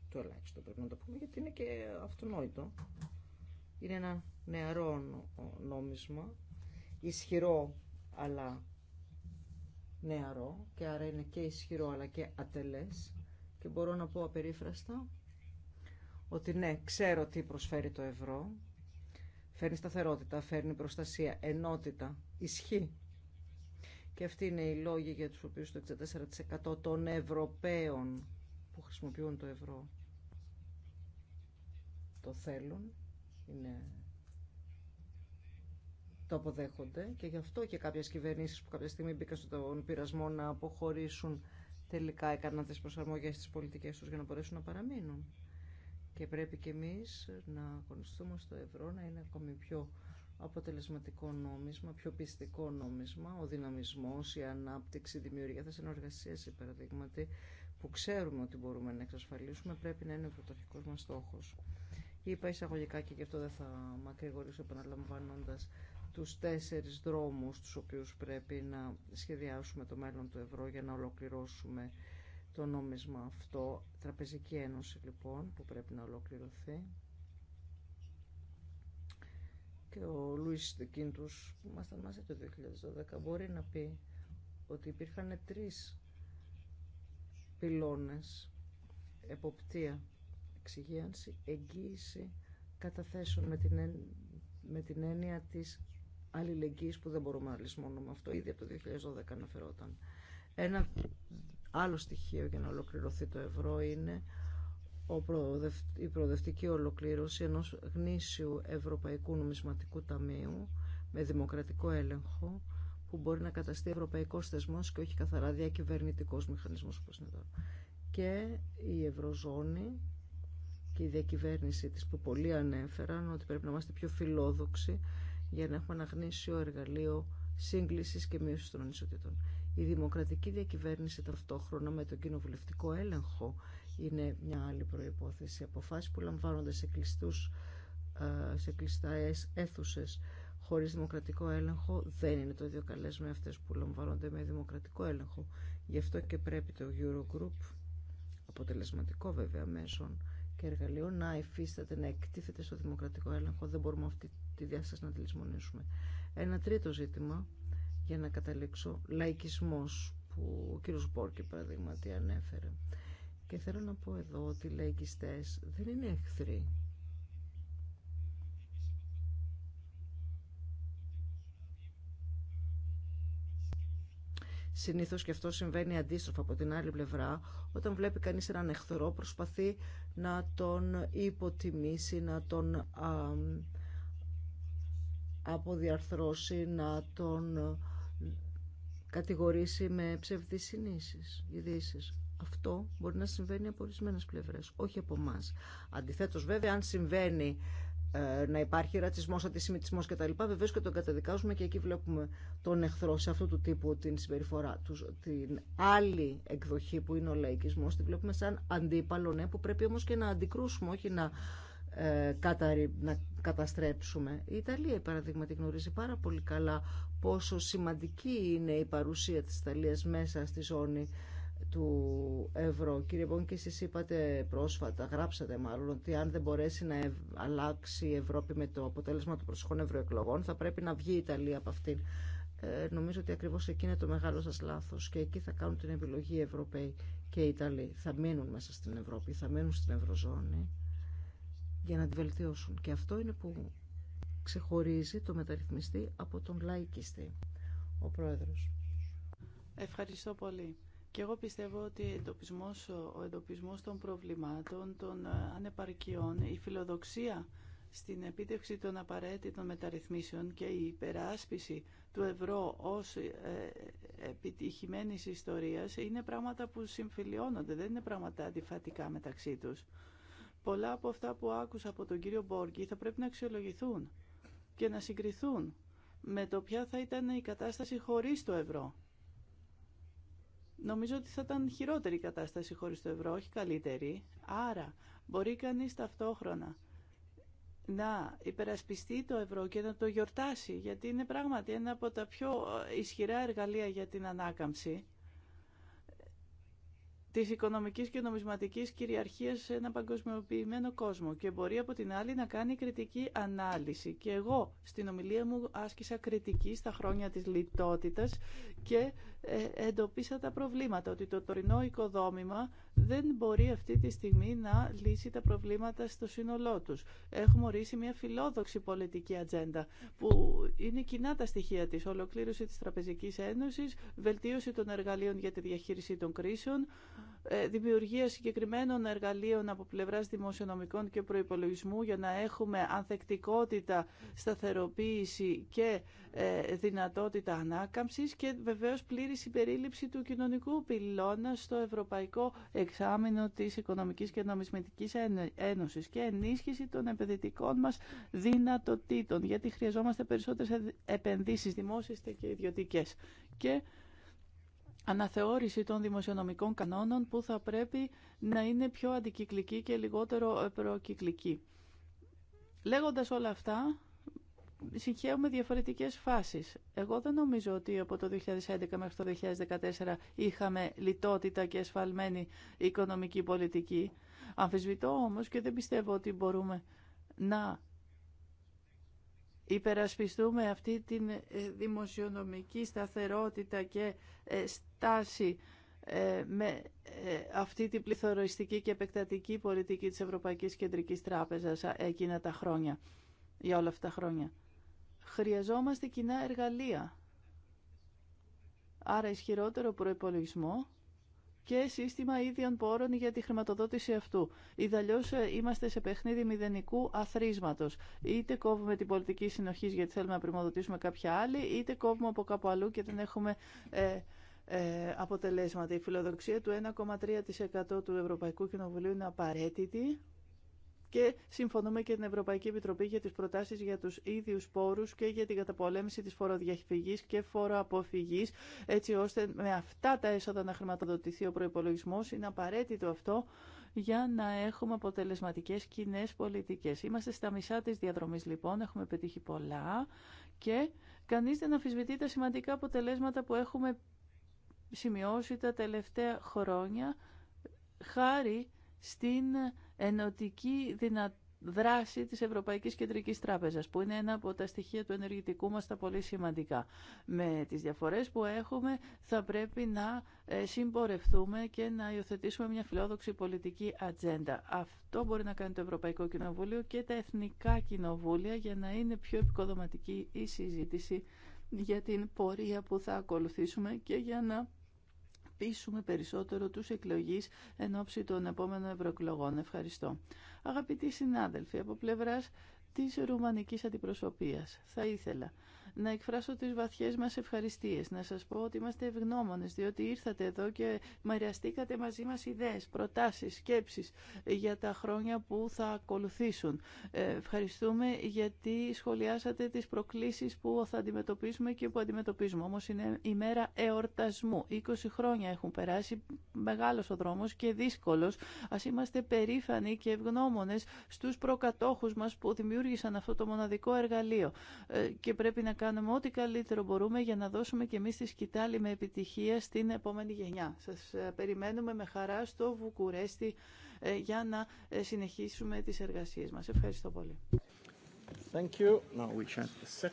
Το ελάχιστο πρέπει να το πούμε γιατί είναι και αυτονόητο. Είναι ένα νεαρό νόμισμα, ισχυρό αλλά νεαρό και άρα είναι και ισχυρό αλλά και ατελές και μπορώ να πω απερίφραστα ότι ναι, ξέρω τι προσφέρει το ευρώ, φέρνει σταθερότητα, φέρνει προστασία, ενότητα, ισχύ. Και αυτοί είναι οι λόγοι για τους οποίους το 64% των Ευρωπαίων που χρησιμοποιούν το ευρώ το θέλουν, είναι... το αποδέχονται και γι' αυτό και κάποιες κυβερνήσεις που κάποια στιγμή μπήκαν στον πειρασμό να αποχωρήσουν τελικά έκαναν τις προσαρμογές στις πολιτικές τους για να μπορέσουν να παραμείνουν και πρέπει και εμείς να αγωνιστούμε στο ευρώ να είναι ακόμη πιο αποτελεσματικό νόμισμα, πιο πιστικό νόμισμα, ο δυναμισμός, η ανάπτυξη, η δημιουργία είναι οργασίες. οι παραδείγματι, που ξέρουμε ότι μπορούμε να εξασφαλίσουμε, πρέπει να είναι ο πρωταρχικός μας στόχος. Είπα εισαγωγικά και γι' αυτό δεν θα μακρηγορήσω επαναλαμβάνοντα τους τέσσερις δρόμους τους οποίους πρέπει να σχεδιάσουμε το μέλλον του ευρώ για να ολοκληρώσουμε το νόμισμα αυτό, τραπεζική ένωση λοιπόν που πρέπει να ολοκληρωθεί και ο Λούις Δεκίντους που ήμασταν μαζί το 2012 μπορεί να πει ότι υπήρχαν τρεις πυλώνες εποπτεία, εξυγίανση, εγγύηση καταθέσεων με την, εν, έννοια της αλληλεγγύης που δεν μπορούμε να λυσμόνουμε αυτό ήδη από το 2012 αναφερόταν ένα Άλλο στοιχείο για να ολοκληρωθεί το ευρώ είναι η προοδευτική ολοκλήρωση ενός γνήσιου Ευρωπαϊκού Νομισματικού Ταμείου με δημοκρατικό έλεγχο που μπορεί να καταστεί ευρωπαϊκός θεσμός και όχι καθαρά διακυβερνητικός μηχανισμός όπως είναι τώρα. Και η Ευρωζώνη και η διακυβέρνηση της που πολλοί ανέφεραν ότι πρέπει να είμαστε πιο φιλόδοξοι για να έχουμε ένα γνήσιο εργαλείο σύγκλησης και μείωσης των ανισοτήτων. Η δημοκρατική διακυβέρνηση ταυτόχρονα με τον κοινοβουλευτικό έλεγχο είναι μια άλλη προϋπόθεση. Αποφάσεις που λαμβάνονται σε, κλειστούς, ε, σε κλειστά αίθουσε χωρίς δημοκρατικό έλεγχο δεν είναι το ίδιο καλές με αυτές που λαμβάνονται με δημοκρατικό έλεγχο. Γι' αυτό και πρέπει το Eurogroup, αποτελεσματικό βέβαια μέσον και εργαλείο, να υφίσταται, να εκτίθεται στο δημοκρατικό έλεγχο. Δεν μπορούμε αυτή τη διάσταση να τη λησμονήσουμε. Ένα τρίτο ζήτημα για να καταλήξω, λαϊκισμός που ο κύριος Μπόρκη παραδείγματι ανέφερε. Και θέλω να πω εδώ ότι οι λαϊκιστές δεν είναι εχθροί. Συνήθως και αυτό συμβαίνει αντίστροφα από την άλλη πλευρά. Όταν βλέπει κανείς έναν εχθρό προσπαθεί να τον υποτιμήσει, να τον αποδιαρθρώσει, να τον κατηγορήσει με ψευδείς συνήσεις, ειδήσει. Αυτό μπορεί να συμβαίνει από ορισμένε πλευρές, όχι από εμά. Αντιθέτως βέβαια αν συμβαίνει ε, να υπάρχει ρατσισμός, αντισημιτισμός κτλ. Βεβαίως και τον καταδικάζουμε και εκεί βλέπουμε τον εχθρό σε αυτού του τύπου την συμπεριφορά του. Την άλλη εκδοχή που είναι ο λαϊκισμός την βλέπουμε σαν αντίπαλο, ναι, που πρέπει όμως και να αντικρούσουμε, όχι να, ε, να καταστρέψουμε. Η Ιταλία, παραδείγματι, γνωρίζει πάρα πολύ καλά πόσο σημαντική είναι η παρουσία της Ιταλίας μέσα στη ζώνη του ευρώ. Κύριε Μπον, και εσείς είπατε πρόσφατα, γράψατε μάλλον, ότι αν δεν μπορέσει να αλλάξει η Ευρώπη με το αποτέλεσμα των προσεχών ευρωεκλογών, θα πρέπει να βγει η Ιταλία από αυτήν. Ε, νομίζω ότι ακριβώς εκεί είναι το μεγάλο σας λάθος και εκεί θα κάνουν την επιλογή οι Ευρωπαίοι και οι Ιταλοί. Θα μείνουν μέσα στην Ευρώπη, θα μείνουν στην Ευρωζώνη για να τη βελτιώσουν. Και αυτό είναι που ξεχωρίζει το μεταρρυθμιστή από τον λαϊκιστή, ο πρόεδρος. Ευχαριστώ πολύ. Και εγώ πιστεύω ότι εντοπισμός, ο εντοπισμός των προβλημάτων, των ε, ανεπαρκειών, η φιλοδοξία στην επίτευξη των απαραίτητων μεταρρυθμίσεων και η υπεράσπιση του ευρώ ως ε, επιτυχημένης ιστορίας είναι πράγματα που συμφιλιώνονται, δεν είναι πράγματα αντιφατικά μεταξύ τους. Πολλά από αυτά που άκουσα από τον κύριο Μπόργκη θα πρέπει να αξιολογηθούν και να συγκριθούν με το ποια θα ήταν η κατάσταση χωρίς το ευρώ. Νομίζω ότι θα ήταν χειρότερη η κατάσταση χωρίς το ευρώ, όχι καλύτερη. Άρα μπορεί κανείς ταυτόχρονα να υπερασπιστεί το ευρώ και να το γιορτάσει, γιατί είναι πράγματι ένα από τα πιο ισχυρά εργαλεία για την ανάκαμψη Τη οικονομική και νομισματική κυριαρχία σε ένα παγκοσμιοποιημένο κόσμο και μπορεί από την άλλη να κάνει κριτική ανάλυση. Και εγώ στην ομιλία μου άσκησα κριτική στα χρόνια της λιτότητας και ε, εντοπίσα τα προβλήματα, ότι το τωρινό οικοδόμημα δεν μπορεί αυτή τη στιγμή να λύσει τα προβλήματα στο σύνολό τους. Έχουμε ορίσει μια φιλόδοξη πολιτική ατζέντα που είναι κοινά τα στοιχεία της, ολοκλήρωση της Τραπεζικής Ένωσης, βελτίωση των εργαλείων για τη διαχείριση των κρίσεων, ε, δημιουργία συγκεκριμένων εργαλείων από πλευράς δημοσιονομικών και προϋπολογισμού για να έχουμε ανθεκτικότητα, σταθεροποίηση και ε, δυνατότητα ανάκαμψης και βεβαίως πλήρη συμπερίληψη του κοινωνικού πυλώνα στο Ευρωπαϊκό Εξάμεινο της Οικονομικής και Νομισματικής Ένωσης και ενίσχυση των επενδυτικών μας δυνατοτήτων γιατί χρειαζόμαστε περισσότερες επενδύσεις δημόσιες και ιδιωτικές και αναθεώρηση των δημοσιονομικών κανόνων που θα πρέπει να είναι πιο αντικυκλική και λιγότερο προκυκλική. Λέγοντας όλα αυτά, συγχαίουμε διαφορετικές φάσεις. Εγώ δεν νομίζω ότι από το 2011 μέχρι το 2014 είχαμε λιτότητα και ασφαλμένη οικονομική πολιτική. Αμφισβητώ όμως και δεν πιστεύω ότι μπορούμε να υπερασπιστούμε αυτή την ε, δημοσιονομική σταθερότητα και ε, ε, με ε, αυτή την πληθωριστική και επεκτατική πολιτική της Ευρωπαϊκής Κεντρικής Τράπεζας εκείνα τα χρόνια, για όλα αυτά τα χρόνια. Χρειαζόμαστε κοινά εργαλεία. Άρα ισχυρότερο προϋπολογισμό και σύστημα ίδιων πόρων για τη χρηματοδότηση αυτού. Ιδαλλιώ ε, είμαστε σε παιχνίδι μηδενικού αθρίσματο. Είτε κόβουμε την πολιτική συνοχή γιατί θέλουμε να πρημοδοτήσουμε κάποια άλλη, είτε κόβουμε από κάπου αλλού και δεν έχουμε ε, ε, αποτελέσματα. Η φιλοδοξία του 1,3% του Ευρωπαϊκού Κοινοβουλίου είναι απαραίτητη και συμφωνούμε και την Ευρωπαϊκή Επιτροπή για τις προτάσεις για τους ίδιους πόρους και για την καταπολέμηση της φοροδιαφυγής και φοροαποφυγής, έτσι ώστε με αυτά τα έσοδα να χρηματοδοτηθεί ο προϋπολογισμός. Είναι απαραίτητο αυτό για να έχουμε αποτελεσματικές κοινέ πολιτικές. Είμαστε στα μισά της διαδρομής λοιπόν, έχουμε πετύχει πολλά και κανείς δεν αμφισβητεί τα σημαντικά αποτελέσματα που έχουμε σημειώσει τα τελευταία χρόνια χάρη στην ενωτική δυνατότητα δράση της Ευρωπαϊκής Κεντρικής Τράπεζας, που είναι ένα από τα στοιχεία του ενεργητικού μας τα πολύ σημαντικά. Με τις διαφορές που έχουμε θα πρέπει να ε, συμπορευτούμε και να υιοθετήσουμε μια φιλόδοξη πολιτική ατζέντα. Αυτό μπορεί να κάνει το Ευρωπαϊκό Κοινοβούλιο και τα Εθνικά Κοινοβούλια για να είναι πιο επικοδοματική η συζήτηση για την πορεία που θα ακολουθήσουμε και για να πείσουμε περισσότερο τους εκλογείς εν ώψη των επόμενων ευρωεκλογών. Ευχαριστώ. Αγαπητοί συνάδελφοι, από πλευράς της Ρουμανικής Αντιπροσωπείας, θα ήθελα να εκφράσω τις βαθιές μας ευχαριστίες, να σας πω ότι είμαστε ευγνώμονες, διότι ήρθατε εδώ και μαριαστήκατε μαζί μας ιδέες, προτάσεις, σκέψεις για τα χρόνια που θα ακολουθήσουν. Ε, ευχαριστούμε γιατί σχολιάσατε τις προκλήσεις που θα αντιμετωπίσουμε και που αντιμετωπίζουμε. Όμως είναι ημέρα εορτασμού. 20 χρόνια έχουν περάσει, μεγάλος ο δρόμος και δύσκολος. Ας είμαστε περήφανοι και ευγνώμονες στους προκατόχους μας που δημιούργησαν αυτό το μοναδικό εργαλείο ε, και πρέπει να κάνουμε κάνουμε ό,τι καλύτερο μπορούμε για να δώσουμε και εμείς τη σκητάλη με επιτυχία στην επόμενη γενιά. Σας ε, περιμένουμε με χαρά στο Βουκουρέστι ε, για να ε, συνεχίσουμε τις εργασίες μας. Ευχαριστώ πολύ. Thank you. Now we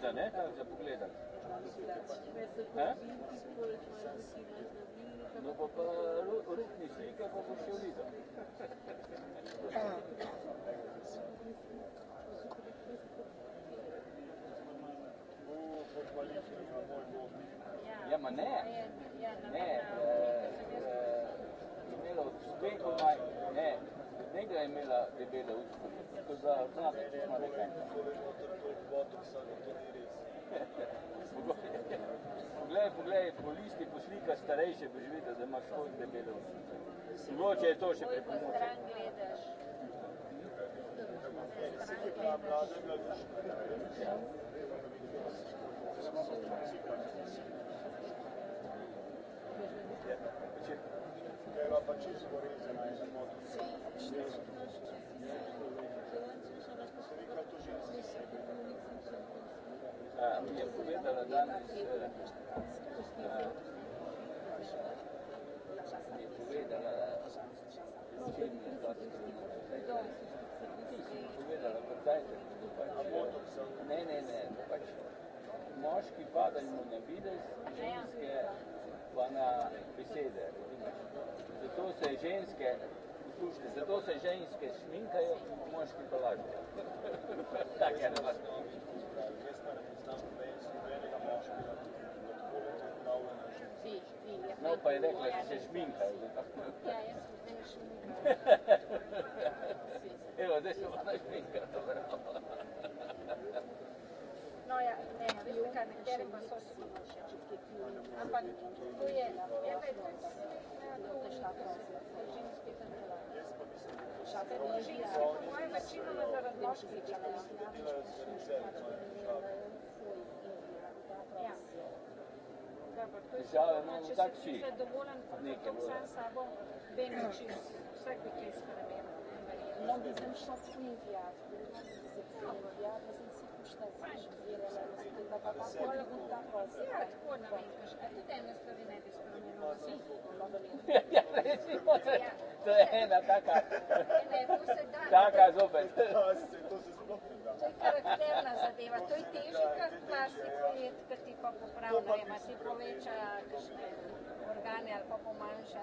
Ista, ne? Negra je imela debele usta, tako da starejše je to Thank you je povedala ne, ne, ne, pač moški padajo na ženske bana bir Zato se ženske, slušajte, zato se šminkajo, moški pa No, pa je rekla, se šminkajo. Ja, jaz Evo, zdaj No, nema ne pa Ja, da taka. Taka, To je karakterna zadeva, to je težji kot plastik let, ki ti pa ima ti poveča kakšne organe ali pa pomanjša.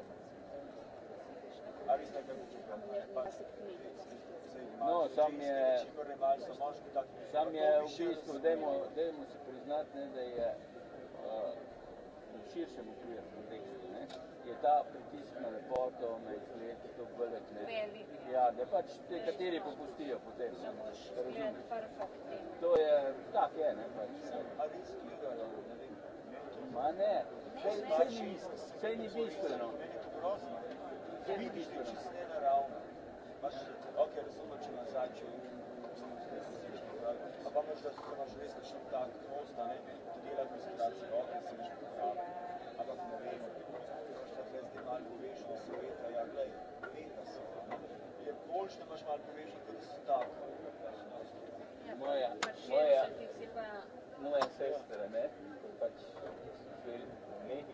No, sam je, sam je u pisku demo se priznat ne, da je u širšem okviru kontekstu, ne, je ta pritisk na lepoto, na izgled, to velik, ne. Ja, da pač kateri popustijo potem, ne, razumem. To je, tak je, ne, pač. Ma ne, sej ni bistveno. Moja, moja, moja sestra, ne, pač v Mehiki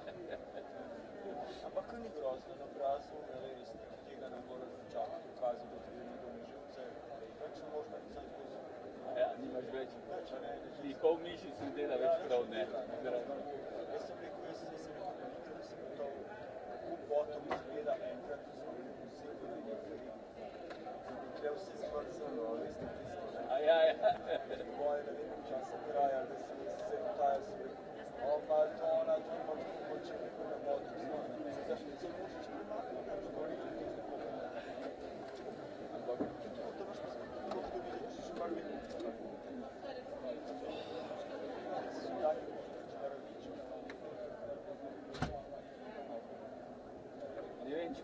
pa kar ni grozno na obrazu, ne res tega ne moraš čakati, ukazati, da ti ne bomo več ne moreš narediti sam data Ja, nimaš A ja, ja. Moje ona,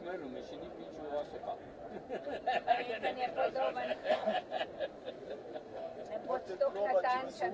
Μερού, με συνήθιζε ο Άσεπα. Ήταν je podoban. Ne boš to hnatančen.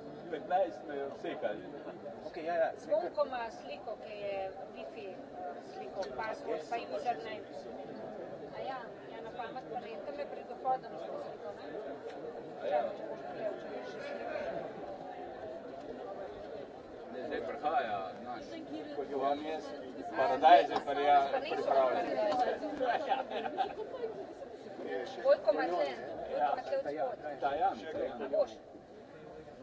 Ο Σίκα. Ο Σίκο, ο διφύ, ο Σίκο, ο πασχοφάιου, ο κ. Νέκο. Α, η Αναφάμουστο, ο διφύ. Ο διφύ. Ναι, διφύ. Ο διφύ. Ο διφύ. Ο διφύ. Ο διφύ. Ο διφύ. Ο διφύ. Ο διφύ. Ο διφύ. Ο διφύ. Ο διφύ. Ο διφύ. Ναι, ναι, ναι.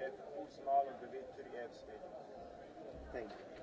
F, Koesmaal en beweegt voor de F-speler. Thank you.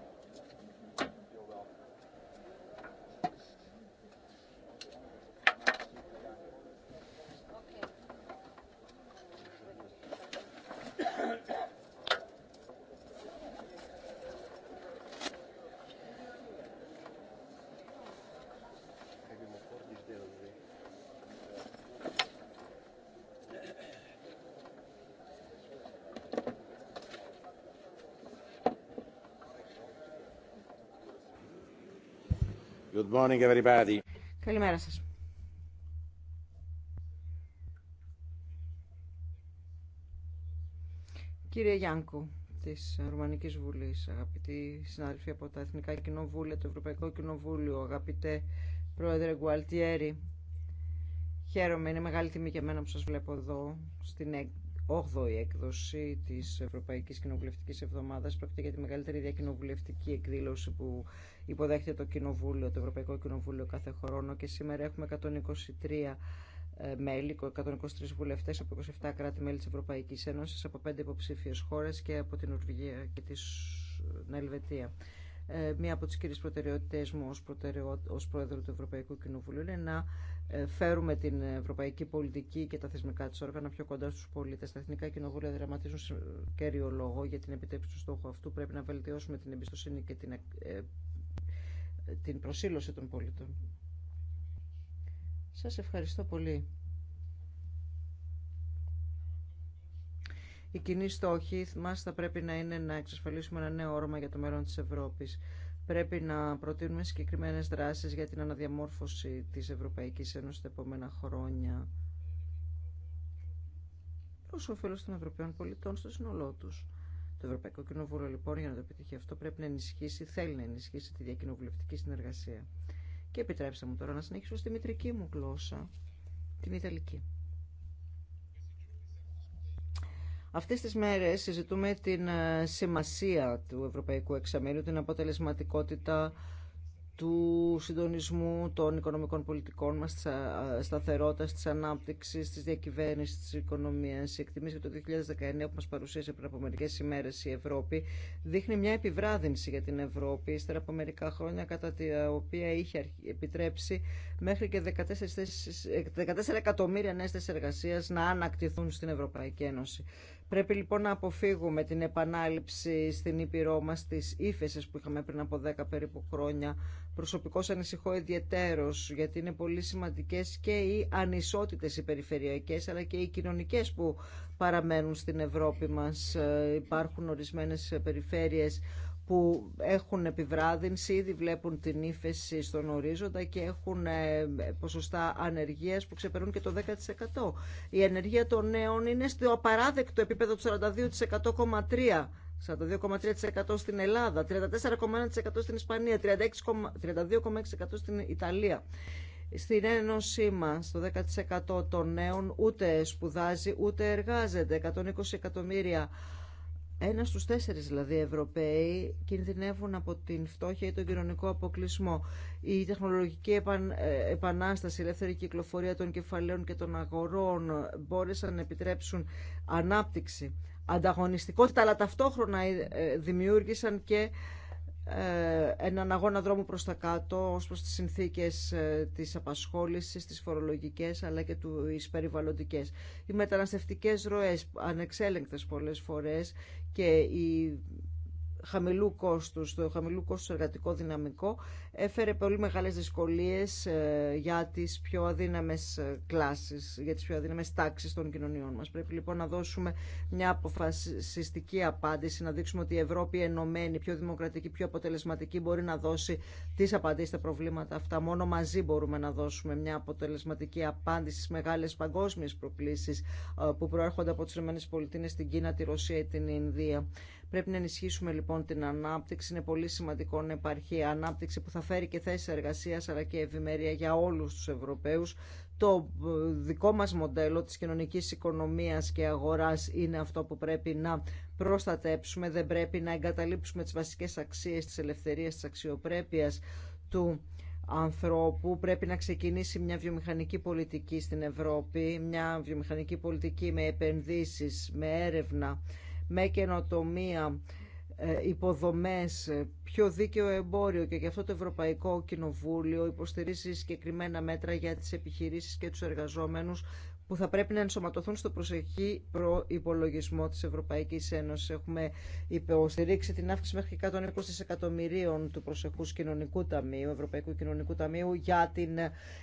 morning Καλημέρα σας. Κύριε Γιάνκου της Ρουμανικής Βουλής, αγαπητοί συνάδελφοι από τα Εθνικά Κοινοβούλια, το Ευρωπαϊκό Κοινοβούλιο, αγαπητέ Πρόεδρε Γκουαλτιέρη, χαίρομαι, είναι μεγάλη τιμή για μένα που σας βλέπω εδώ, στην 8η έκδοση της Ευρωπαϊκής Κοινοβουλευτικής Εβδομάδα Πρόκειται για τη μεγαλύτερη διακοινοβουλευτική εκδήλωση που υποδέχεται το Κοινοβούλιο, το Ευρωπαϊκό Κοινοβούλιο κάθε χρόνο και σήμερα έχουμε 123 ε, μέλη, 123 βουλευτές από 27 κράτη-μέλη της Ευρωπαϊκής Ένωσης, από 5 υποψήφιες χώρες και από την Ουρβηγία και την ε, Ελβετία. Ε, μία από τις κύριες προτεραιότητες μου ως, πρόεδρο του Ευρωπαϊκού Κοινοβουλίου είναι να ε, φέρουμε την ευρωπαϊκή πολιτική και τα θεσμικά της όργανα πιο κοντά στους πολίτες. Τα εθνικά κοινοβούλια δραματίζουν κέριο λόγο για την επιτεύξη του στόχου αυτού. Πρέπει να βελτιώσουμε την εμπιστοσύνη και την, ε, ε, την προσήλωση των πολιτών. Σας ευχαριστώ πολύ. Η κοινή στόχοι μας θα πρέπει να είναι να εξασφαλίσουμε ένα νέο όρομα για το μέλλον της Ευρώπης πρέπει να προτείνουμε συγκεκριμένες δράσεις για την αναδιαμόρφωση της Ευρωπαϊκής Ένωσης τα επόμενα χρόνια προς όφελος των Ευρωπαίων πολιτών στο σύνολό τους. Το Ευρωπαϊκό Κοινοβούλιο λοιπόν για να το επιτύχει αυτό πρέπει να ενισχύσει, θέλει να ενισχύσει τη διακοινοβουλευτική συνεργασία. Και επιτρέψτε μου τώρα να συνεχίσω στη μητρική μου γλώσσα, την Ιταλική. Αυτές τις μέρες συζητούμε την ε, σημασία του Ευρωπαϊκού Εξαμείνου, την αποτελεσματικότητα του συντονισμού των οικονομικών πολιτικών μας, της ε, σταθερότητας, της ανάπτυξης, της διακυβέρνησης της οικονομίας. Η εκτιμήση για το 2019 που μας παρουσίασε πριν από μερικές ημέρες η Ευρώπη δείχνει μια επιβράδυνση για την Ευρώπη, ύστερα από μερικά χρόνια κατά τη ε, οποία είχε επιτρέψει μέχρι και 14, 14 εκατομμύρια νέες θέσεις εργασίας να ανακτηθούν στην Ευρωπαϊκή Ένωση. Πρέπει λοιπόν να αποφύγουμε την επανάληψη στην Ήπειρό μα τη ύφεση που είχαμε πριν από 10 περίπου χρόνια. Προσωπικώ ανησυχώ ιδιαίτερω γιατί είναι πολύ σημαντικέ και οι ανισότητε οι περιφερειακέ αλλά και οι κοινωνικέ που παραμένουν στην Ευρώπη μα. Ε, υπάρχουν ορισμένε περιφέρειες που έχουν επιβράδυνση, ήδη βλέπουν την ύφεση στον ορίζοντα και έχουν ε, ποσοστά ανεργίας που ξεπερνούν και το 10%. Η ανεργία των νέων είναι στο απαράδεκτο επίπεδο του 42,3%. 42,3% στην Ελλάδα, 34,1% στην Ισπανία, 32,6% στην Ιταλία. Στην ένωσή μα, το 10% των νέων ούτε σπουδάζει ούτε εργάζεται. 120 εκατομμύρια ένα στους τέσσερις δηλαδή Ευρωπαίοι κινδυνεύουν από την φτώχεια ή τον κοινωνικό αποκλεισμό. Η τεχνολογική επαν, ε, επανάσταση, η τεχνολογικη επανασταση κυκλοφορία των κεφαλαίων και των αγορών μπόρεσαν να επιτρέψουν ανάπτυξη, ανταγωνιστικότητα, αλλά ταυτόχρονα ε, ε, δημιούργησαν και ε, έναν αγώνα δρόμου προς τα κάτω ως προς τις συνθήκες ε, της απασχόλησης, τις φορολογικές αλλά και τις περιβαλλοντικές. Οι μεταναστευτικές ροές ανεξέλεγκτες πολλές φορές και η χαμηλού κόστου, το χαμηλού κόστου εργατικό δυναμικό, έφερε πολύ μεγάλε δυσκολίε ε, για τι πιο αδύναμες ε, κλάσεις, για τις πιο αδύναμες τάξεις των κοινωνιών μα. Πρέπει λοιπόν να δώσουμε μια αποφασιστική απάντηση, να δείξουμε ότι η Ευρώπη ενωμένη, πιο δημοκρατική, πιο αποτελεσματική μπορεί να δώσει τι απαντήσεις στα προβλήματα αυτά. Μόνο μαζί μπορούμε να δώσουμε μια αποτελεσματική απάντηση στι μεγάλε παγκόσμιες προκλήσει ε, που προέρχονται από τι ΗΠΑ, την Κίνα, τη Ρωσία ή την Ινδία. Πρέπει να ενισχύσουμε λοιπόν την ανάπτυξη. Είναι πολύ σημαντικό να υπάρχει ανάπτυξη που θα φέρει και θέσει εργασία αλλά και ευημερία για όλου του Ευρωπαίου. Το ε, δικό μα μοντέλο τη κοινωνική οικονομία και αγορά είναι αυτό που πρέπει να προστατέψουμε. Δεν πρέπει να εγκαταλείψουμε τι βασικέ αξίε, τη ελευθερία, τη αξιοπρέπεια του ανθρώπου πρέπει να ξεκινήσει μια βιομηχανική πολιτική στην Ευρώπη, μια βιομηχανική πολιτική με επενδύσεις, με έρευνα, με καινοτομία, ε, υποδομές, πιο δίκαιο εμπόριο και γι' αυτό το Ευρωπαϊκό Κοινοβούλιο υποστηρίζει συγκεκριμένα μέτρα για τις επιχειρήσεις και τους εργαζόμενους που θα πρέπει να ενσωματωθούν στο προσεχή προϋπολογισμό τη Ευρωπαϊκή Ένωση. Έχουμε υποστηρίξει την αύξηση μέχρι 120 εκατομμυρίων του προσεχούς κοινωνικού ταμείου, Ευρωπαϊκού Κοινωνικού Ταμείου για την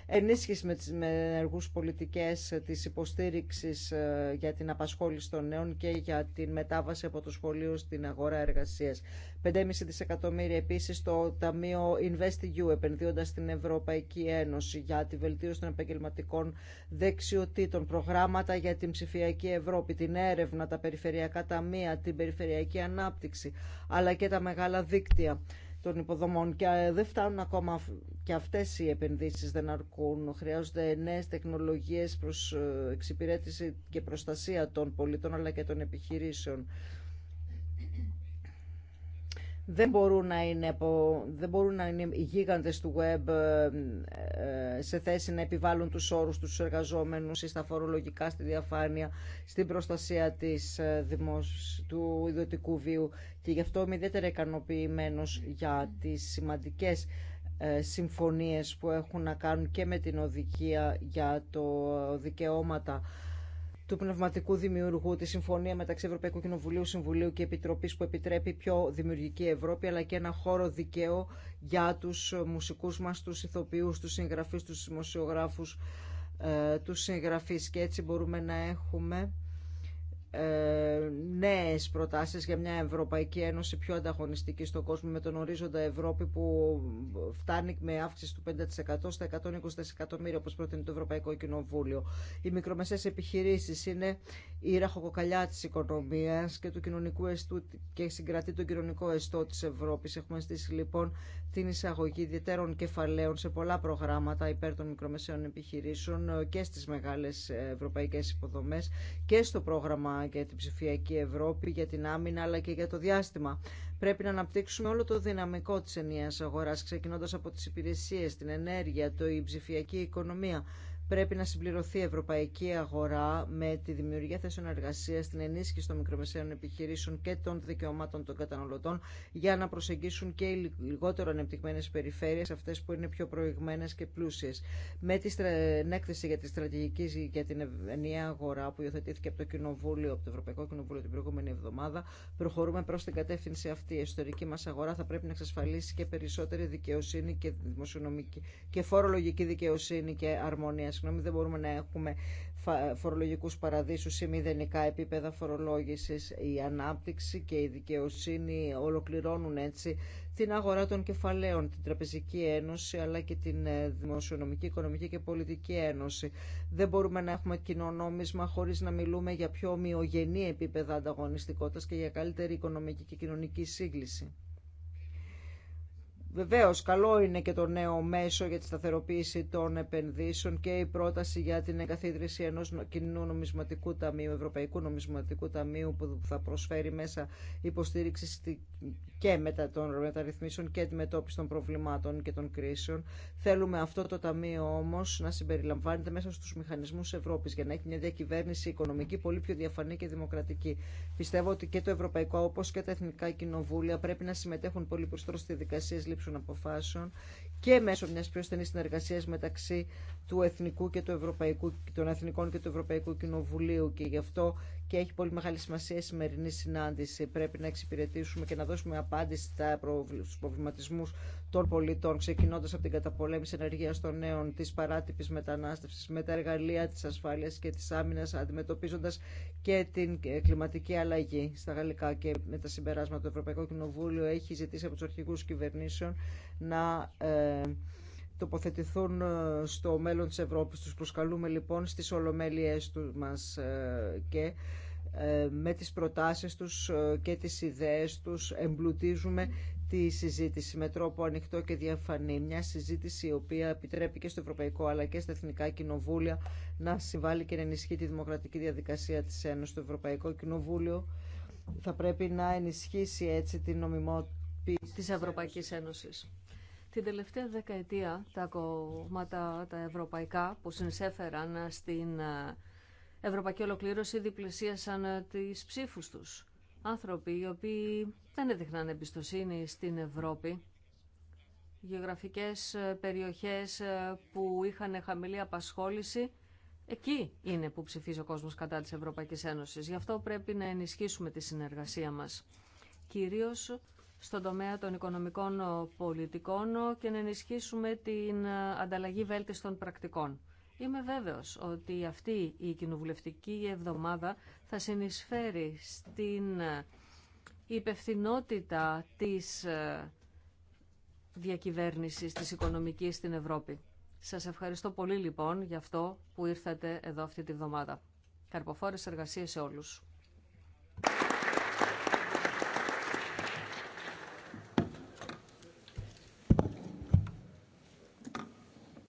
ενίσχυση με τι ενεργού πολιτικέ τη υποστηρίξη ε, για την απασχόληση των νέων και για την μετάβαση από το σχολείο στην αγορά εργασία. 5,5 δισεκατομμύρια επίση το Ταμείο InvestEU επενδύοντα στην Ευρωπαϊκή Ένωση για τη βελτίωση των επαγγελματικών δεξιοτήτων προγράμματα για την ψηφιακή Ευρώπη, την έρευνα, τα περιφερειακά ταμεία, την περιφερειακή ανάπτυξη, αλλά και τα μεγάλα δίκτυα των υποδομών και ε, δεν φτάνουν ακόμα και αυτές οι επενδύσεις δεν αρκούν. Χρειάζονται νέες τεχνολογίες προς ε, εξυπηρέτηση και προστασία των πολιτών αλλά και των επιχειρήσεων δεν μπορούν να είναι, από, δεν μπορούν να είναι οι γίγαντες του web ε, ε, σε θέση να επιβάλλουν τους όρους τους εργαζόμενους ή στα φορολογικά, στη διαφάνεια, στην προστασία της ε, δημόσιας, του ιδιωτικού βίου και γι' αυτό είμαι ιδιαίτερα ικανοποιημένο για τις σημαντικές συμφωνίες που έχουν να κάνουν και με την οδικία για το δικαιώματα του πνευματικού δημιουργού, τη συμφωνία μεταξύ Ευρωπαϊκού Κοινοβουλίου, Συμβουλίου και Επιτροπής που επιτρέπει πιο δημιουργική Ευρώπη, αλλά και ένα χώρο δικαίου για τους μουσικούς μας, τους ηθοποιούς, τους συγγραφείς, τους δημοσιογράφους, ε, τους συγγραφείς και έτσι μπορούμε να έχουμε ε, νέες προτάσεις για μια Ευρωπαϊκή Ένωση πιο ανταγωνιστική στον κόσμο με τον ορίζοντα Ευρώπη που φτάνει με αύξηση του 5% στα 120 δισεκατομμύρια όπως προτείνει το Ευρωπαϊκό Κοινοβούλιο. Οι μικρομεσαίες επιχειρήσεις είναι η ραχοκοκαλιά της οικονομίας και του κοινωνικού αισθού και συγκρατεί τον κοινωνικό αισθό της Ευρώπης. Έχουμε στήσει λοιπόν την εισαγωγή ιδιαίτερων κεφαλαίων σε πολλά προγράμματα υπέρ των μικρομεσαίων επιχειρήσεων και στις μεγάλες ευρωπαϊκές υποδομές και στο πρόγραμμα για την ψηφιακή Ευρώπη, για την άμυνα αλλά και για το διάστημα. Πρέπει να αναπτύξουμε όλο το δυναμικό της ενιαίας αγοράς, ξεκινώντας από τις υπηρεσίες, την ενέργεια, το, η ψηφιακή οικονομία πρέπει να συμπληρωθεί η ευρωπαϊκή αγορά με τη δημιουργία θέσεων εργασία, την ενίσχυση των μικρομεσαίων επιχειρήσεων και των δικαιωμάτων των καταναλωτών για να προσεγγίσουν και οι λιγότερο ανεπτυγμένε περιφέρειε, αυτέ που είναι πιο προηγμένε και πλούσιε. Με την έκθεση για τη στρατηγική για την ενιαία αγορά που υιοθετήθηκε από το Κοινοβούλιο, από το Ευρωπαϊκό Κοινοβούλιο την προηγούμενη εβδομάδα, προχωρούμε προ την κατεύθυνση αυτή. Η ιστορική μα αγορά θα πρέπει να εξασφαλίσει και περισσότερη δικαιοσύνη και, δημοσιονομική, και φορολογική δικαιοσύνη και αρμονία συγγνώμη, δεν μπορούμε να έχουμε φορολογικούς παραδείσους ή μηδενικά επίπεδα φορολόγησης. σε ανάπτυξη και η δικαιοσύνη ολοκληρώνουν έτσι την αγορά των κεφαλαίων, την Τραπεζική Ένωση, αλλά και την ε, Δημοσιονομική, Οικονομική και Πολιτική Ένωση. Δεν μπορούμε να έχουμε κοινό νόμισμα χωρίς να μιλούμε για πιο ομοιογενή επίπεδα ανταγωνιστικότητας και για καλύτερη οικονομική και κοινωνική σύγκληση. Βεβαίω, καλό είναι και το νέο μέσο για τη σταθεροποίηση των επενδύσεων και η πρόταση για την εγκαθίδρυση ενό κοινού νομισματικού ταμείου, Ευρωπαϊκού Νομισματικού Ταμείου που θα προσφέρει μέσα υποστήριξη και μετά των μεταρρυθμίσεων και αντιμετώπιση των προβλημάτων και των κρίσεων. Θέλουμε αυτό το ταμείο όμω να συμπεριλαμβάνεται μέσα στου μηχανισμού Ευρώπη για να έχει μια διακυβέρνηση οικονομική πολύ πιο διαφανή και δημοκρατική. Πιστεύω ότι και το Ευρωπαϊκό όπω και τα Εθνικά Κοινοβούλια πρέπει να συμμετέχουν πολύ περισσότερο στι διαδικασίε λήψεων αποφάσεων και μέσω μια πιο στενή συνεργασία μεταξύ του Εθνικού και του Ευρωπαϊκού, των Εθνικών και του Ευρωπαϊκού Κοινοβουλίου. Και γι' αυτό και έχει πολύ μεγάλη σημασία η σημερινή συνάντηση. Πρέπει να εξυπηρετήσουμε και να δώσουμε απάντηση στου προβληματισμού των πολιτών, ξεκινώντα από την καταπολέμηση ενεργεία των νέων, τη παράτυπη μετανάστευση, με τα εργαλεία τη ασφάλεια και τη άμυνα, αντιμετωπίζοντα και την ε, κλιματική αλλαγή στα γαλλικά και με τα συμπεράσματα. Το Ευρωπαϊκό Κοινοβούλιο έχει ζητήσει από του αρχηγού κυβερνήσεων να. Ε, τοποθετηθούν ε, στο μέλλον της Ευρώπης. Τους προσκαλούμε λοιπόν στις ολομέλειές του μας ε, και ε, με τις προτάσεις τους και τις ιδέες τους εμπλουτίζουμε τη συζήτηση με τρόπο ανοιχτό και διαφανή. Μια συζήτηση η οποία επιτρέπει και στο Ευρωπαϊκό αλλά και στα Εθνικά Κοινοβούλια να συμβάλλει και να ενισχύει τη δημοκρατική διαδικασία της Ένωσης. Το Ευρωπαϊκό Κοινοβούλιο θα πρέπει να ενισχύσει έτσι την νομιμότητα της Ευρωπαϊκής Ένωσης. Την τελευταία δεκαετία τα κόμματα τα ευρωπαϊκά που συνεισέφεραν στην ε, ευρωπαϊκή ολοκλήρωση διπλησίασαν ε, τις ψήφους τους. Άνθρωποι οι οποίοι δεν έδειχναν εμπιστοσύνη στην Ευρώπη. Γεωγραφικές ε, περιοχές που είχαν χαμηλή απασχόληση Εκεί είναι που ψηφίζει ο κόσμος κατά της Ευρωπαϊκής Ένωσης. Γι' αυτό πρέπει να ενισχύσουμε τη συνεργασία μας. Κυρίως στον τομέα των οικονομικών ε, πολιτικών ε, και να ενισχύσουμε την ε, ανταλλαγή βέλτιστων πρακτικών. Είμαι βέβαιος ότι αυτή η κοινοβουλευτική εβδομάδα θα συνεισφέρει στην υπευθυνότητα της διακυβέρνησης της οικονομικής στην Ευρώπη. Σας ευχαριστώ πολύ λοιπόν για αυτό που ήρθατε εδώ αυτή τη βδομάδα. Καρποφόρες εργασίες σε όλους.